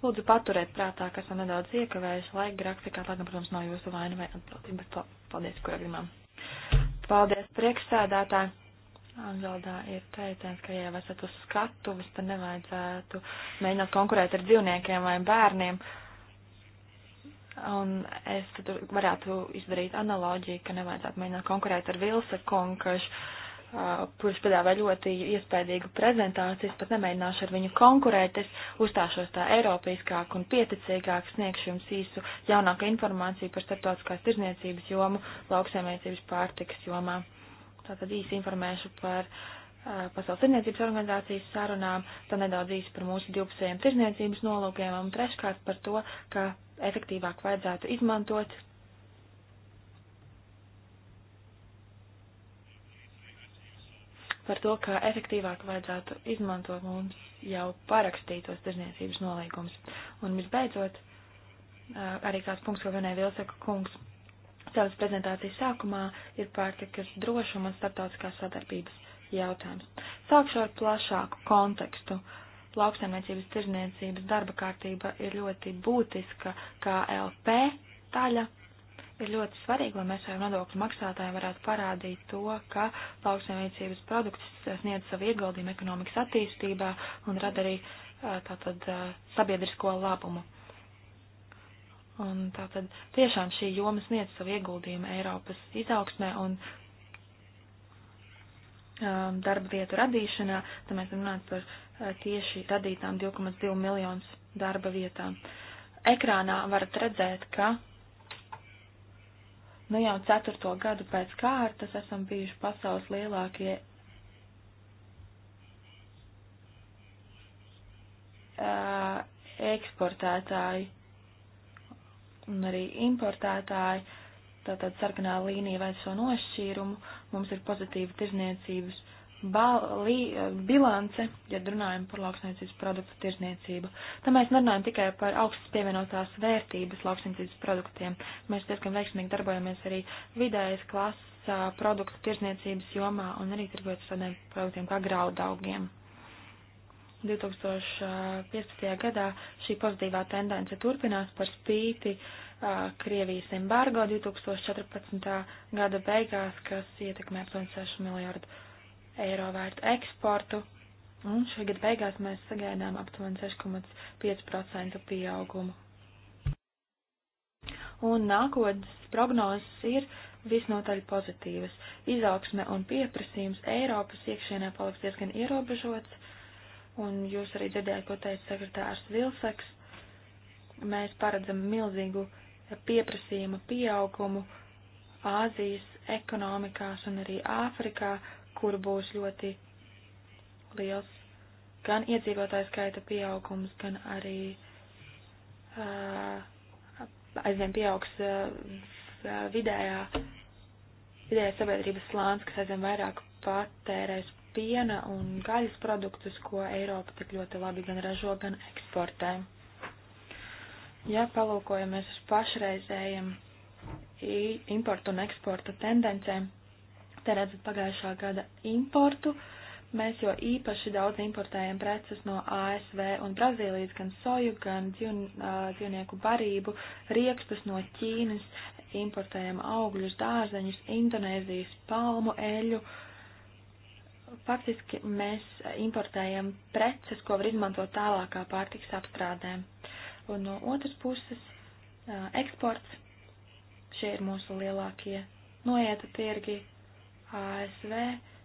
Lūdzu paturiet prātā, ka esam nedaudz iekavējuši laika grafikā, lai, protams, nav jūsu vaina vai atbildība, bet paldies, kur gribam. Paldies, priekšsēdētāji. Angeldā ir teiciens, ka, ja esat uz skatuves, tad nevajadzētu mēģināt konkurēt ar dzīvniekiem vai bērniem. Uh, Un es tur varētu izdarīt analoģiju, ka nevajadzētu mēģināt konkurēt ar Vilsakonku, kurš, uh, kurš piedāvā ļoti iespējīgu prezentāciju. Es pat nemēģināšu ar viņu konkurēt. Es uzstāšos tā eiropeiskāk un pieticīgāk, sniegšu jums īsu jaunāku informāciju par starptautiskās tirzniecības jomu, lauksaimniecības pārtikas jomā. Tātad īsi informēšu par uh, Pasaules tirzniecības organizācijas sarunām, tad nedaudz īsi par mūsu divpusējiem tirzniecības nolūkiem un treškārt par to, ka efektīvāk vajadzētu izmantot. Par to, kā efektīvāk vajadzētu izmantot mums jau parakstītos tirzniecības nolīgumus. Un visbeidzot, arī kāds punkts, ko vienai Vilsaka kungs savas prezentācijas sākumā, ir pārtikas drošuma un starptautiskās sadarbības jautājums. Sākšu ar plašāku kontekstu. Uh, lauksaimniecības tirzniecības darba kārtība ir ļoti būtiska kā LP taļa. Ir ļoti svarīgi, lai mēs saviem nodokļu maksātājiem varētu parādīt to, ka lauksaimniecības produkts sniedz savu ieguldījumu ekonomikas attīstībā un rada arī tātad sabiedrisko labumu. Un tātad tiešām šī joma sniedz savu ieguldījumu Eiropas izaugsmē un darba vietu radīšanā, tad mēs runājam par Eh, tieši radītām 2,2 miljonus darba vietām. Ekrānā varat redzēt, ka nu jau ceturto gadu pēc kārtas esam bijuši pasaules lielākie uh, eksportētāji un arī importētāji. Tātad sarkanā līnija veids šo nošķīrumu. Mums ir pozitīva tirzniecības bal, li, bilance, ja runājam par lauksaimniecības produktu tirzniecību. Tad mēs nerunājam tikai par augstas pievienotās vērtības lauksaimniecības produktiem. Mēs diezgan veiksmīgi darbojamies arī vidējas klases produktu tirzniecības jomā un arī tirgojas tādiem produktiem kā graudaugiem. 2015. gadā šī pozitīvā tendence turpinās par spīti uh, Krievijas embargo 2014. gada beigās, kas ietekmē aptuveni 6 miljardu eiro vērtu eksportu, un šogad beigās mēs sagaidām aptuveni 6,5% pieaugumu. Un nākotnes prognozes ir visnotaļ pozitīvas. Izaugsme un pieprasījums Eiropas iekšienē paliks diezgan ierobežots, un jūs arī dzirdējāt, ko teica sekretārs Vilsaks. Mēs paredzam milzīgu pieprasījuma pieaugumu Āzijas ekonomikās un arī Āfrikā, kur būs ļoti liels gan iedzīvotāju skaita pieaugums, gan arī uh, aizvien pieaugs uh, vidējā, vidējā sabiedrības slāns, kas aizvien vairāk patērēs piena un gaļas produktus, ko Eiropa tik ļoti labi gan ražo, gan eksportē. Ja palūkojamies uz pašreizējiem importu un eksporta tendencēm, Te redzat pagājušā gada importu. Mēs jau īpaši daudz importējam preces no ASV un Brazīlijas, gan soju, gan dzīvn, dzīvnieku barību, riekstus no Ķīnas, importējam augļus, dārzeņus, Indonēzijas palmu eļu. Faktiski mēs importējam preces, ko var izmantot tālākā pārtiks apstrādē. Un no otras puses eksports. Šie ir mūsu lielākie noieta tirgi ASV,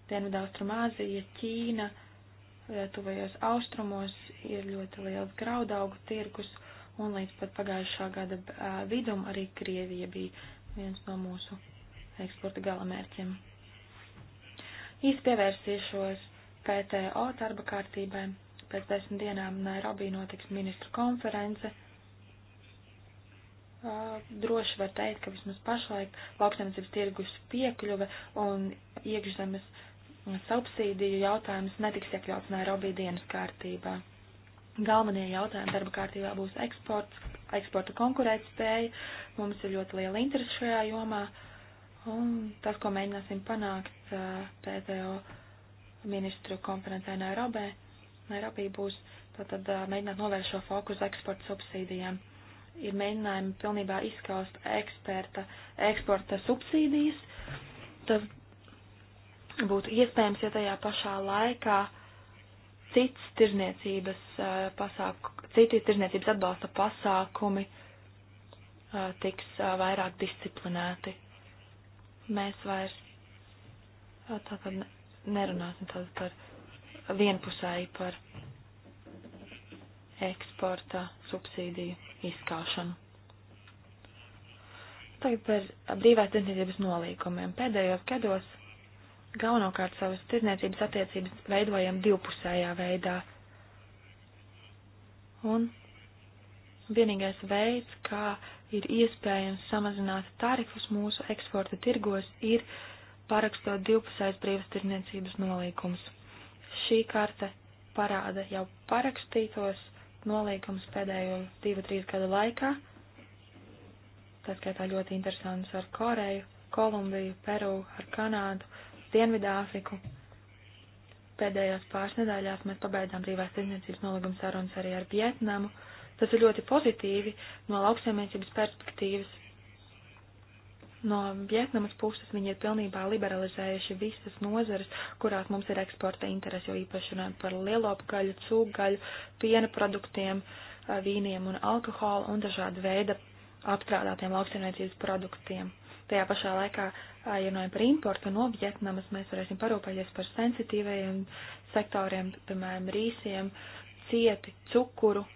Dienvidaustrumāzija, Ķīna, e, tuvajos austrumos ir ļoti liels graudaugu tirkus, un līdz pat pagājušā gada e, vidum arī Krievija bija viens no mūsu eksporta galamērķiem. Īsti pievērsīšos PTO darba kārtībai. Pēc desmit dienām Nairobi notiks ministru konference Eh, droši var teikt, ka vismaz pašlaik lauksaimniecības tirgus piekļuve un iekšzemes subsīdiju jautājums netiks iekļauts Nairobi dienas kārtībā. Galvenie jautājumi darba kārtībā būs eksports, eksporta konkurētspēja, mums ir ļoti liela interese šajā jomā, un tas, ko mēģināsim panākt eh, PTO ministru konferencē Nairobē, Nairobi būs tātad eh, mēģināt novērst šo fokusu eksporta subsīdijām ir mēģinājumi pilnībā izskaust eksperta, eksporta subsīdijas. Tas būtu iespējams, ja tajā pašā laikā cits tirzniecības eh, pasāku, citi tirzniecības atbalsta pasākumi eh, tiks eh, vairāk disciplinēti. Mēs vairs tātad nerunāsim tātad par vienpusēji par eksporta subsīdiju izskaušanu. Tagad par brīvās tirdzniecības nolīkumiem. Pēdējos gados galvenokārt savas tirdzniecības attiecības veidojam divpusējā veidā. Un vienīgais veids, kā ir iespējams samazināt tarifus mūsu eksporta tirgos, ir parakstot divpusējas brīvas tirdzniecības nolīkums. Šī karte parāda jau parakstītos nolīgums pēdējo divu, trīs gadu laikā. Tas skaitā ļoti interesants ar Koreju, Kolumbiju, Peru, ar Kanādu, Dienvidāfriku. Pēdējās pāris nedēļās mēs pabeidzām brīvās tirdzniecības nolīgums sarunas arī ar Vietnamu. Tas ir ļoti pozitīvi no lauksaimniecības perspektīvas, No Vietnamas puses viņi ir pilnībā liberalizējuši visas nozares, kurās mums ir eksporta interesi, jo īpaši runājam par lielopgaļu, cūgaļu, piena produktiem, vīniem un alkoholu un dažādu veidu apstrādātiem lauksaimniecības produktiem. Tajā pašā laikā, ja runājam par importu no Vietnamas, mēs varēsim parūpēties par sensitīvajiem sektoriem, piemēram, rīsiem, cieti, cukuru,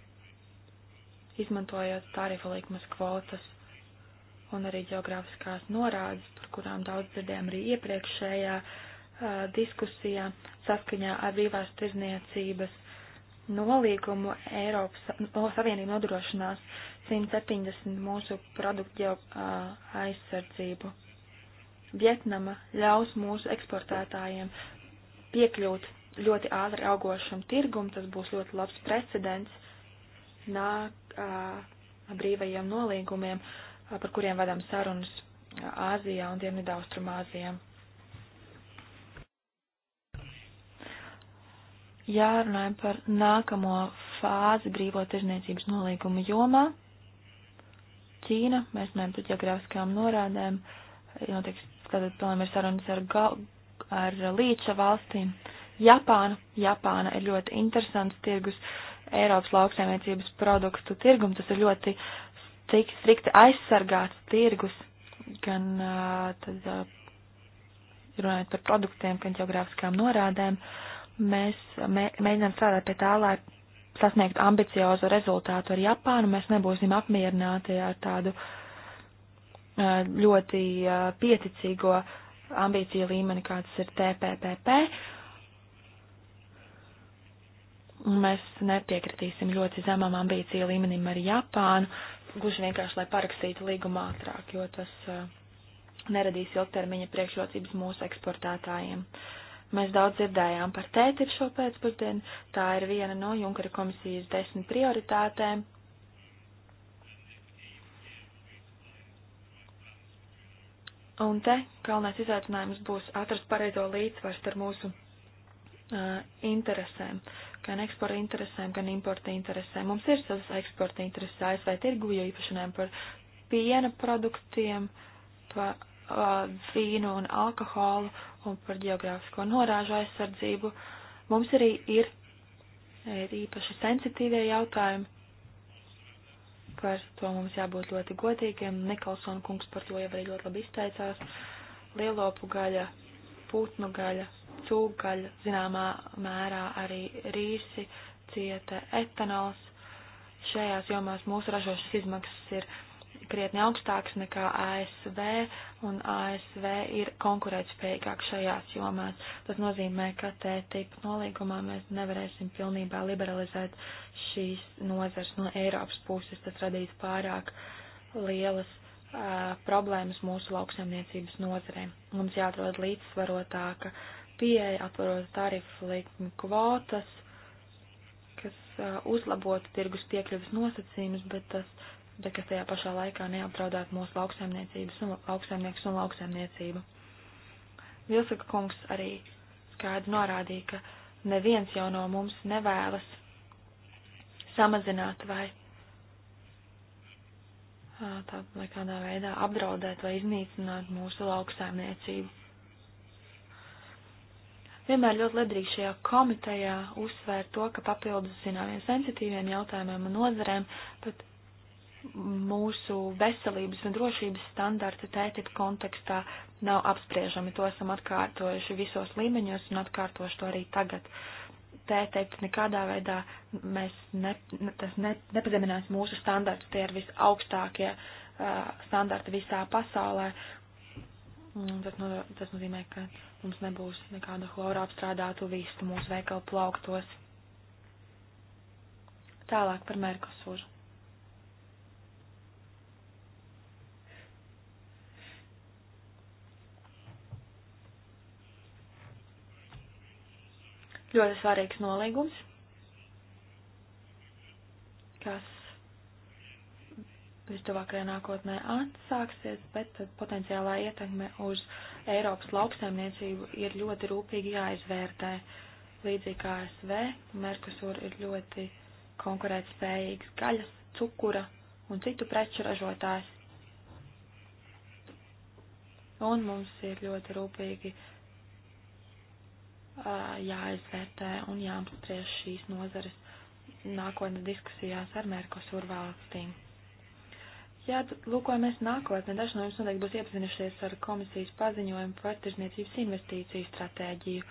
izmantojot tarifa likmes kvotas un arī geogrāfiskās norādes, par kurām daudz dzirdējām arī iepriekšējā uh, diskusijā saskaņā ar brīvās tirzniecības nolīgumu Eiropas no, Savienība nodrošinās 170 mūsu produktu jau uh, aizsardzību. Vietnama ļaus mūsu eksportētājiem piekļūt ļoti ātri augošam tirgum, tas būs ļoti labs precedents nāk uh, brīvajiem nolīgumiem. Uh, par kuriem vedam sarunas Āzijā un Dienvidaustrumāzijā. Jārunājam par nākamo fāzi brīvo tirzniecības nolīguma jomā. Ķīna, mēs runājam par geogrāfiskām norādēm, notiek, tātad plānojam ir sarunas ar, ga, ar līča valstīm. Japāna, Japāna ir ļoti interesants tirgus Eiropas lauksaimniecības produktu tirgumu, tas ir ļoti uh, tik strikti aizsargāts tirgus, gan tad, runājot par produktiem, gan geogrāfiskām norādēm, mēs mē, mēģinām strādāt pie tā, lai sasniegt ambiciozu rezultātu ar Japānu, mēs nebūsim apmierināti ar tādu ļoti pieticīgo ambīciju līmeni, kāds ir TPPP. Mēs nepiekritīsim ļoti zemam ambīciju līmenim ar Japānu, gluži vienkārši, lai parakstītu līgumu ātrāk, jo tas eh, neradīs ilgtermiņa priekšrocības mūsu eksportētājiem. Mēs daudz dzirdējām par tētipu šo pēcpusdienu. Tā ir viena no Junkara komisijas desmit prioritātēm. Un te galvenais izaicinājums būs atrast pareizo līdzsvaru starp mūsu uh, interesēm gan eksporta interesēm, gan importa interesēm. Mums ir savas eksporta intereses ASV tirgu, jo īpašanām par piena produktiem, par uh, vīnu un alkoholu un par geogrāfisko norāžu aizsardzību. Mums arī ir, ir īpaši sensitīvie jautājumi. Par to mums jābūt ļoti godīgiem. Nikolson kungs par to jau arī ļoti labi izteicās. Lielopu gaļa, putnu gaļa, cūgaļa, zināmā mērā arī rīsi, cieta etanols. Šajās jomās mūsu ražošanas izmaksas ir krietni augstāks nekā ASV, un ASV ir konkurētspējīgāk šajās jomās. Tas nozīmē, ka T-tipa nolīgumā mēs nevarēsim pilnībā liberalizēt šīs nozars no Eiropas puses. Tas radīs pārāk lielas uh, problēmas mūsu lauksaimniecības nozarē. Mums jāatrod līdzsvarotāka pieeja, atverot tarifu likmi kvotas, kas uh, uzlabotu tirgus piekļuvis nosacījumus, bet tas, bet kas tajā pašā laikā neapdraudētu mūsu lauksaimniecības un lauksaimnieks un lauksaimniecību. Vilsaka kungs arī skaidri norādīja, ka neviens jau no mums nevēlas samazināt vai tā, lai kādā veidā apdraudēt vai iznīcināt mūsu lauksaimniecību vienmēr ļoti ledrīgi šajā komitejā uzsvērt to, ka papildus zināmiem sensitīviem jautājumiem un nozarēm pat mūsu veselības un drošības standarti tētip kontekstā nav apspriežami. To esam atkārtojuši visos līmeņos un atkārtošu to arī tagad. Tētip nekādā veidā mēs ne, tas ne, nepazeminās mūsu standartus, tie ir visaugstākie uh, standarti visā pasaulē, Mm, tas, no, tas nozīmē, ka mums nebūs nekāda chlora apstrādātu vistu mūsu veikalu plauktos. Tālāk par Merkosuru. Ļoti svarīgs nolīgums, kas viņš tuvākajā nākotnē atsāksies, bet potenciālā ietekme uz Eiropas lauksaimniecību ir ļoti rūpīgi jāizvērtē. Līdzīgi kā ASV, Merkusur ir ļoti konkurētspējīgs gaļas, cukura un citu preču ražotājs. Un mums ir ļoti rūpīgi uh, jāizvērtē un jāapspriež šīs nozares nākotnes diskusijās ar Merkusur valstīm. Jā, lūkojamies nākotnē. Daži no jums noteikti būs iepazinušies ar komisijas paziņojumu par tirzniecības investīciju stratēģiju,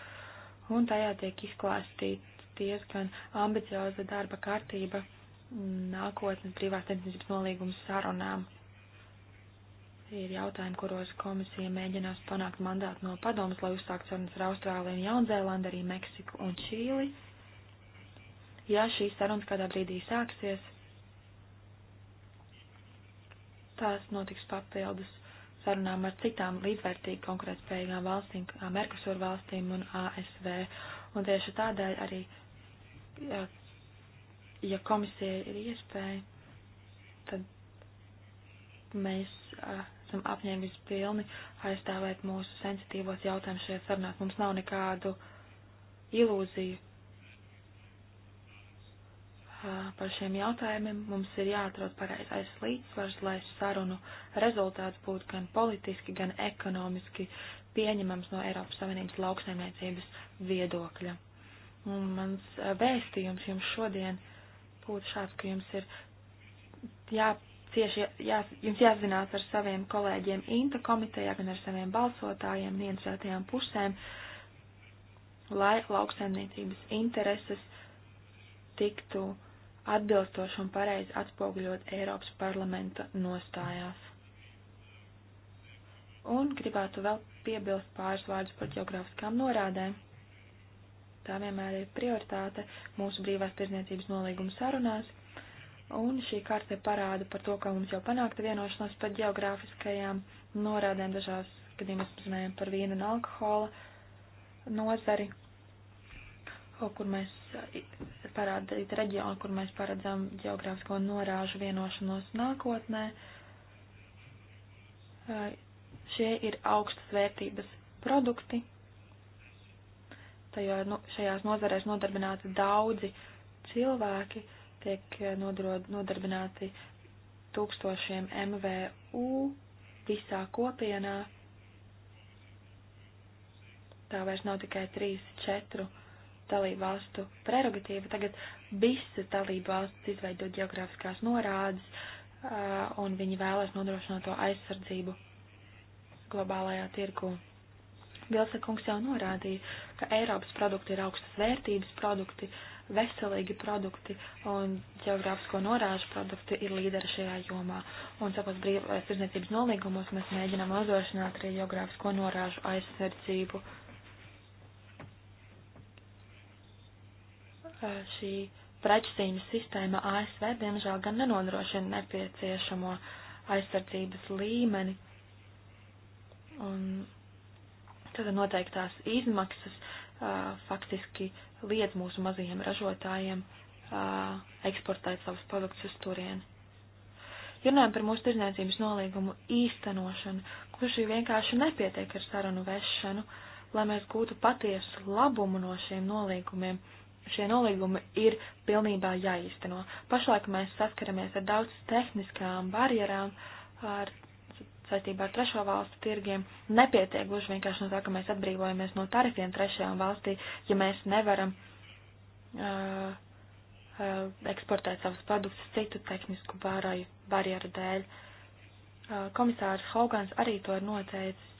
un tajā tiek izklāstīts diezgan ambicioza darba kārtība nākotnes privās tirzniecības nolīgumu sarunām. Ir jautājumi, kuros komisija mēģinās panākt mandātu no padomas, lai uzsākt sarunas ar Austrāliju un Jaunzēlandu, arī Meksiku un Čīli. Ja šīs sarunas kādā brīdī sāksies, tās notiks papildus sarunām ar citām līdzvērtīgi konkurētspējīgām valstīm, kā Merkusur valstīm un ASV. Un tieši tādēļ arī, ja, ja komisija ir iespēja, tad mēs a, esam apņēmības pilni aizstāvēt mūsu sensitīvos jautājumus šajā sarunās. Mums nav nekādu ilūziju par šiem jautājumiem. Mums ir jāatrod pareizais līdzsvars, lai sarunu rezultāts būtu gan politiski, gan ekonomiski pieņemams no Eiropas Savienības lauksaimniecības viedokļa. Un mans vēstījums jums šodien būtu šāds, ka jums ir jā, cieši, jā, jums jāzinās ar saviem kolēģiem Inta komitejā, gan ar saviem balsotājiem, niedzētajām pusēm, lai lauksaimniecības intereses tiktu uh, atbilstoši un pareizi atspoguļot Eiropas parlamenta nostājās. Un gribētu vēl piebilst pāris vārdus par geogrāfiskām norādēm. Tā vienmēr ir prioritāte mūsu brīvās tirzniecības nolīguma sarunās, un šī karte parāda par to, ka mums jau panākta vienošanās par geogrāfiskajām norādēm dažās gadījumos mēs runājam par vīnu un alkohola nozari, kur mēs parādīt reģionu, kur mēs paredzam geogrāfisko norāžu vienošanos nākotnē. Šie ir augstas vērtības produkti. Tajā, nu, šajās nozarēs nodarbināti daudzi cilvēki, tiek nodrod, nodarbināti tūkstošiem MVU visā kopienā. Tā vairs nav tikai 3, 4 dalībvalstu prerogatīva tagad visas dalībvalstis izveidot geogrāfiskās norādes, un viņi vēlēs nodrošināt to aizsardzību globālajā tirgu. Vilsa kungs jau norādīja, ka Eiropas produkti ir augstas vērtības produkti, veselīgi produkti un geogrāfisko norāžu produkti ir līderi šajā jomā. Un savos brīvās tirdzniecības nolīgumos mēs mēģinām nodrošināt arī geogrāfisko norāžu aizsardzību. Uh, šī prečsīņu sistēma ASV diemžēl gan nenodrošina nepieciešamo aizsardzības līmeni. Un tad noteiktās izmaksas uh, faktiski liedz mūsu mazajiem ražotājiem uh, eksportēt savus produktus uz turieni. Ja runājam par mūsu tirdzniecības nolīgumu īstenošanu, kurš ir vienkārši nepietiek ar sarunu vešanu, lai mēs gūtu patiesu labumu no šiem nolīgumiem, šie nolīgumi ir pilnībā jāīsteno. Pašlaik mēs saskaramies ar daudz tehniskām barjerām, ar saistībā ar trešo valstu tirgiem. Nepietiek gluži vienkārši no tā, ka mēs atbrīvojamies no tarifiem trešajām valstī, ja mēs nevaram uh, uh, eksportēt savus produktus citu tehnisku barāju, barjeru dēļ. Uh, komisārs Hogans arī to ir noteicis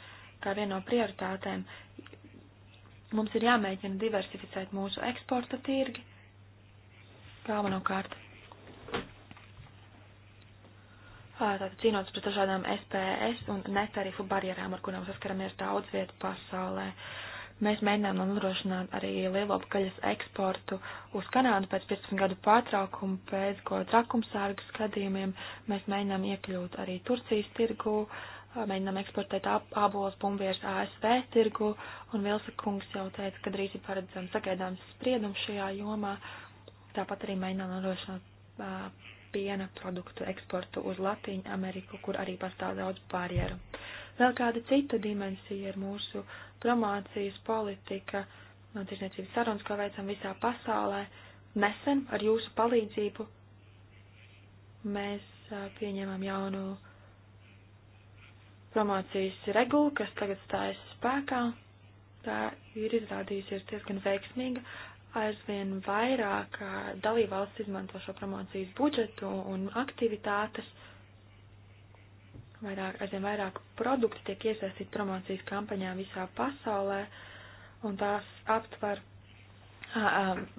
kā vienu no prioritātēm Mums ir jāmēģina diversificēt mūsu eksporta tirgi galvenokārt. Tātad cīnoties pret dažādām SPS un netarifu barjerām, ar kurām saskaramies daudz vietu pasaulē. Mēs mēģinām nodrošināt arī lielopgaļas eksportu uz Kanādu pēc 15 gadu pārtraukuma, pēc ko trakumsārgu skadījumiem. Mēs mēģinām iekļūt arī Turcijas tirgū, uh, mēģinām eksportēt ābolas bumbieres ASV tirgu, un Vilsa kungs jau teica, ka drīz ir paredzams sagaidāms spriedums šajā jomā. Tāpat arī mēģinām nodrošināt uh, piena produktu eksportu uz Latīņu Ameriku, kur arī pastāv daudz barjeru. Vēl kāda cita dimensija ir mūsu promācijas politika, no tirsniecības sarunas, ko veicam visā pasaulē. Nesen ar jūsu palīdzību mēs uh, pieņemam jaunu promocijas regula, kas tagad stājas spēkā, tā ir izrādījusies diezgan veiksmīga. Aizvien vairāk dalībvalsts izmanto šo promocijas budžetu un aktivitātes. Vairāk, aizvien vairāk produktu tiek iesaistīti promocijas kampaņā visā pasaulē, un tās aptver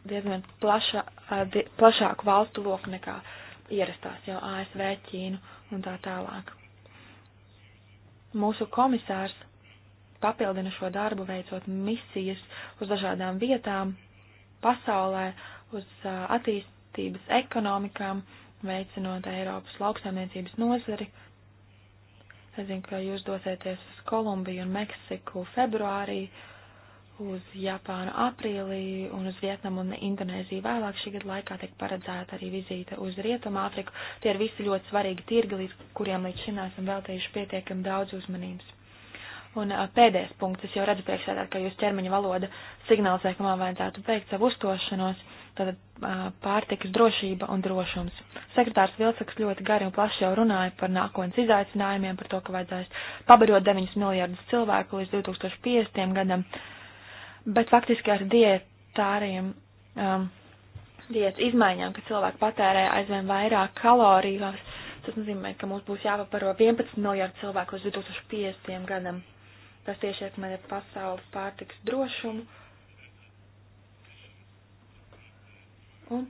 diezgan plaša, plašāku valstu loku nekā ierastās jau ASV, Ķīnu un tā tālāk. Mūsu komisārs papildina šo darbu, veicot misijas uz dažādām vietām pasaulē, uz attīstības ekonomikām, veicinot Eiropas lauksaimniecības nozari. Es zinu, ka jūs dosieties uz Kolumbiju un Meksiku februārī, uh, uz Japānu aprīlī un uz Vietnamu un Indonēziju vēlāk šī gada laikā tiek paredzēta arī vizīte uz Rietumu Āfriku. Tie ir visi ļoti svarīgi tirgi, līdz kuriem līdz šim esam veltījuši pietiekami daudz uzmanības. Un pēdējais punkts, es jau redzu priekšsēdāt, ka jūs ķermeņa valoda signalizē, ka man vajadzētu veikt savu uztošanos, tad pārtikas drošība un drošums. Sekretārs Vilsaks ļoti gari un plaši jau runāja par nākotnes izaicinājumiem, par to, ka vajadzēs pabarot 9 miljardus cilvēku līdz 2050. gadam bet faktiski ar dietāriem, um, diets izmaiņām, ka cilvēki patērē aizvien vairāk kalorijas, tas nozīmē, ka mums būs jāpaparo 11 miljardu cilvēku līdz 2050. gadam. Tas tieši ietekmē pasaules pārtiks drošumu. Un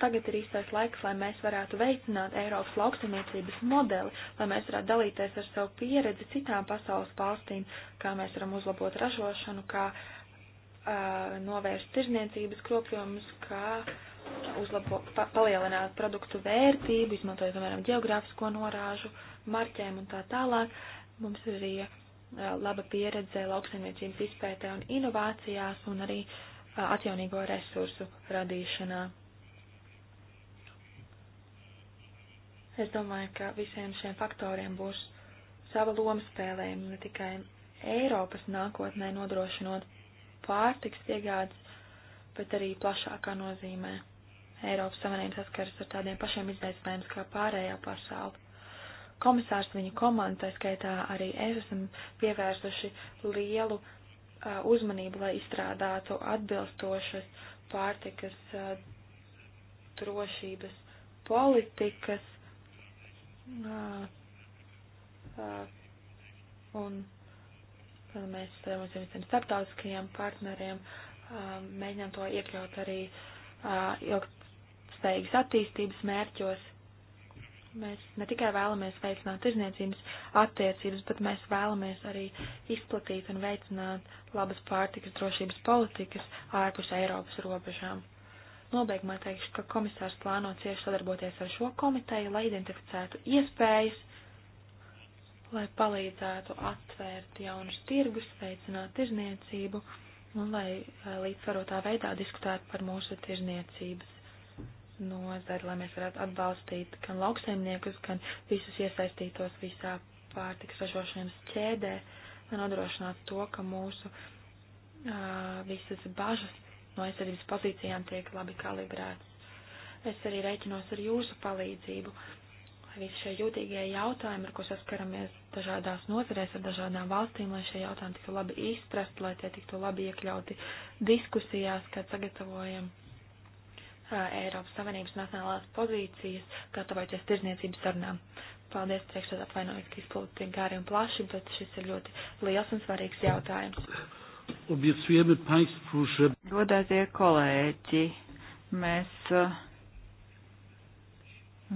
tagad ir īstais laiks, lai mēs varētu veicināt Eiropas lauksaimniecības modeli, lai mēs varētu dalīties ar savu pieredzi citām pasaules valstīm, kā mēs varam uzlabot ražošanu, kā uh, novērst tirzniecības kropļojumus, kā uzlabo, pa, palielināt produktu vērtību, izmantojot, piemēram, geogrāfisko norāžu, marķēm un tā tālāk. Mums ir arī uh, laba pieredze lauksaimniecības izpētē un inovācijās un arī uh, atjaunīgo resursu radīšanā. Es domāju, ka visiem šiem faktoriem būs sava loma spēlējuma ne tikai Eiropas nākotnē nodrošinot pārtiks iegādes, bet arī plašākā nozīmē. Eiropas Savienība saskaras ar tādiem pašiem izaicinājumiem kā pārējā pasaule. Komisārs viņa komanda, tā skaitā arī es, esam pievērsuši lielu uh, uzmanību, lai izstrādātu atbilstošas pārtikas uh, drošības politikas, Un mēs mums ir visiem starptautiskajiem partneriem mēģinām to iekļaut arī ilgspējīgas attīstības mērķos. Mēs ne tikai vēlamies veicināt tirzniecības attiecības, bet mēs vēlamies arī izplatīt un veicināt labas pārtikas drošības politikas ārpus Eiropas robežām. Nobeigumā teikšu, ka komisārs plāno cieši sadarboties ar šo komiteju, lai identificētu iespējas, lai palīdzētu atvērt jaunus tirgus, veicināt tirzniecību un lai eh, līdzsvarotā veidā diskutētu par mūsu tirzniecības nozari, lai mēs varētu atbalstīt gan lauksaimniekus, gan visus iesaistītos visā pārtiks ražošanas ķēdē, lai nodrošinātu to, ka mūsu uh, visas bažas no aizsardzības pozīcijām tiek labi kalibrēts. Es arī reiķinos ar jūsu palīdzību, lai visi šie jūtīgie jautājumi, ar ko saskaramies dažādās nozarēs ar dažādām valstīm, lai šie jautājumi tiktu labi izprast, lai tie tiktu labi iekļauti diskusijās, kad sagatavojam Eiropas Savienības nacionālās pozīcijas, gatavoties tirzniecības sarunām. Paldies, priekšsēdētāji, atvainojiet, ka izplūdu tik gari un plaši, bet šis ir ļoti liels un svarīgs jautājums.
Obiecujemy Państwu, że. Godātie kolēģi,
mēs uh,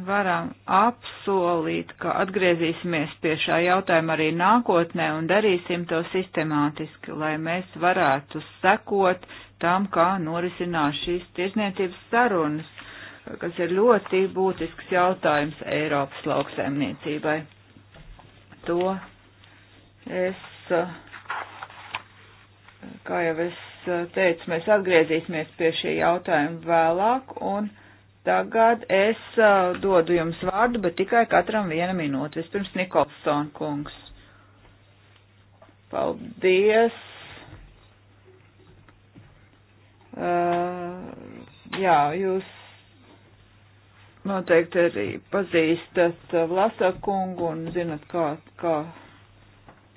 varam apsolīt, ka atgriezīsimies pie šā jautājuma arī nākotnē un darīsim to sistemātiski, lai mēs varētu sekot tam, kā norisinās šīs tirzniecības sarunas, kas ir ļoti būtisks jautājums Eiropas lauksaimniecībai. To es. Uh, kā jau es eh, teicu, mēs atgriezīsimies pie šī jautājuma vēlāk, un tagad es uh, dodu jums vārdu, bet tikai katram viena minūte. Vispirms Nikolson kungs. Paldies. Uh, jā, jūs noteikti arī pazīstat Vlasa kungu un zinat, kā, kā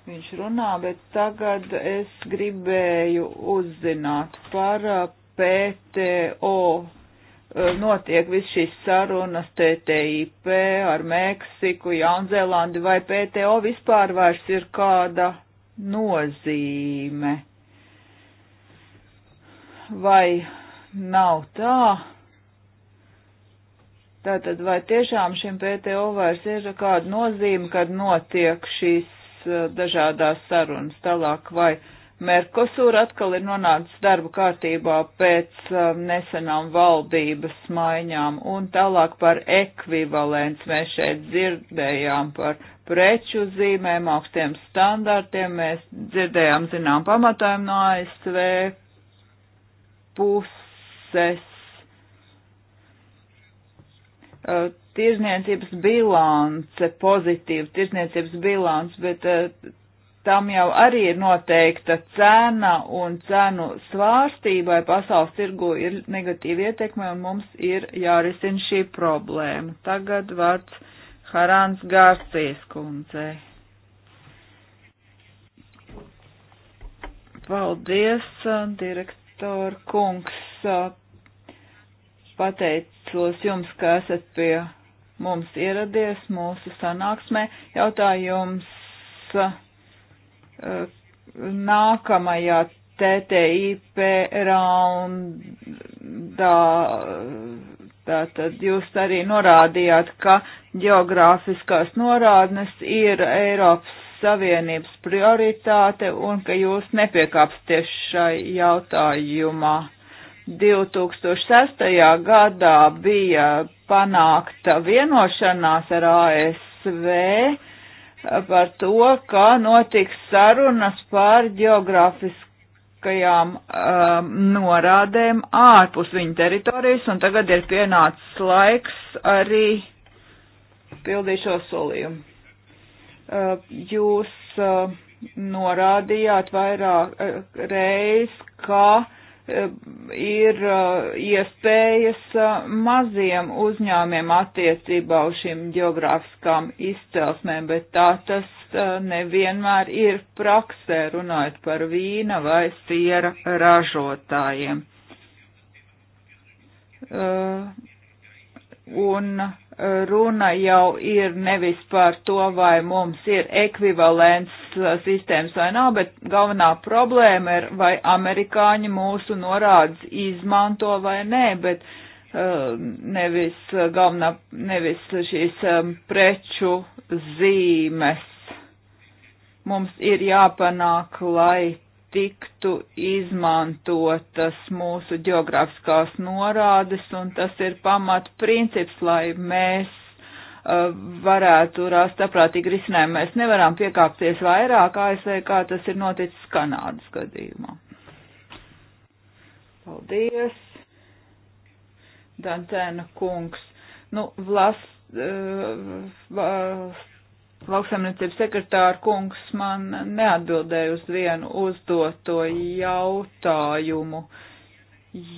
viņš runā, bet tagad es gribēju uzzināt par uh, PTO. Uh, notiek viss šīs sarunas TTIP ar Meksiku, Jaunzēlandi vai PTO vispār vairs ir kāda nozīme? Vai nav tā? Tātad vai tiešām šim PTO vairs ir kāda nozīme, kad notiek šīs Uh, dažādās sarunas tālāk, vai Merkosur atkal ir nonācis darba kārtībā pēc um, nesenām valdības maiņām, un tālāk par ekvivalents mēs šeit dzirdējām par preču zīmēm, augstiem standartiem, mēs dzirdējām zinām pamatojumu no ASV puses Eh, tirzniecības bilance, pozitīva tirzniecības bilance, bet eh, tam jau arī ir noteikta cena un cenu svārstībai pasaules tirgu ir negatīva ietekme un mums ir jārisina šī problēma. Tagad vārds Harāns Gārcijas kundzei. Paldies, eh, direktor kungs. Pateic, Vēstules jums, ka esat pie mums ieradies mūsu sanāksmē. Jautājums eh, nākamajā TTIP raundā. Tātad jūs arī norādījāt, ka geogrāfiskās norādnes ir Eiropas Savienības prioritāte un ka jūs nepiekāpsties šai jautājumā. 2006. gadā bija panākta vienošanās ar ASV par to, ka notiks sarunas par geogrāfiskajām um, norādēm ārpus viņa teritorijas, un tagad ir pienācis laiks arī pildīt šo solījumu. Uh, jūs uh, norādījāt vairāk uh, reiz, ka uh, ir uh, iespējas uh, maziem uzņēmiem attiecībā uz šīm geogrāfiskām izcelsmēm, bet tā tas uh, nevienmēr ir praksē, runājot par vīna vai siera ražotājiem. Un runa jau ir nevis par to, vai mums ir ekvivalents uh, sistēmas vai nav, bet galvenā problēma ir, vai amerikāņi mūsu norādes izmanto vai nē, bet uh, nevis uh, galvenā, nevis šīs um, preču zīmes. Mums ir jāpanāk, lai tiktu izmantotas mūsu geogrāfiskās norādes, un tas ir pamat princips, lai mēs uh, varētu rast saprātīgi risinājumu. Mēs nevaram piekāpties vairāk ASV, kā tas ir noticis Kanādas gadījumā. Paldies, Dantēna kungs. Nu, vlas, uh, valsts Lauksaimniecības sekretāra kungs man neatbildēja uz vienu uzdoto jautājumu.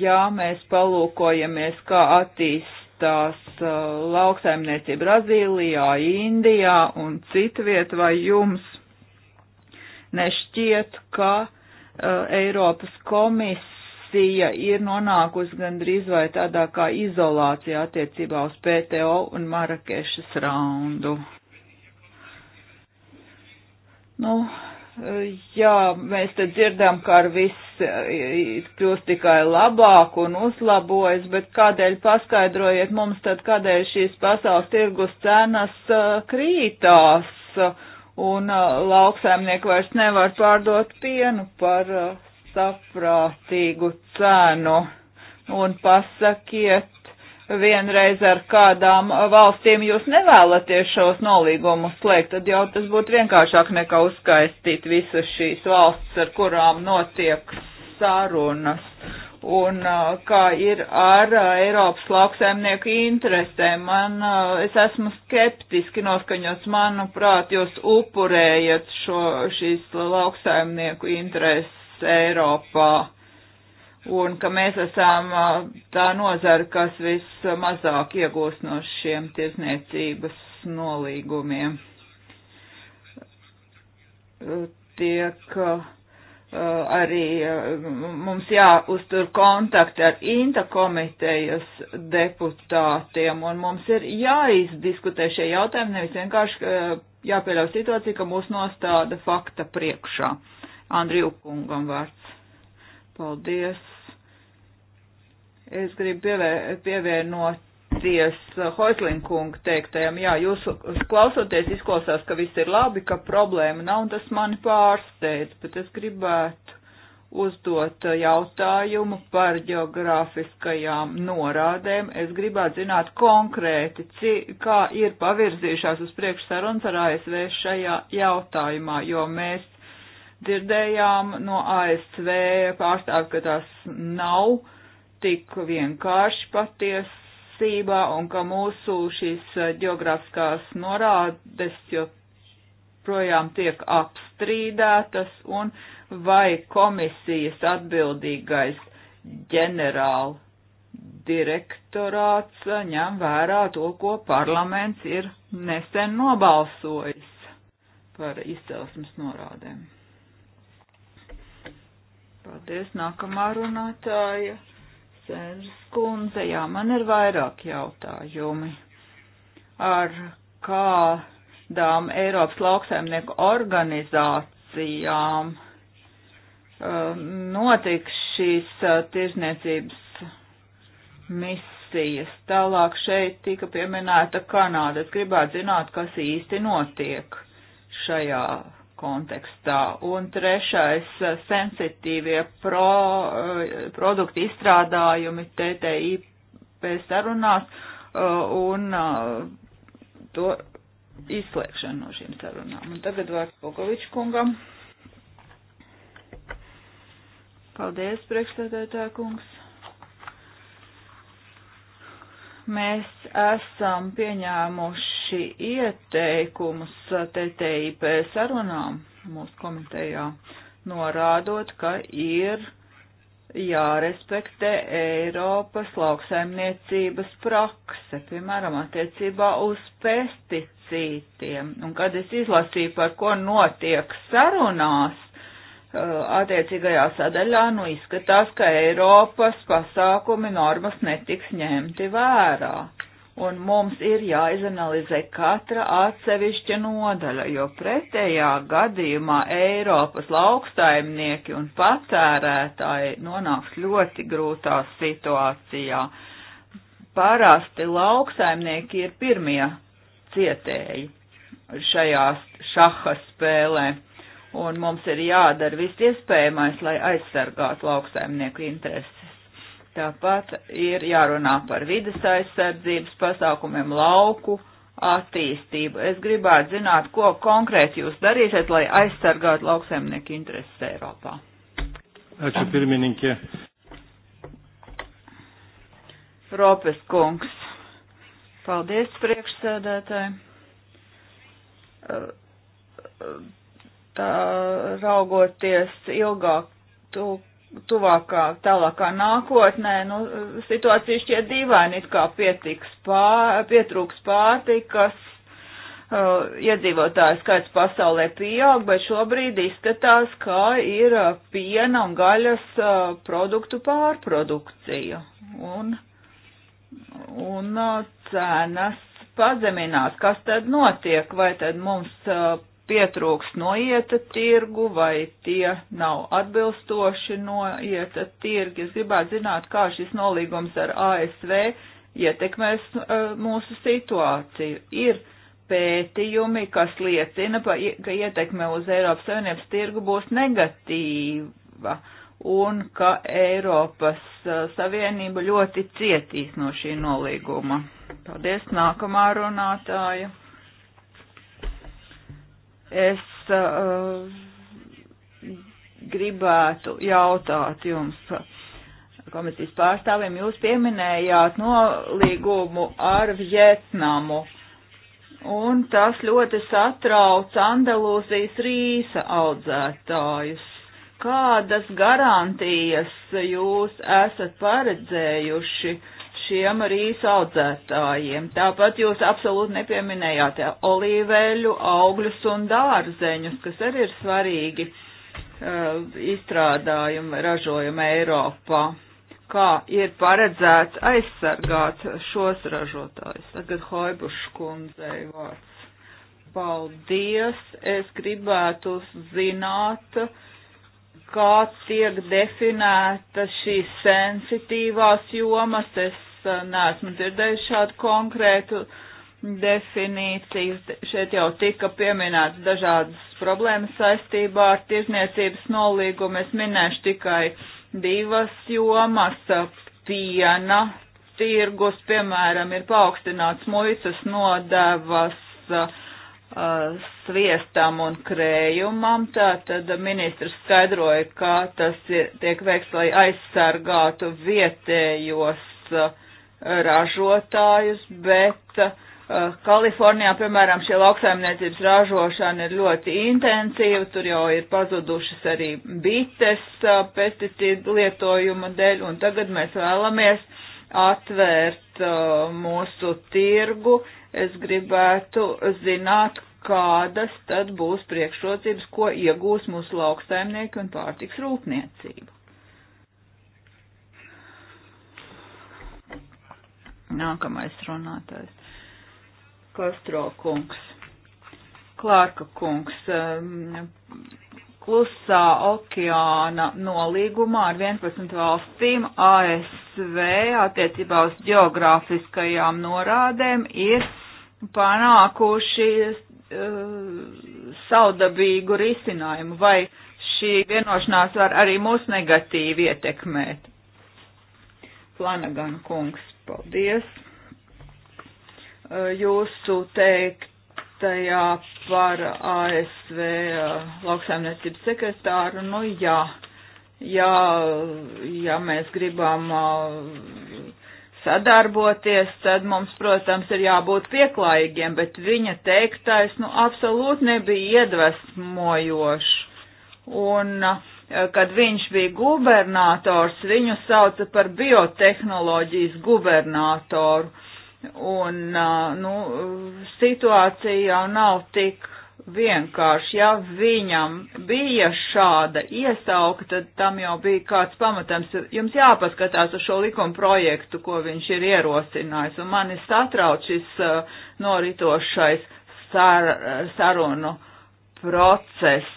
Ja mēs palūkojamies, kā attīstās uh, lauksaimniecība Brazīlijā, Indijā un citviet, vai jums nešķiet, ka uh, Eiropas komisija ir nonākusi gandrīz vai tādā kā izolācijā attiecībā uz PTO un Marakešas raundu? Nu, jā, mēs te dzirdam, ka ar viss e, kļūst tikai labāk un uzlabojas, bet kādēļ paskaidrojiet mums tad, kādēļ šīs pasaules tirgus cenas e, krītās un e, lauksaimnieki vairs nevar pārdot pienu par saprātīgu cenu. Un pasakiet, vienreiz ar kādām valstīm jūs nevēlaties šos nolīgumus slēgt, tad jau tas būtu vienkāršāk nekā uzskaistīt visas šīs valsts, ar kurām notiek sarunas. Un kā ir ar Eiropas lauksaimnieku interesēm, man, es esmu skeptiski noskaņots, manuprāt, jūs upurējat šo, šīs lauksaimnieku intereses Eiropā un ka mēs esam tā nozara, kas vismazāk iegūst no šiem tirzniecības nolīgumiem. Tiek arī mums jāuztur kontakti ar Inta komitejas deputātiem, un mums ir jāizdiskutē šie jautājumi, nevis vienkārši jāpieļauj situācija, ka mūs nostāda fakta priekšā. Andriju kungam vārds. Paldies Es gribu pievēr, pievienoties Hoislinkunga teiktajam, jā, jūs klausoties izklausās, ka viss ir labi, ka problēma nav, un tas mani pārsteidz, bet es gribētu uzdot jautājumu par geogrāfiskajām norādēm. Es gribētu zināt konkrēti, ci, kā ir pavirzījušās uz priekšu sarunas ar ASV šajā jautājumā, jo mēs dzirdējām no ASV pārstāvju, ka tās nav tik vienkārši patiesībā un ka mūsu šīs eh, geogrāfiskās norādes joprojām tiek apstrīdētas un vai komisijas atbildīgais ģenerāla direktorāts eh, ņem vērā to, ko parlaments ir nesen nobalsojis par izcelsmes norādēm. Paldies, nākamā runātāja. Sērs kundze, jā, man ir vairāk jautājumi. Ar kādām Eiropas lauksaimnieku organizācijām um, notiks šīs uh, tirzniecības misijas? Tālāk šeit tika pieminēta Kanāda. Es gribētu zināt, kas īsti notiek šajā kontekstā. Un trešais eh, - sensitīvie pro, eh, produktu izstrādājumi TTIP sarunās eh, un to izslēgšanu no šīm sarunām. Un tagad vārds Pogovičs kungam. Paldies, priekšstādētāja kungs. Mēs esam pieņēmuši tieši ieteikumus TTIP sarunām mūsu komitejā, norādot, ka ir jārespektē Eiropas lauksaimniecības prakse, piemēram, attiecībā uz pesticītiem. Un kad es izlasīju, par ko notiek sarunās, uh, attiecīgajā sadaļā, nu izskatās, ka Eiropas pasākumi normas netiks ņemti vērā un mums ir jāizanalizē katra atsevišķa nodaļa, jo pretējā gadījumā Eiropas lauksaimnieki un patērētāji nonāks ļoti grūtā situācijā. Parasti lauksaimnieki ir pirmie cietēji šajās šaha spēlē, un mums ir jādara viss iespējamais, lai aizsargātu lauksaimnieku intereses. Tāpat ir jārunā par vidas aizsardzības pasākumiem lauku attīstību. Es gribētu zināt, ko konkrēti jūs darīsiet, lai aizsargātu lauksaimnieku intereses Eiropā.
Ačiū pirmininkė.
Ropes kungs. Paldies priekšsēdētāji. Tā raugoties ilgāk, tu tuvākā, tālākā nākotnē, nu, situācija šķiet dīvaini, it kā pietiks pār, pietrūks pārtikas, uh, iedzīvotāju skaits pasaulē pieaug, bet šobrīd izskatās, kā ir uh, piena un gaļas uh, produktu pārprodukcija. Un, un uh, cenas pazeminās. Kas tad notiek? Vai tad mums uh, pietrūks noieta tirgu vai tie nav atbilstoši noieta tirgi. Es gribētu zināt, kā šis nolīgums ar ASV ietekmēs e, mūsu situāciju. Ir pētījumi, kas liecina, ka ietekme uz Eiropas Savienības tirgu būs negatīva un ka Eiropas e, Savienība ļoti cietīs no šī nolīguma. Paldies, nākamā runātāja. Es uh, gribētu jautāt jums, komisijas pārstāvim, jūs pieminējāt nolīgumu ar Vietnamu. Un tas ļoti satrauc Andalūzijas rīsa audzētājus. Kādas garantijas jūs esat paredzējuši uh, šiem rīsa audzētājiem. Tāpat jūs absolūti nepieminējāt jā, olīveļu, augļus un dārzeņus, kas arī ir svarīgi uh, izstrādājumi, ražojumi Eiropā. Kā ir paredzēts aizsargāt šos ražotājus? Tagad Hoibuškundzei vārds. Paldies! Es gribētu zināt, uh, kā tiek definēta šīs sensitīvās jomas. Es neesmu dzirdējis šādu konkrētu definīciju. Šeit jau tika pieminēts dažādas problēmas saistībā ar tirzniecības nolīgumu. Es minēšu tikai divas jomas - piena tirgus, piemēram, ir paaugstināts muitas nodevas uh, sviestam un krējumam. Tātad ministrs skaidroja, kā tas ir, tiek veikts, lai aizsargātu vietējos uh, ražotājus, bet uh, Kalifornijā, piemēram, šie lauksaimniecības ražošana ir ļoti intensīva, tur jau ir pazudušas arī bites uh, pesticīdu lietojuma dēļ, un tagad mēs vēlamies atvērt uh, mūsu tirgu. Es gribētu zināt, kādas tad būs priekšrocības, ko iegūs mūsu lauksaimnieki un pārtiks rūpniecība. Nākamais runātājs. Kastro kungs. Klārka kungs. Um, klusā okeāna nolīgumā ar 11 valstīm ASV attiecībā uz geogrāfiskajām norādēm ir panākuši uh, saudabīgu risinājumu, vai šī vienošanās var arī mūs negatīvi ietekmēt. Flanagan kungs. Paldies. Jūsu teiktajā par ASV lauksaimniecības sekretāru, nu jā, jā, ja mēs gribam sadarboties, tad mums, protams, ir jābūt pieklājīgiem, bet viņa teiktais, nu, absolūti nebija iedvesmojošs. Un uh, Eh, kad viņš bija gubernators, viņu sauca par biotehnoloģijas gubernatoru. Un, eh, nu, situācija jau nav tik vienkārši. Ja viņam bija šāda iesauka, tad tam jau bija kāds pamatams. Jums jāpaskatās uz šo likuma projektu, ko viņš ir ierosinājis. Un mani satrauc šis eh, noritošais sar, sarunu process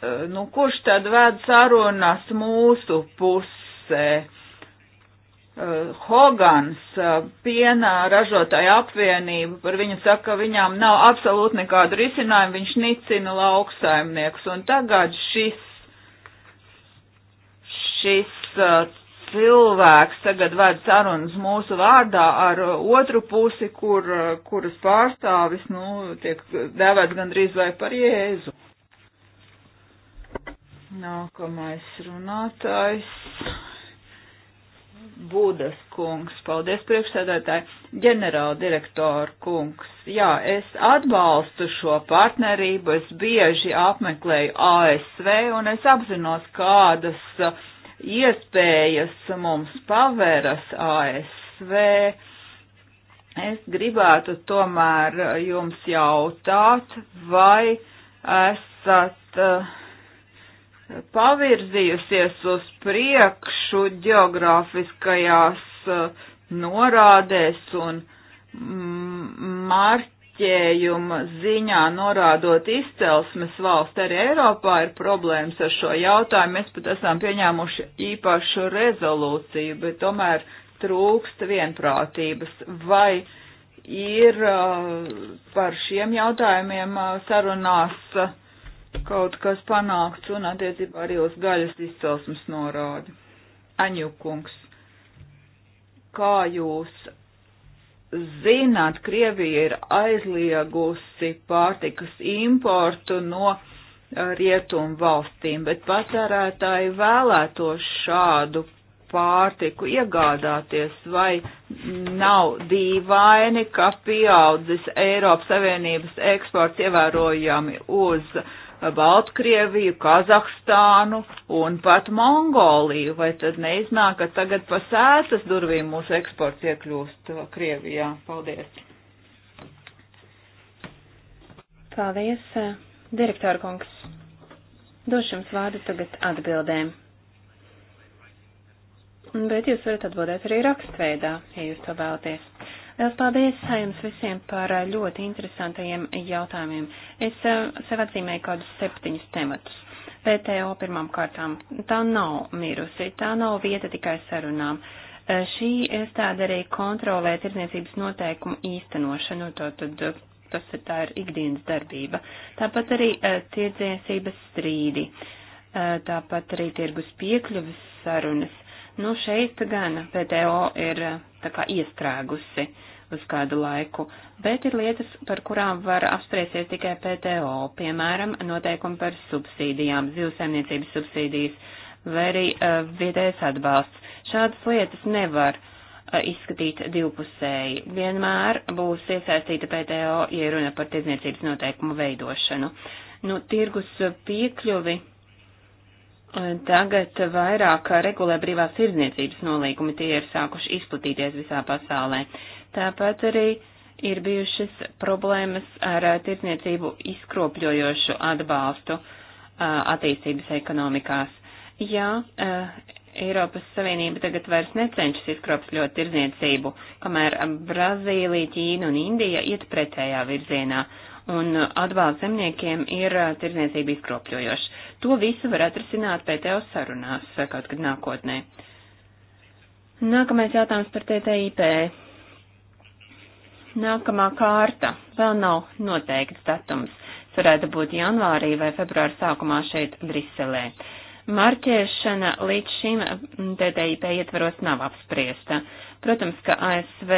Eh, nu, kurš tad ved sarunas mūsu pusē? Eh, Hogans, eh, piena ražotāja apvienība, par viņu saka, ka viņām nav absolūti nekādu risinājumu, viņš nicina lauksaimniekus. Un tagad šis, šis cilvēks tagad ved sarunas mūsu vārdā ar otru pusi, kur, kuras pārstāvis, nu, tiek dēvēts gandrīz vai par Jēzu. Nākamais runātājs. Būdas kungs, paldies priekšsēdētāji, ģenerāla direktora kungs. Jā, es atbalstu šo partnerību, es bieži apmeklēju ASV un es apzinos, kādas iespējas mums paveras ASV. Es gribētu tomēr jums jautāt, vai esat uh, pavirzījusies uz priekšu geogrāfiskajās uh, norādēs un marķējuma ziņā norādot izcelsmes valsts. Arī Eiropā ir problēmas ar šo jautājumu. Mēs pat esam pieņēmuši īpašu rezolūciju, bet tomēr trūkst vienprātības. Vai ir uh, par šiem jautājumiem uh, sarunās kaut kas panākts un attiecībā arī uz gaļas izcelsmes norādi. Aņukungs, kā jūs zināt, Krievija ir aizliegusi pārtikas importu no rietumu valstīm, bet patērētāji vēlētos šādu pārtiku iegādāties, vai nav dīvaini, ka pieaudzis Eiropas Savienības eksports ievērojami uz uh, Baltkrieviju, Kazahstānu un pat Mongoliju. Vai tad neiznāk, ka tagad pa sētas durvīm mūsu eksports iekļūst Krievijā? Paldies!
Paldies, eh, direktora kungs. Došu jums vārdu tagad atbildēm. Bet jūs varat atbildēt arī rakstveidā, ja jūs to vēlaties. Liels paldies jums visiem par eh, ļoti interesantajiem jautājumiem. Es eh, sev atzīmēju kādus septiņus tematus. PTO pirmām kārtām. Tā nav mirusi, tā nav vieta tikai sarunām. Eh, šī iestāde arī kontrolē tirdzniecības noteikumu īstenošanu, to tad tas ir tā ir ikdienas darbība. Tāpat arī tirdzniecības strīdi, tāpat arī tirgus piekļuvis sarunas Nu, šeit gan PTO ir eh, tā kā iestrēgusi uz kādu laiku, bet ir lietas, par kurām var apspriesties tikai PTO, piemēram, noteikumi par subsīdijām, zivsaimniecības subsīdijas vai arī uh, eh, vietējais atbalsts. Šādas lietas nevar uh, izskatīt divpusēji. Vienmēr būs iesaistīta PTO, ja runa par tirdzniecības noteikumu veidošanu. Nu, tirgus piekļuvi Tagad vairāk regulē brīvās tirdzniecības nolīgumi, tie ir sākuši izplatīties visā pasaulē. Tāpat arī ir bijušas problēmas ar tirdzniecību izkropļojošu atbalstu attīstības ekonomikās. Jā, Eiropas Savienība tagad vairs necenšas izkropļot tirdzniecību, kamēr Brazīlija, Ķīna un Indija iet pretējā virzienā un atbalsts zemniekiem ir uh, tirdzniecība izkropļojoša. To visu var atrisināt PTO sarunās uh, kaut kad nākotnē. Nākamais jautājums par TTIP. Nākamā kārta vēl nav noteikts datums. Tas varētu būt janvārī vai februāra sākumā šeit Briselē. Marķēšana līdz šim mm, TTIP ietvaros nav apspriesta. Protams, ka ASV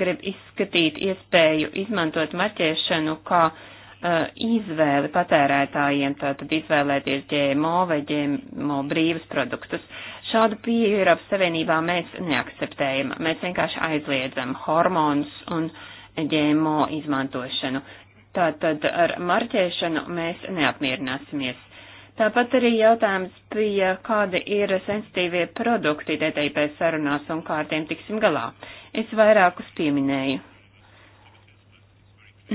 grib izskatīt iespēju izmantot marķēšanu kā uh, izvēli patērētājiem, tātad izvēlēties ģēmo vai ģēmo brīvus produktus. Šādu pieeju Eiropas Savienībā mēs neakceptējam. Mēs vienkārši aizliedzam hormonus un ģēmo izmantošanu. Tātad ar marķēšanu mēs neapmierināsimies. Tāpat arī jautājums bija, kādi ir sensitīvie produkti TTIP sarunās un kā ar tiem tiksim galā. Es vairākus pieminēju.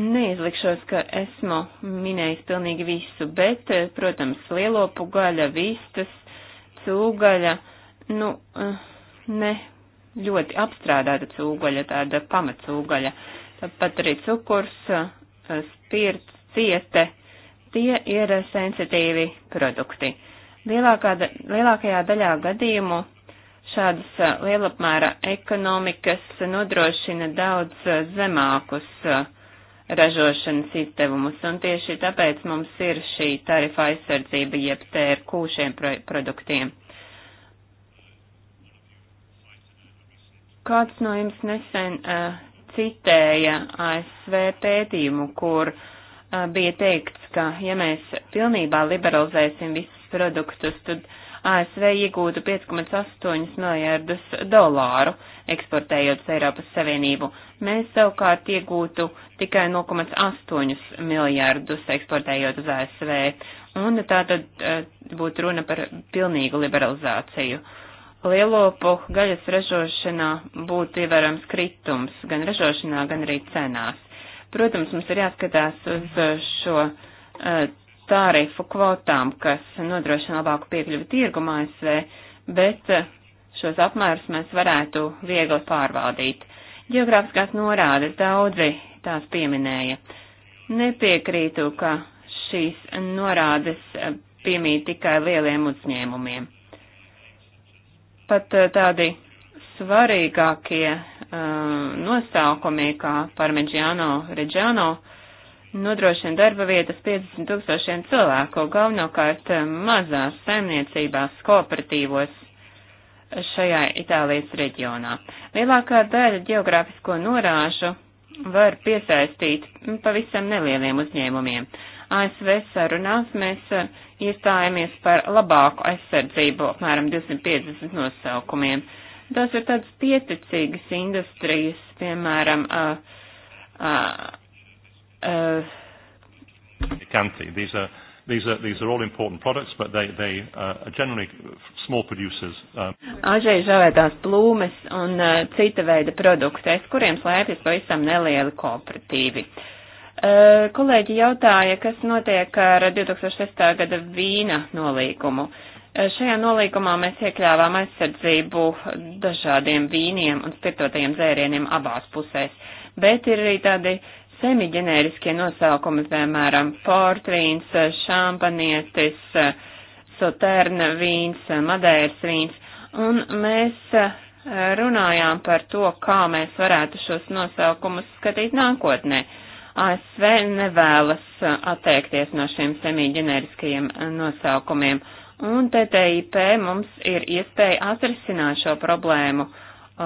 Neizlikšos, ka esmu minējis pilnīgi visu, bet, protams, lielopu gaļa, vistas, cūgaļa, nu, eh, ne ļoti apstrādāta cūgaļa, tāda pamatsūgaļa. Tāpat arī cukurs, eh, spirts, ciete, uh, Tie ir sensitīvi produkti. Lielākā, lielākajā daļā gadījumu šādas uh, lielapmēra ekonomikas nodrošina daudz uh, zemākus uh, ražošanas izdevumus, un tieši tāpēc mums ir šī tarifa aizsardzība jeb TRQ šiem pro produktiem. Kāds no jums nesen uh, citēja ASV pētījumu, kur uh, Eh, bija teikts, ka ja mēs pilnībā liberalizēsim visus produktus, tad ASV iegūtu 5,8 miljārdus dolāru eksportējot uz Eiropas Savienību. Mēs savukārt iegūtu tikai 0,8 miljārdus eksportējot uz ASV. Un tā tad eh, būtu runa par pilnīgu liberalizāciju. Lielopu gaļas ražošanā būtu ievērams kritums gan ražošanā, gan arī cenās. Protams, mums ir jāskatās uz eh, šo eh, tārifu kvotām, kas nodrošina labāku piekļuvi tirgumā ASV, bet eh, šos apmērus mēs varētu viegli pārvaldīt. Geogrāfiskās norādes daudzi tās pieminēja. Nepiekrītu, ka šīs norādes piemīt tikai lieliem uzņēmumiem. Pat tādi svarīgākie Uh, nosaukumi, kā Parmeģiano, Reģiano, nodrošina darba vietas 50 tūkstošiem cilvēku, galvenokārt uh, mazās saimniecībās, kooperatīvos šajā Itālijas reģionā. Lielākā daļa geogrāfisko norāžu var piesaistīt pavisam nelieliem uzņēmumiem. ASV sarunās mēs uh, iestājāmies par labāku aizsardzību apmēram 250 nosaukumiem. Uh, Tās ir tādas pieticīgas industrijas, piemēram, uh, uh,
Kanti. These are, these are, these are all important products, but they, they uh, are generally small producers. Um.
Ažai žavētās plūmes un uh, cita veida produkti, aiz kuriem slēpjas pavisam nelieli kooperatīvi. Uh, kolēģi jautāja, kas notiek ar 2006. gada vīna nolīkumu. Šajā nolīgumā mēs iekļāvām aizsardzību dažādiem vīniem un spirtotajiem dzērieniem abās pusēs, bet ir arī tādi semiģenēriskie nosaukumi, piemēram, portvīns, šampanietis, soterna vīns, madēras vīns, un mēs runājām par to, kā mēs varētu šos nosaukumus skatīt nākotnē. ASV nevēlas atteikties no šiem semiģenēriskajiem nosaukumiem un TTIP mums ir iespēja atrisināt šo problēmu uh,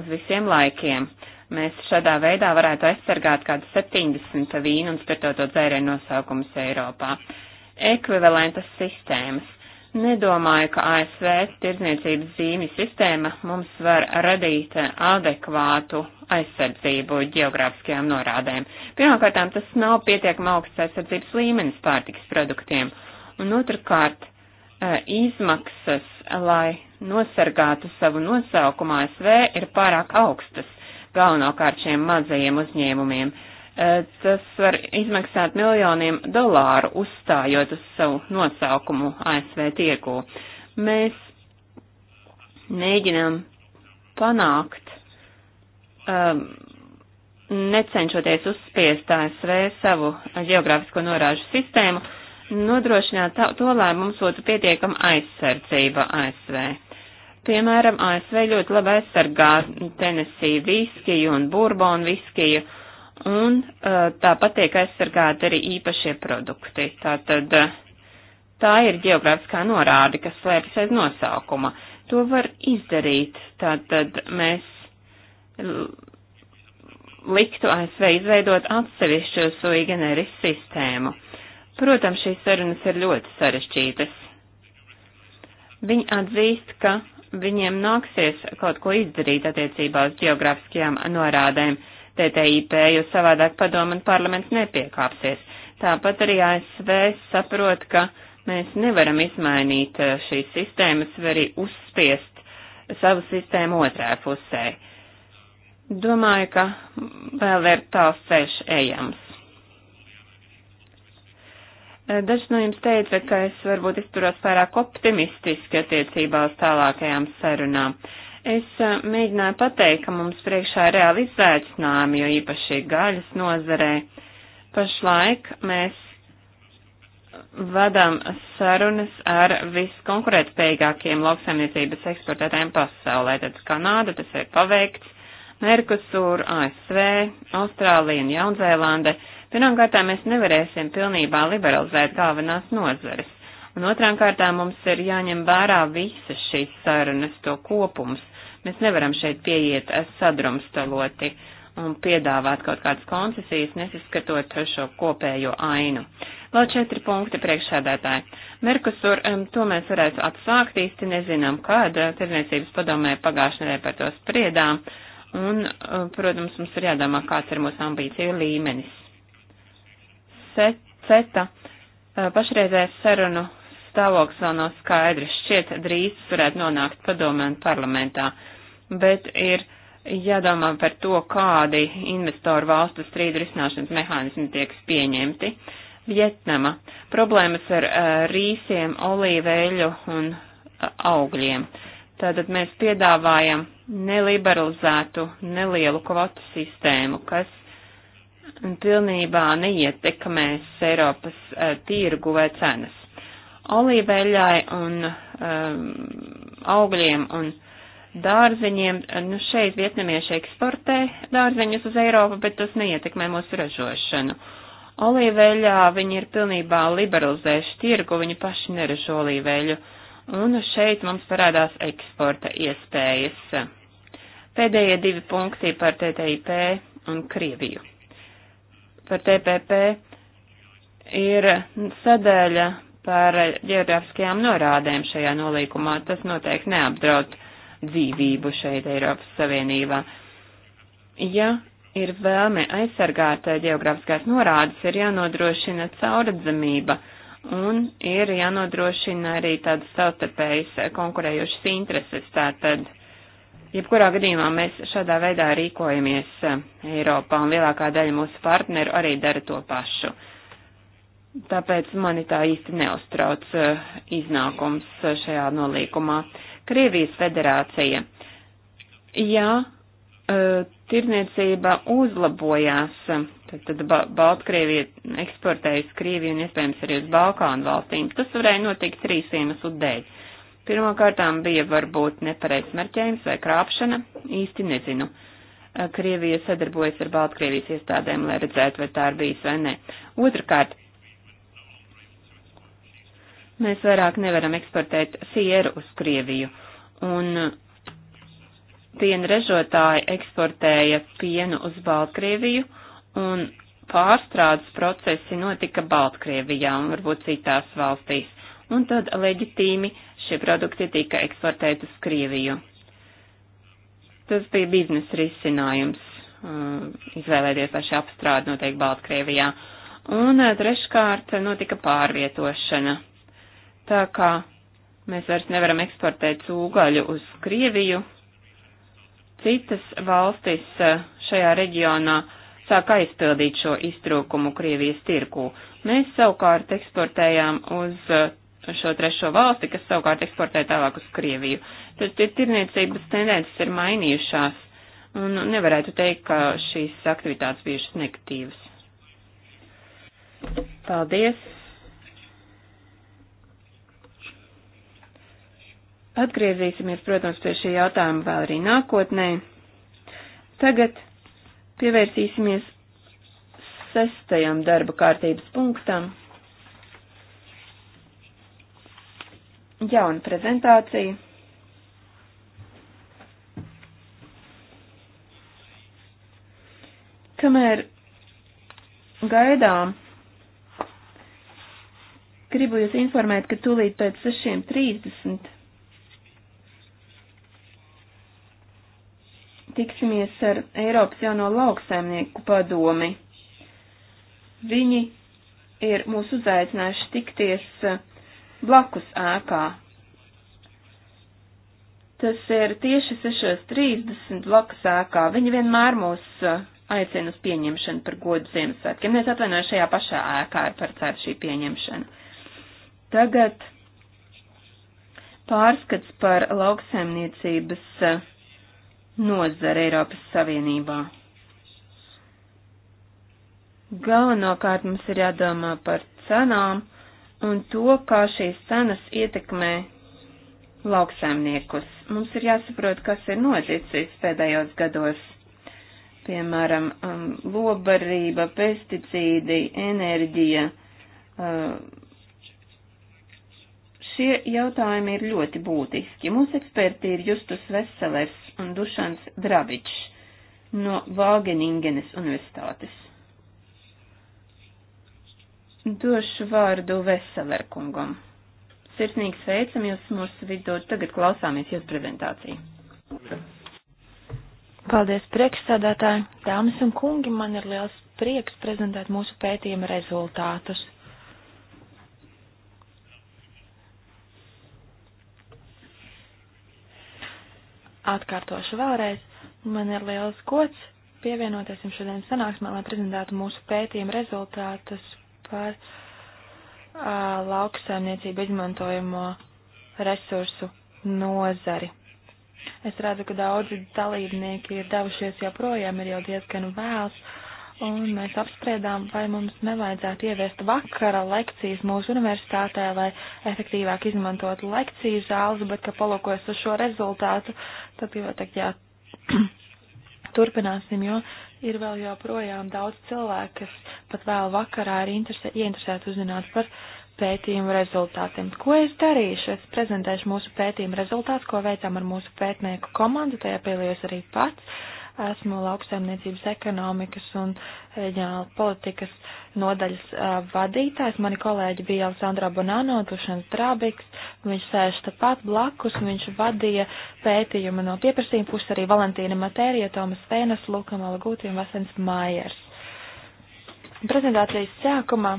uz visiem laikiem. Mēs šādā veidā varētu aizsargāt kādu 70 vīnu un spirtoto dzērienu nosaukumus Eiropā. Ekvivalentas sistēmas. Nedomāju, ka ASV tirdzniecības zīmju sistēma mums var radīt adekvātu aizsardzību geogrāfiskajām norādēm. Pirmkārtām, tas nav pietiekam augsts aizsardzības līmenis pārtikas produktiem, un otrkārt, E, izmaksas, lai nosargātu savu nosaukumu ASV, ir pārāk augstas galvenokārt šiem mazajiem uzņēmumiem. E, tas var izmaksāt miljoniem dolāru, uzstājot uz savu nosaukumu ASV tirgū. Mēs mēģinām panākt, um, necenšoties uzspiest ASV savu geogrāfisko norāžu sistēmu, uh, nodrošināt to, lai mums būtu pietiekama aizsardzība ASV. Piemēram, ASV ļoti labi aizsargā Tennessee viskiju un burbonu viskiju, un eh, tāpat tiek aizsargāti arī īpašie produkti. Tātad eh, tā ir geogrāfiskā norāde, kas slēpjas aiz nosaukuma. To var izdarīt, tātad mēs liktu ASV izveidot atsevišķu sui generis sistēmu. Protams, šīs sarunas ir ļoti sarešķītas. Viņi atzīst, ka viņiem nāksies kaut ko izdarīt attiecībā uz geogrāfiskajām norādēm TTIP, jo savādāk padomu un parlaments nepiekāpsies. Tāpat arī ASV saprot, ka mēs nevaram izmainīt eh, šīs sistēmas, var arī uzspiest savu sistēmu otrā pusē. Domāju, ka vēl ir tāls ceļš ejams. Eh, Dažs no jums teica, ka es varbūt izturos pārāk optimistiski attiecībā uz tālākajām sarunām. Es eh, mēģināju pateikt, ka mums priekšā ir reāli izaicinājumi, jo īpaši gaļas nozarē. Pašlaik mēs vadām sarunas ar viskonkurētspējīgākiem lauksaimniecības eksportētājiem pasaulē. Tad Kanāda tas ir paveikts, Merkusur, ASV, Austrālija un Jaunzēlande Pirmām kārtām mēs nevarēsim pilnībā liberalizēt galvenās nozares, un otrām kārtām mums ir jāņem vērā visas šīs sarunas, to kopums. Mēs nevaram šeit pieiet sadrumstaloti un piedāvāt kaut kādas koncesijas, nesaskatot šo kopējo ainu. Vēl četri punkti priekšsēdētāji. Merkusur, to mēs varētu atsākt, īsti nezinām, kad eh, Tirniecības padomē pagājušajā nedēļā par to spriedām, un, eh, protams, mums ir jādomā, kāds ir mūsu ambīciju līmenis. CETA pašreizējais sarunu stāvoklis vēl nav skaidrs. Šķiet, drīz varētu nonākt padomē un parlamentā, bet ir jādomā par to, kādi investoru valstu strīdu risināšanas mehānismi tiek pieņemti. Vietnama. Problēmas ar uh, rīsiem, olīveļu un uh, augļiem. Tātad mēs piedāvājam neliberalizētu nelielu kvotu sistēmu, kas pilnībā neietekmēs Eiropas uh, tirgu vai cenas. Olīveļai un um, augļiem un dārzeņiem, eh, nu šeit vietnamieši eksportē dārzeņus uz Eiropu, bet tas neietekmē mūsu ražošanu. Olīveļā viņi ir pilnībā liberalizējuši tirgu, viņi paši neražo olīveļu, un šeit mums parādās eksporta iespējas. Pēdējie divi punkti par TTIP un Krieviju par TPP ir sadaļa par ģeogrāfiskajām norādēm šajā nolīkumā. Tas noteikti neapdraud dzīvību šeit Eiropas Savienībā. Ja ir vēlme aizsargāt ģeogrāfiskās norādes, ir jānodrošina cauradzamība un ir jānodrošina arī tādas savstarpējas konkurējošas intereses. Tātad Jebkurā gadījumā mēs šādā veidā rīkojamies eh, Eiropā, un lielākā daļa mūsu partneru arī dara to pašu. Tāpēc mani tā īsti neuztrauc eh, iznākums eh, šajā nolīkumā. Krievijas federācija. Jā, tirniecība uzlabojās, tad, tad ba Baltkrievija eksportēja uz Krieviju un iespējams arī uz Balkānu valstīm. Tas varēja notikt trīs iemeslu dēļ. Pirmkārtām bija varbūt nepareiz marķējums vai krāpšana, īsti nezinu. Krievija sadarbojas ar Baltkrievijas iestādēm, lai redzētu, vai tā ir bijis vai nē. Otrakārt, mēs vairāk nevaram eksportēt sieru uz Krieviju, un piena ražotāji eksportēja pienu uz Baltkrieviju, un pārstrādes procesi notika Baltkrievijā un varbūt citās valstīs. Un tad leģitīmi šie produkti tika eksportēti uz Krieviju. Tas bija biznesa risinājums, uh, izvēlēties paši apstrādi noteikti Baltkrievijā. Un uh, treškārt notika pārvietošana. Tā kā mēs vairs nevaram eksportēt cūgaļu uz Krieviju, citas valstis uh, šajā reģionā sāk aizpildīt šo iztrūkumu Krievijas tirku. Mēs savukārt eksportējām uz šo trešo valsti, kas savukārt eksportē tālāk uz Krieviju. Tad tie tirniecības tendences ir mainījušās, un nu, nevarētu teikt, ka šīs aktivitātes bijušas negatīvas. Paldies! Atgriezīsimies, protams, pie šī jautājuma vēl arī nākotnē. Tagad pievērsīsimies sestajam darba kārtības punktam. jauna prezentācija. Kamēr gaidām, gribu jūs informēt, ka tūlīt pēc 6.30 tiksimies ar Eiropas jauno lauksaimnieku padomi. Viņi ir mūs uzaicinājuši tikties uh, blakus ēkā. Tas ir tieši 6.30 blakus ēkā. Viņi vienmēr mūs aicina uz pieņemšanu par godu Ziemassvētkiem. Es atvainojos, šajā pašā ēkā ir paredzēta šī pieņemšana. Tagad pārskats par lauksaimniecības nozare Eiropas Savienībā. Galvenokārt mums ir jādomā par cenām un to, kā šīs cenas ietekmē lauksaimniekus. Mums ir jāsaprot, kas ir noticis pēdējos gados. Piemēram, um, lobarība, pesticīdi, enerģija. Uh, šie jautājumi ir ļoti būtiski. Mūsu eksperti ir Justus Veselers un Dušans Dravičs no Vāgeningenes universitātes. Došu vārdu Veselerkungam. Sirsnīgi sveicam jūs mūsu vidū. Tagad klausāmies jūs prezentāciju.
Paldies, priekšsādātāji. Dāmas un kungi, man ir liels prieks prezentēt mūsu pētījuma rezultātus. Atkārtošu vēlreiz. Man ir liels gods pievienoties jums šodien sanāksmē, lai prezentētu mūsu pētījuma rezultātus par lauksaimniecību izmantojamo resursu nozari. Es redzu, ka daudzi dalībnieki ir devušies joprojām, ir jau diezgan vēls, un mēs apspriedām, vai mums nevajadzētu ieviest vakara lekcijas mūsu universitātē, lai efektīvāk izmantot lekciju zāles, bet ka palūkojas uz šo rezultātu, tad jau teikt, jā, turpināsim, jo ir vēl joprojām daudz cilvēku, kas pat vēl vakarā ir interesē, ieinteresēti uzzināt par pētījumu rezultātiem. Ko es darīšu? Es prezentēšu mūsu pētījumu rezultātus, ko veicām ar mūsu pētnieku komandu, tajā pielījos arī pats. Esmu lauksaimniecības ekonomikas un reģionāla politikas nodaļas uh, vadītājs. Mani kolēģi bija Alessandra Bonano, Dušans Trabiks, viņš sēž tepat blakus, viņš vadīja pētījumu no pieprasījuma puses arī Valentīna Matērija, Tomas Fēnas, Lukam Alagūti un Vasens Mājers. Prezentācijas sākumā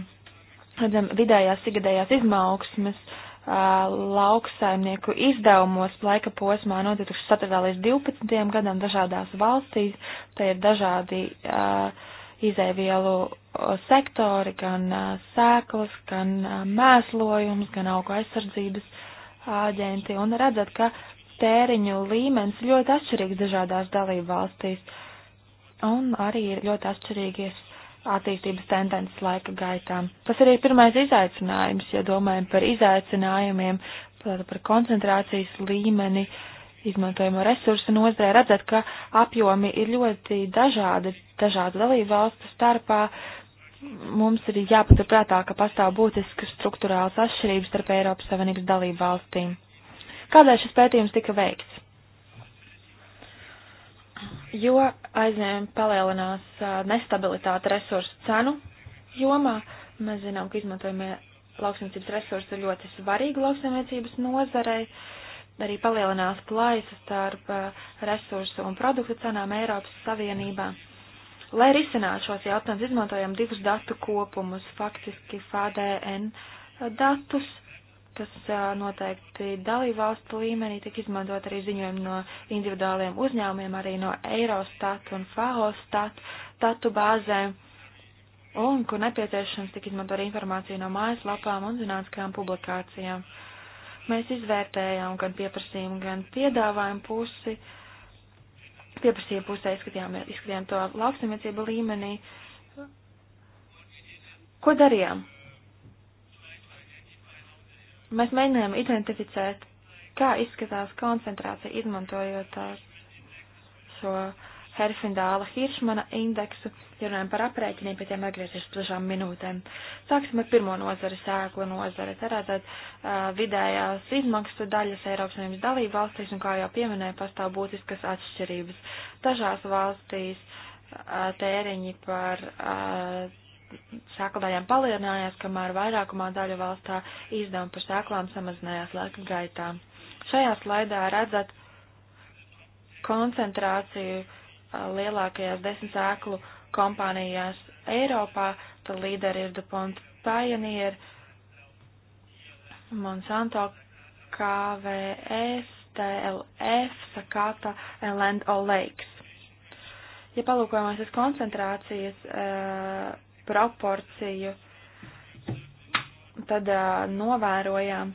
redzam vidējās, ikgadējās izmauksmes. Uh, lauksaimnieku izdevumos laika posmā no 2004. līdz 2012. gadam dažādās valstīs. Te ir dažādi uh, izēvielu sektori, gan uh, sēklas, gan uh, mēslojums, gan augu aizsardzības āģenti. Un redzat, ka tēriņu līmenis ļoti atšķirīgs dažādās dalību valstīs. Un arī ir ļoti atšķirīgies attīstības tendences laika gaitā. Tas arī ir pirmais izaicinājums, ja domājam par izaicinājumiem, par, par koncentrācijas līmeni, izmantojamo resursu nozarē, redzat, ka apjomi ir ļoti dažādi, dažādu dalību valstu starpā. Mums ir jāpaturprātā, ka pastāv būtiskas struktūrāls atšķirības starp Eiropas Savienības dalību valstīm. Kādēļ šis pētījums tika veikts? jo aizvien palielinās nestabilitāte resursu cenu jomā. Mēs zinām, ka izmantojamie lauksimniecības resursi ir ļoti svarīgi lauksimniecības nozarei. Arī palielinās plaisa starp resursu un produktu cenām Eiropas Savienībā. Lai risinātu šos jautājumus, izmantojam divus datu kopumus, faktiski FADN datus kas noteikti dalībvalstu līmenī tiek izmantot arī ziņojumi no individuāliem uzņēmumiem, arī no Eurostat un Fahostat, datu bāzēm, un, kur nepieciešams, tiek izmantot arī informācija no mājaslapām un zinātniskajām publikācijām. Mēs izvērtējām gan pieprasījumu, gan piedāvājumu pusi. Pieprasījuma pusē izskatījām, izskatījām to lauksimniecību līmenī. Ko darījām? Mēs mēģinājām identificēt, kā izskatās koncentrācija izmantojot uh, šo Herfindāla Hiršmana indeksu, ja runājam par aprēķiniem, pēc tiem atgriezīšos dažām minūtēm. Sāksim ar pirmo nozari, sēklu nozari. Te redzat uh, vidējās izmaksu daļas Eiropas Savienības dalību valstīs, un kā jau pieminēju, pastāv būtiskas atšķirības. Dažās valstīs uh, tēriņi par uh, sēklu daļām palielinājās, kamēr vairākumā daļu valstā izdevumi par sēklām samazinājās laika gaitā. Šajā slaidā redzat koncentrāciju lielākajās desmit sēklu kompānijās Eiropā, tad līderi ir DuPont Pioneer, Monsanto, KVS, TLF, Sakata and Land O'Lakes. Ja palūkojamies uz koncentrācijas uh, proporciju, tad uh, novērojām,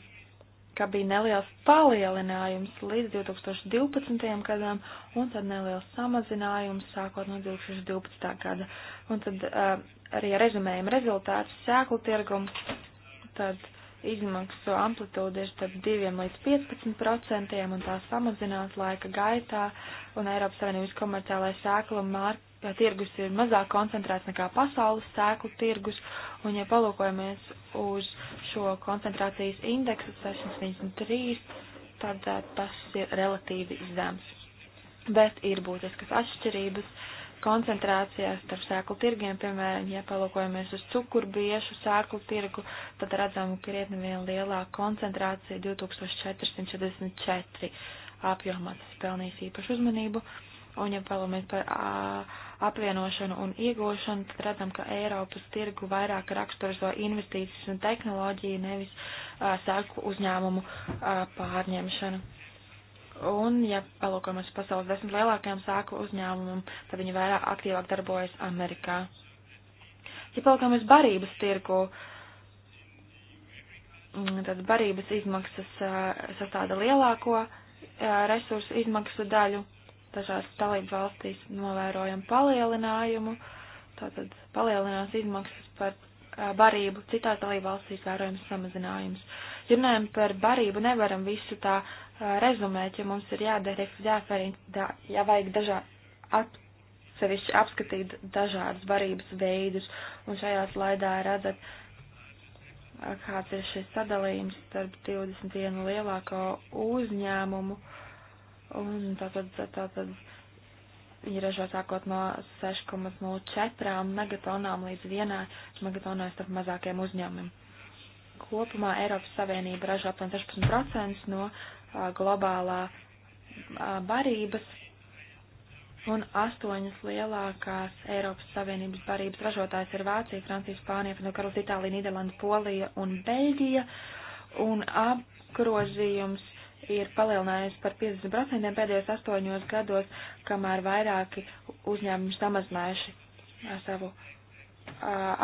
ka bija neliels palielinājums līdz 2012. gadam, un tad neliels samazinājums sākot no 2012. gada. Un tad uh, arī rezumējam rezultātus sēklu tirgumu, tad izmaksu amplitūda ir starp 2 līdz 15 procentiem, un tā samazinās laika gaitā, un Eiropas Savienības komerciālai sēklu mārka tā tirgus ir mazāk koncentrēts nekā pasaules sēklu tirgus, un ja palūkojamies uz šo koncentrācijas indeksu 673, tad eh, tas ir relatīvi zems. Bet ir būtiskas atšķirības koncentrācijās starp sēklu tirgiem, piemēram, ja palūkojamies uz cukurbiešu sēklu tirgu, tad redzam krietni vien lielāku koncentrāciju 2444 apjomā, tas pelnīs īpašu uzmanību, un ja palūkojamies par. Uh, apvienošanu un iegūšanu, tad redzam, ka Eiropas tirgu vairāk raksturizo investīcijas un tehnoloģiju, nevis uh, sēku uzņēmumu uh, pārņemšanu. Un, ja palūkojamies pasaules desmit lielākajām sēku uzņēmumam, tad viņi vairāk aktīvāk darbojas Amerikā. Ja palūkojamies barības tirgu, mm, tad barības izmaksas uh, sastāda lielāko uh, resursu izmaksu daļu dažās dalību valstīs novērojam palielinājumu, tātad palielinās izmaksas par barību, citās dalību valstīs vērojams samazinājums. Ja runājam par barību, nevaram visu tā rezumēt, ja mums ir jādara, ja vajag dažā atsevišķi apskatīt dažādas barības veidus, un šajā slaidā redzat, kāds ir šis sadalījums starp 21 lielāko uzņēmumu Un tātad, tātad ir ražo sākot no 6,04 megatonām līdz 1 megatonai starp mazākiem uzņēmumiem. Kopumā Eiropas Savienība ražo apmēram 16% no a, globālā a, barības, un astoņas lielākās Eiropas Savienības barības ražotājas ir Vācija, Francija, Spānija, Fenokarls, Itālija, Nīderlanda, Polija un Beļģija, un apgrozījums ir palielinājusi par 50% pēdējos astoņos gados, kamēr vairāki uzņēmumi samazinājuši uh, savu uh,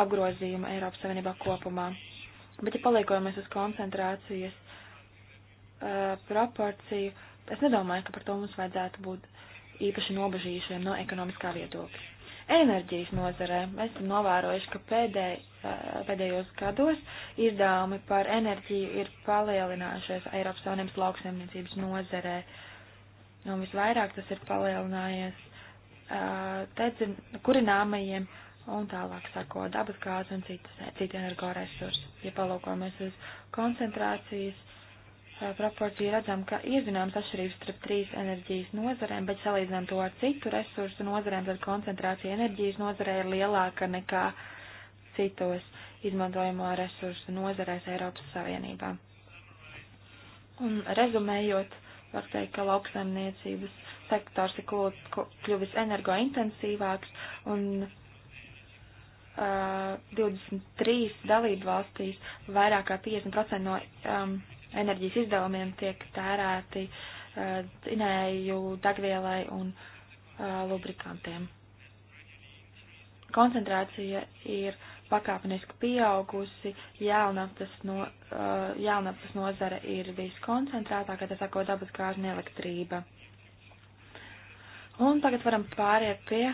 apgrozījumu Eiropas Savienībā kopumā. Bet, ja paliekojamies uz koncentrācijas a, uh, proporciju, es nedomāju, ka par to mums vajadzētu būt īpaši nobežījušiem no ekonomiskā viedokļa. Enerģijas nozarē esam novērojuši, ka pēdēj, eh, pēdējos gados izdevumi par enerģiju ir palielinājušies Eiropas Savienības lauksaimniecības nozarē. Un visvairāk tas ir palielinājies eh, tedzin, kurināmajiem un tālāk sako dabas gāzi un citas, citi energoresursi. Ja palūkojamies uz koncentrācijas Eh, raportī redzam, ka ir zināms atšķirības starp trīs enerģijas nozarēm, bet salīdzinām to ar citu resursu nozarēm, tad koncentrācija enerģijas nozarē ir lielāka nekā citos izmantojamo resursu nozarēs Eiropas Savienībā. Un rezumējot, var teikt, ka lauksaimniecības sektors ir kļuvis energointensīvāks un 23 eh, dalību valstīs vairāk kā 50% no um, enerģijas izdevumiem tiek tērēti dzinēju eh, dagvielai un eh, lubrikantiem. Koncentrācija ir pakāpeniski pieaugusi, jēlnaftas, no, eh, jēlnaftas nozara ir viskoncentrētākā, tas sako dabas gāzi un elektrība. Un tagad varam pāriet pie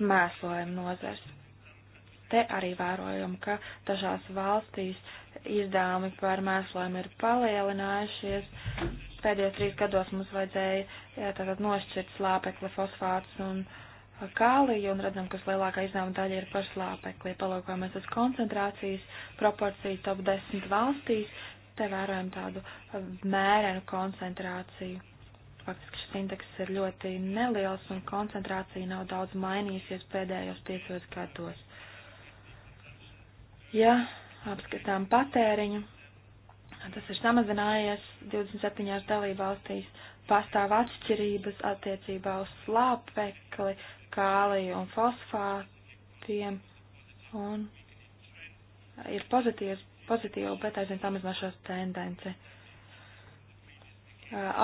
mēslojuma nozars. Te arī vērojam, ka dažās valstīs uh, izdevumi par mēslojumu ir palielinājušies. Pēdējos trīs gados mums vajadzēja jā, tātad nošķirt slāpekli, fosfātus un kāliju, un redzam, ka lielākā izdevuma daļa ir par slāpekli. Palūkojamies uz koncentrācijas proporciju top 10 valstīs, te vērojam tādu mērenu koncentrāciju. Faktiski šis indeks ir ļoti neliels un koncentrācija nav daudz mainījusies pēdējos piecos gados. Ja apskatām patēriņu. Tas ir samazinājies 27 dalībvalstīs. Pastāv atšķirības attiecībā uz slāpekli, kāliju un fosfātiem. Un ir pozitīvs, pozitīva, bet aizvien samazināšos tendence.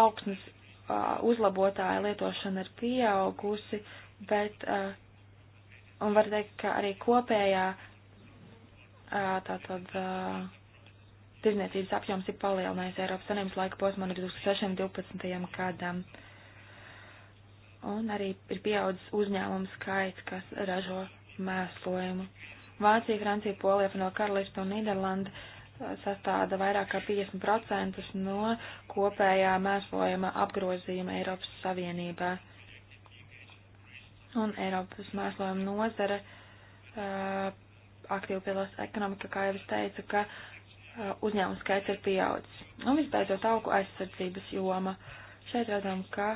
Augsnes uzlabotāja lietošana ir pieaugusi, bet, un var teikt, ka arī kopējā uh, Tātad tirzniecības apjoms ir palielinājies Eiropas Savienības laika posmā no 2006. 12. gadam. Un arī ir pieaudzis uzņēmumu skaits, kas ražo mēslojumu. Vācija, Francija, Polija, no Karalista un Nīderlanda sastāda vairāk kā 50% no kopējā mēslojuma apgrozījuma Eiropas Savienībā. Un Eiropas mēslojuma nozare uh, aktīvi piedalās ekonomika, kā jau es teicu, ka uh, uzņēmumu skaits ir pieaudzis. Un visbeidzot, augu aizsardzības joma. Šeit redzam, ka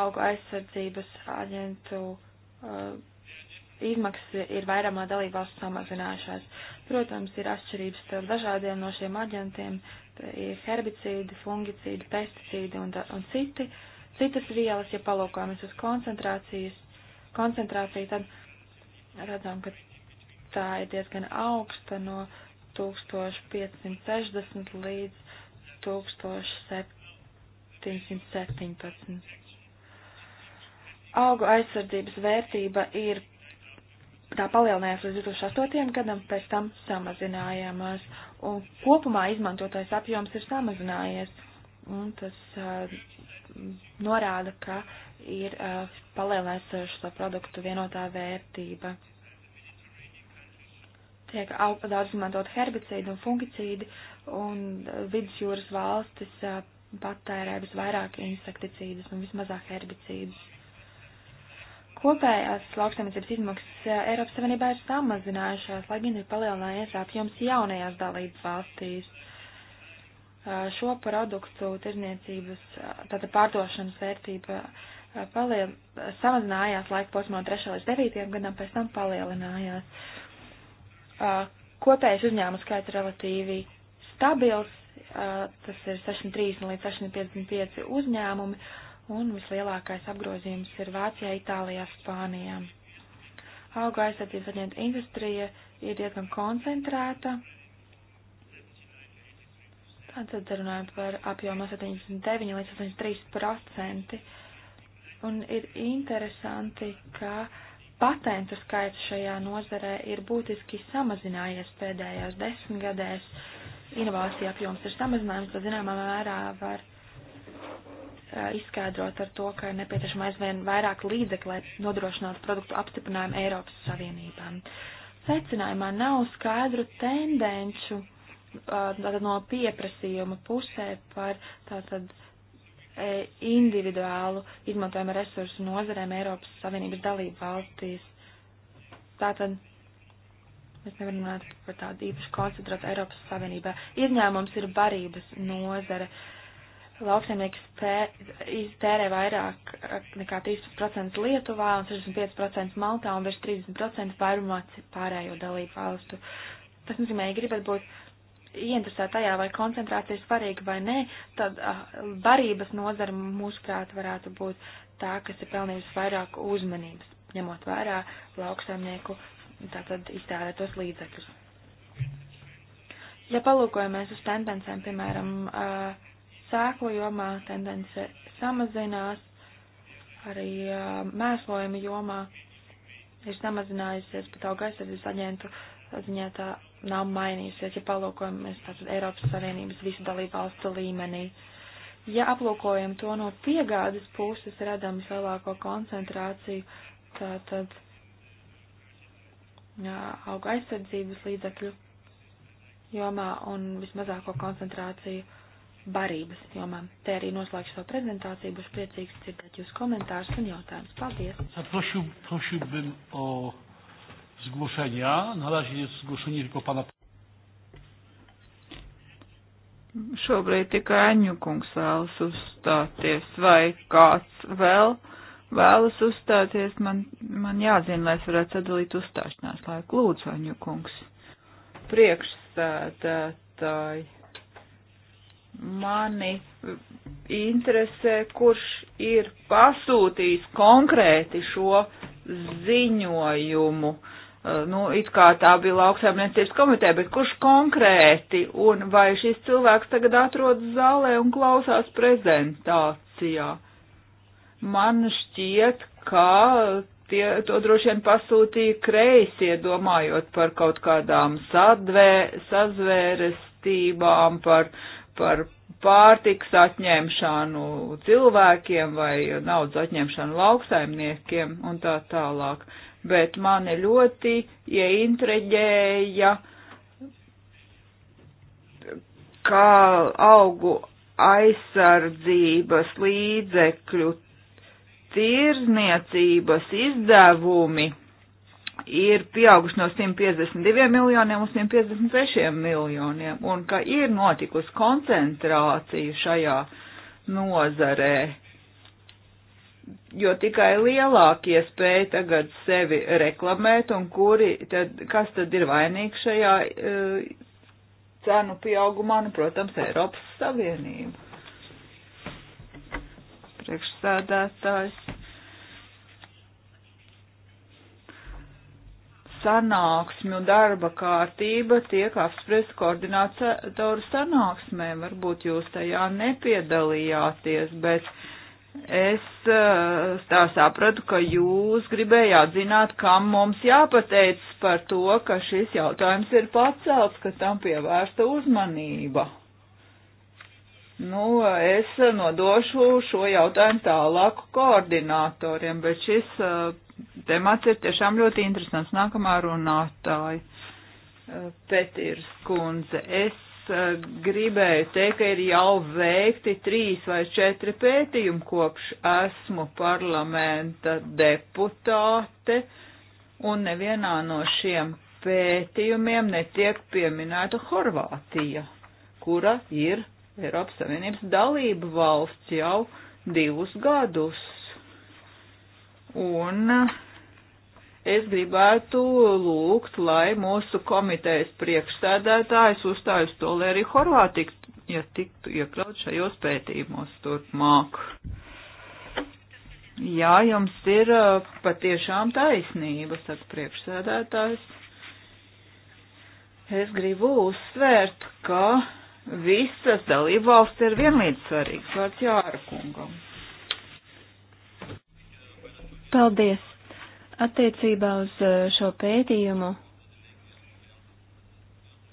augu aizsardzības aģentu uh, izmaksas ir vairumā dalībvalstu samazinājušās. Protams, ir atšķirības starp dažādiem no šiem aģentiem. Te ir herbicīdi, fungicīdi, pesticīdi un, un citi. Citas vielas, ja palūkojamies uz koncentrācijas, koncentrāciju, tad redzam, ka tā ir diezgan augsta no 1560 līdz 1717. Augu aizsardzības vērtība ir tā palielinājās līdz 2008. gadam, pēc tam samazinājāmās, un kopumā izmantotais apjoms ir samazinājies. Un tas uh, norāda, ka ir uh, palielinājusies šo produktu vienotā vērtība. Uh, tiek daudz izmantot herbicīdi un fungicīdi, un vidusjūras valstis patērē visvairāk insekticīdus un vismazāk herbicīdus. Kopējās lauksaimniecības izmaksas Eiropas Savienībā ir samazinājušās, lai gan ir palielinājies apjoms jaunajās dalības valstīs. Šo produktu tirzniecības, tātad pārdošanas vērtība paliel, samazinājās laika posmā no 3. līdz 9. gadam, pēc tam palielinājās Kopējais uzņēmums skaits relatīvi stabils, tas ir 630 līdz 655 uzņēmumi, un vislielākais apgrozījums ir Vācijā, Itālijā, Spānijā. Auga aizsardzības aģenta industrija ir diezgan koncentrēta. Tātad runājot par apjomu 79 līdz 83 procenti. Un ir interesanti, ka uh, Patentu skaits šajā nozarē ir būtiski samazinājies pēdējās desmitgadēs. Inovācija apjoms ir samazinājums, to zināmā mērā var izskaidrot ar to, ka ir nepieciešama aizvien vairāk līdzekļu, lai nodrošinātu produktu apstiprinājumu Eiropas Savienībām. Secinājumā nav skaidru tendenču no pieprasījuma pusē par tātad E, individuālu izmantojumu resursu nozarēm Eiropas Savienības dalību valstīs. Tātad mēs nevaram runāt par tādu īpašu koncentrētu Eiropas Savienībā. Izņēmums ir barības nozare. Lauksaimnieks tērē vairāk e, nekā 30% Lietuvā un 65% Maltā un virs 30% vairumā pārējo dalību valstu. Tas nozīmē, ja gribat būt ieinteresēti tajā, vai koncentrācija ir svarīga vai nē, tad ah, barības nozara, mūsuprāt, varētu būt tā, kas ir pelnījusi vairāk uzmanības, ņemot vērā lauksaimnieku tātad iztērētos līdzekļus. Ja palūkojamies uz tendencēm, piemēram, ah, sēklu jomā tendence samazinās, arī ah, mēslojuma jomā ir samazinājusies, bet augaisardzības aģentu ziņā tā nav mainījusies, ja palūkojamies tātad Eiropas Savienības visu dalību valstu līmenī. Ja aplūkojam to no piegādes puses, redzam lielāko koncentrāciju, tātad jā, auga aizsardzības līdzekļu jomā un vismazāko koncentrāciju barības jomā. Te arī noslēgšu savu prezentāciju, būšu priecīgs dzirdēt jūs komentārus un jautājumus. Paldies!
Zaprošu, prošu bim o zgłoszenia. Na razie jest zgłoszenie tylko pana.
Šobrīd tikai Aņukungs vēlas uzstāties, vai kāds vēl vēlas uzstāties, man, man jāzina, lai es varētu sadalīt uzstāšanās laiku. Lūdzu, Aņukungs, priekšsēdētāji, mani interesē, kurš ir pasūtījis konkrēti šo ziņojumu. Uh, Eh, nu, it kā tā bija lauksaimniecības komiteja, bet kurš konkrēti un vai šis cilvēks tagad atrodas zālē un klausās prezentācijā? Man šķiet, ka tie, to droši vien pasūtīja kreisie, domājot par kaut kādām sadvē, sazvērestībām, par, par pārtiks atņemšanu cilvēkiem vai naudas atņemšanu lauksaimniekiem un tā tālāk bet mani ļoti ieintriģēja, kā augu aizsardzības līdzekļu tirzniecības izdevumi ir pieauguši no 152 miljoniem uz 156 miljoniem, un ka ir notikusi koncentrācija šajā nozarē jo tikai lielākie spēja tagad sevi reklamēt, un kuri tad, kas tad ir vainīgs šajā e, cenu pieaugumā, nu, protams, Eiropas Savienība. Priekšsēdētājs. Sanāksmju darba kārtība tiek apspriest koordinātoru sanāksmē. Varbūt jūs tajā nepiedalījāties, bet uh, Es eh, tā sapratu, ka jūs gribējāt zināt, kam mums jāpateic par to, ka šis jautājums ir pacelts, ka tam pievērsta uzmanība. Nu, es nodošu šo jautājumu tālāk koordinatoriem, bet šis eh, temats ir tiešām ļoti interesants. Nākamā runātāja. Eh, Petirs kundze, es Eh, gribēju teikt, ka ir jau veikti trīs vai četri pētījumi kopš esmu parlamenta deputāte, un nevienā no šiem pētījumiem netiek pieminēta Horvātija, kura ir Eiropas Savienības dalība valsts jau divus gadus. Un uh, es gribētu lūgt, lai mūsu komitejas priekšsēdētājs uzstājas to, lai arī Horvātija ja tiktu iekļaut šajos pētījumos turpmāk. Jā, jums ir patiešām taisnība, saka priekšsēdētājs. Es gribu uzsvērt, ka visas dalībvalsts ir vienlīdz svarīgs vārds Jārkungam.
Paldies! Attiecībā uz eh, šo pētījumu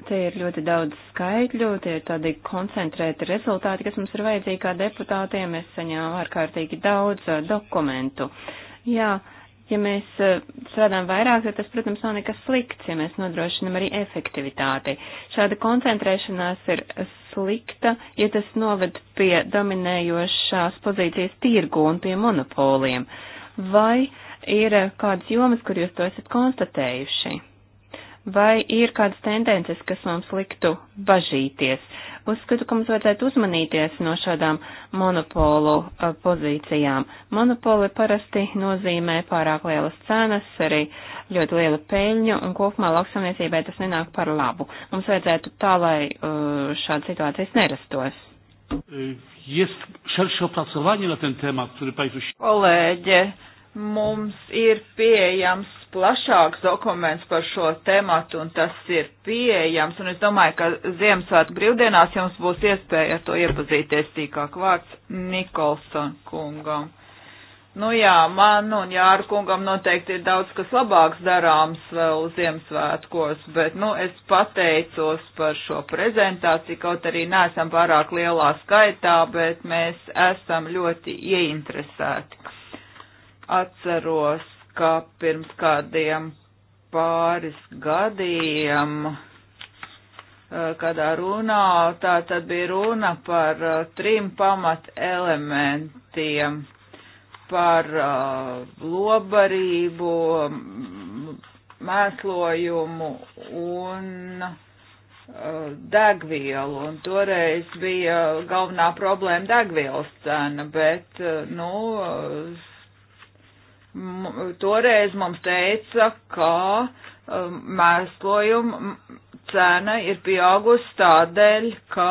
te ir ļoti daudz skaitļu, tie ir tādi koncentrēti rezultāti, kas mums ir vajadzīgi kā deputātiem. Mēs saņēmām ārkārtīgi daudz eh, dokumentu. Jā, ja mēs eh, strādājam vairāk, tad tas, protams, nav nekas slikts, ja mēs nodrošinam arī efektivitāti. Šāda koncentrēšanās ir slikta, ja tas noved pie dominējošās pozīcijas tirgu un pie monopoliem. Vai uh, ir eh, kādas jomas, kur jūs to esat konstatējuši? Vai ir kādas tendences, kas mums liktu bažīties? Uzskatu, ka mums vajadzētu uzmanīties no šādām monopolu uh, pozīcijām. Monopoli parasti nozīmē pārāk lielas cenas, arī ļoti lielu peļņu, un kopumā lauksamniecībai tas nenāk par labu. Mums vajadzētu tā, lai uh, eh, šāda situācijas nerastos.
Jest szersze opracowanie na ten temat, który Państwo...
Kolēģe, mums
ir pieejams plašāks dokuments par šo tematu, un tas ir pieejams, un es domāju, ka Ziemassvētku brīvdienās jums būs iespēja ar to iepazīties tīkāk vārds Nikolson kungam. Nu jā, man un Jāra kungam noteikti ir daudz kas labāks darāms vēl Ziemassvētkos, bet, nu, es pateicos par šo prezentāciju, kaut arī neesam pārāk lielā skaitā, bet mēs esam ļoti ieinteresēti Atceros, ka pirms kādiem pāris gadiem eh, kādā runā, tā tad bija runa par uh, trim pamat elementiem, par uh, lobarību, mm, mēslojumu un uh, degvielu. Un toreiz bija galvenā problēma degvielas cena, bet, nu, toreiz mums teica, ka um, mēslojuma cena ir pieaugusi tādēļ, ka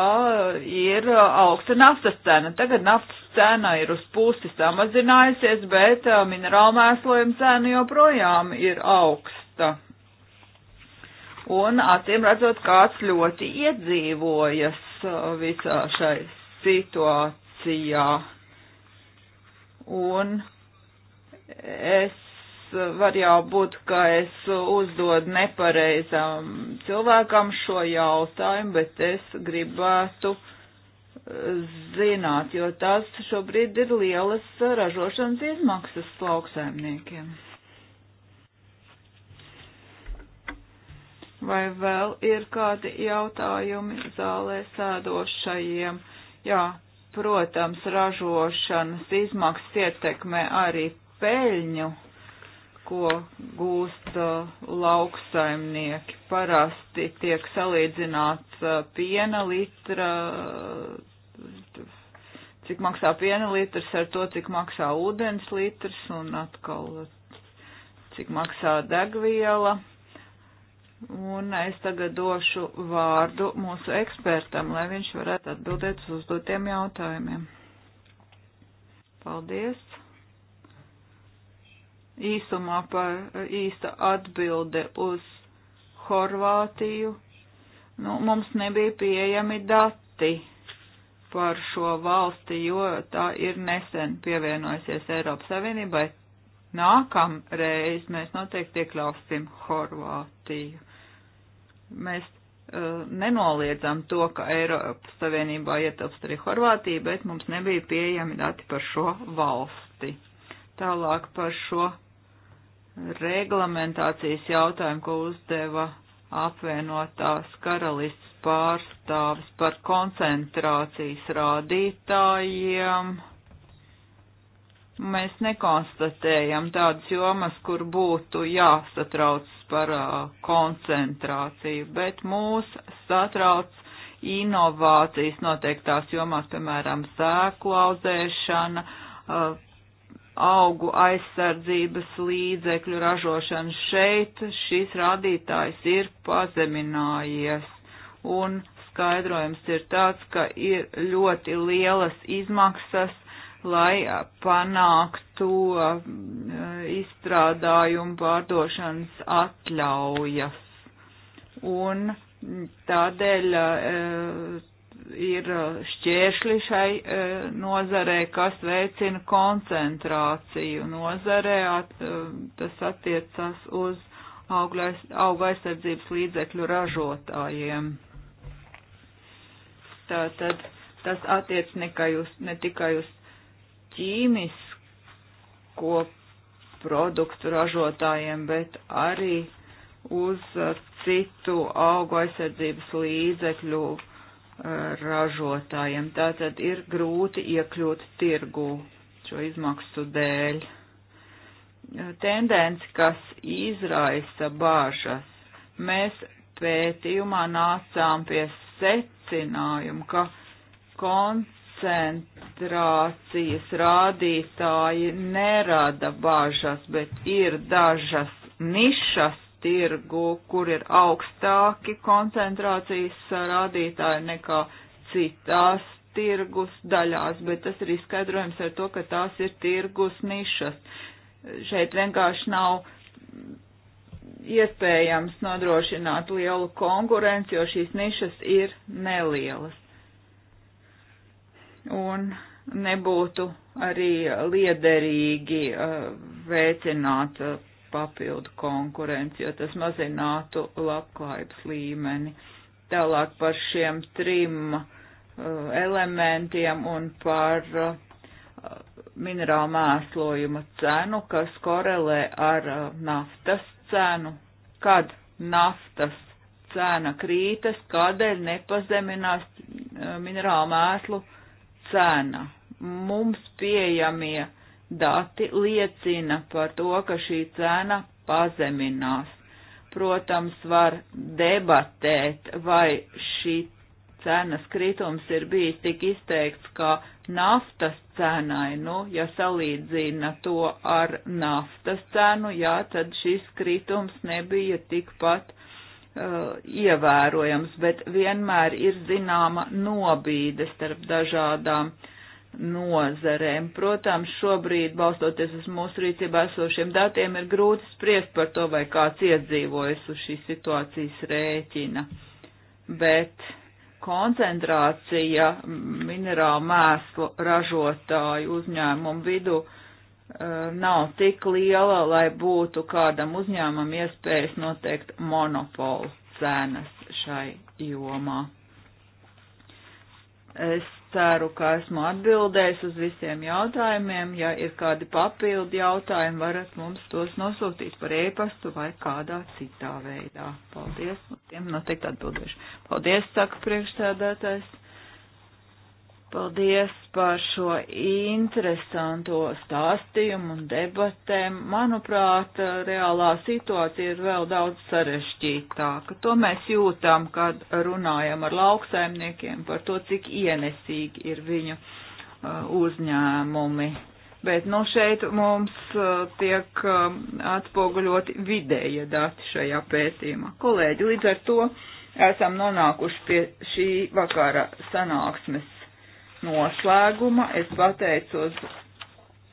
ir augsta naftas cena. Tagad naftas cena ir uz pusi samazinājusies, bet uh, minerāla mēslojuma cena joprojām ir augsta. Un acīm redzot, kāds ļoti iedzīvojas uh, visā šai situācijā. Un Es var jau būt, ka es uzdod nepareizam cilvēkam šo jautājumu, bet es gribētu zināt, jo tas šobrīd ir lielas ražošanas izmaksas lauksaimniekiem. Vai vēl ir kādi jautājumi zālē sēdošajiem? Jā, protams, ražošanas izmaksas ietekmē arī peļņu, ko gūst uh, lauksaimnieki. Parasti tiek salīdzināts uh, piena litra, cik maksā piena litrs ar to, cik maksā ūdens litrs un atkal cik maksā degviela. Un es tagad došu vārdu mūsu ekspertam, lai viņš varētu atbildēt uz uzdotiem jautājumiem. Paldies! īsumā par eh, īsta atbilde uz Horvātiju. Nu, mums nebija pieejami dati par šo valsti, jo tā ir nesen pievienojusies Eiropas Savienībai. Nākamreiz mēs noteikti iekļausim Horvātiju. Mēs uh, nenoliedzam to, ka Eiropas Savienībā ietilpst arī Horvātija, bet mums nebija pieejami dati par šo valsti. Tālāk par šo reglamentācijas jautājumu, ko uzdeva apvienotās karalists pārstāvis par koncentrācijas rādītājiem. Mēs nekonstatējam tādas jomas, kur būtu jāsatrauc par uh, koncentrāciju, bet mūs satrauc inovācijas noteiktās jomās, piemēram, sēklauzēšana, uh, augu aizsardzības līdzekļu ražošanu. Šeit šis rādītājs ir pazeminājies, un skaidrojums ir tāds, ka ir ļoti lielas izmaksas, lai panāktu eh, izstrādājumu pārdošanas atļaujas. Un tādēļ eh, ir eh, šķēršļi šai e, nozarē, kas veicina koncentrāciju nozarē, at, e, tas attiecas uz auga aizsardzības līdzekļu ražotājiem. Tātad tas attiec nekai uz, ne tikai uz ķīmisko produktu ražotājiem, bet arī uz citu augu aizsardzības līdzekļu ražotājiem ražotājiem. Tātad ir grūti iekļūt tirgu šo izmaksu dēļ. Tendence, kas izraisa bāžas, mēs pētījumā nācām pie secinājuma, ka koncentrācijas rādītāji nerada bažas, bet ir dažas nišas, tirgu, kur ir augstāki koncentrācijas rādītāji nekā citās tirgus daļās, bet tas ir izskaidrojums ar to, ka tās ir tirgus nišas. Šeit vienkārši nav iespējams nodrošināt lielu konkurenci, jo šīs nišas ir nelielas. Un nebūtu arī liederīgi uh, veicināt uh, papildu konkurenci, jo tas mazinātu labklājības līmeni. Tālāk par šiem trim uh, elementiem un par uh, minerālu mēslojuma cenu, kas korelē ar uh, naftas cenu. Kad naftas cena krītas, kādēļ nepazeminās uh, minerālu mēslu cena? Mums pieejamie dati liecina par to, ka šī cena pazeminās. Protams, var debatēt, vai šī cenas kritums ir bijis tik izteikts kā naftas cenai. Nu, ja salīdzina to ar naftas cenu, jā, tad šis kritums nebija tikpat uh, ievērojams, bet vienmēr ir zināma nobīde starp dažādām uh, nozarēm. Protams, šobrīd, balstoties uz mūsu rīcībā esošiem datiem, ir grūti spriest par to, vai kāds iedzīvojas uz šīs situācijas rēķina. Bet koncentrācija minerālu mēslu ražotāju uzņēmumu vidu eh, nav tik liela, lai būtu kādam uzņēmumam iespējas noteikt monopolu cenas šai jomā. Es ceru, ka esmu atbildējis uz visiem jautājumiem. Ja ir kādi papildi jautājumi, varat mums tos nosūtīt par ēpastu vai kādā citā veidā. Paldies, un tiem noteikti atbildēšu. Paldies, saka priekšsēdētājs. Paldies par šo interesanto stāstījumu un debatēm. Manuprāt, reālā situācija ir vēl daudz sarežģītāka. To mēs jūtam, kad runājam ar lauksaimniekiem par to, cik ienesīgi ir viņu uh, uzņēmumi. Bet, nu, šeit mums uh, tiek uh, atspoguļoti vidēja dati šajā pētījumā. Kolēģi, līdz ar to esam nonākuši pie šī vakara sanāksmes noslēguma es pateicos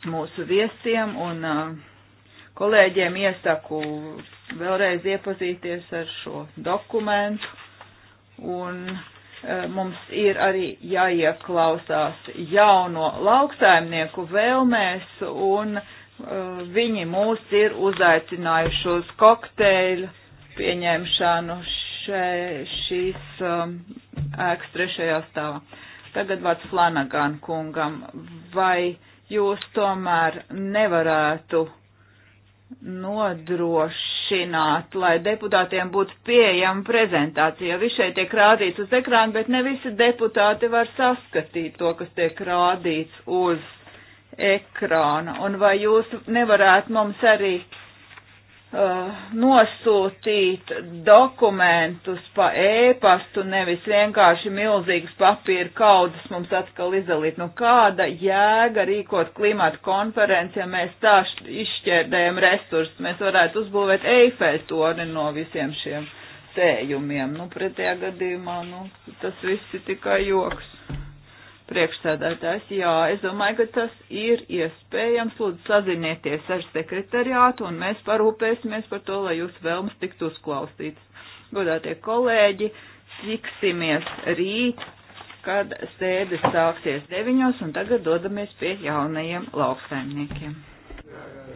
mūsu viesiem un uh, kolēģiem iesaku vēlreiz iepazīties ar šo dokumentu. Un uh, mums ir arī jāieklausās jauno lauksaimnieku vēlmēs, un uh, viņi mūs ir uzaicinājuši uz kokteļu pieņemšanu še, šīs um, ēkas trešajā stāvā. Tagad vārds Flanagan kungam. Vai jūs tomēr nevarētu nodrošināt, lai deputātiem būtu pieejama prezentācija, jo viss šeit tiek rādīts uz ekrāna, bet ne visi deputāti var saskatīt to, kas tiek rādīts uz ekrāna. Un vai jūs nevarētu mums arī Eh, nosūtīt dokumentus pa ēpastu, e nevis vienkārši milzīgas papīra kaudzes mums atkal izdalīt. Nu kāda jēga rīkot klimata konferenci, ja mēs tā izšķērdējam resursus, mēs varētu uzbūvēt Eifēļu torni no visiem šiem sējumiem. Nu pretējā gadījumā, nu tas viss ir tikai joks. Priekšsēdētājs, jā, es domāju, ka tas ir iespējams. Lūdzu, sazinieties ar sekretariātu un mēs parūpēsimies par to, lai jūsu vēlmes tiktu uzklausītas. Godātie kolēģi, tiksimies rīt, kad sēde sāksies deviņos un tagad dodamies pie jaunajiem lauksaimniekiem.
Jā, jā.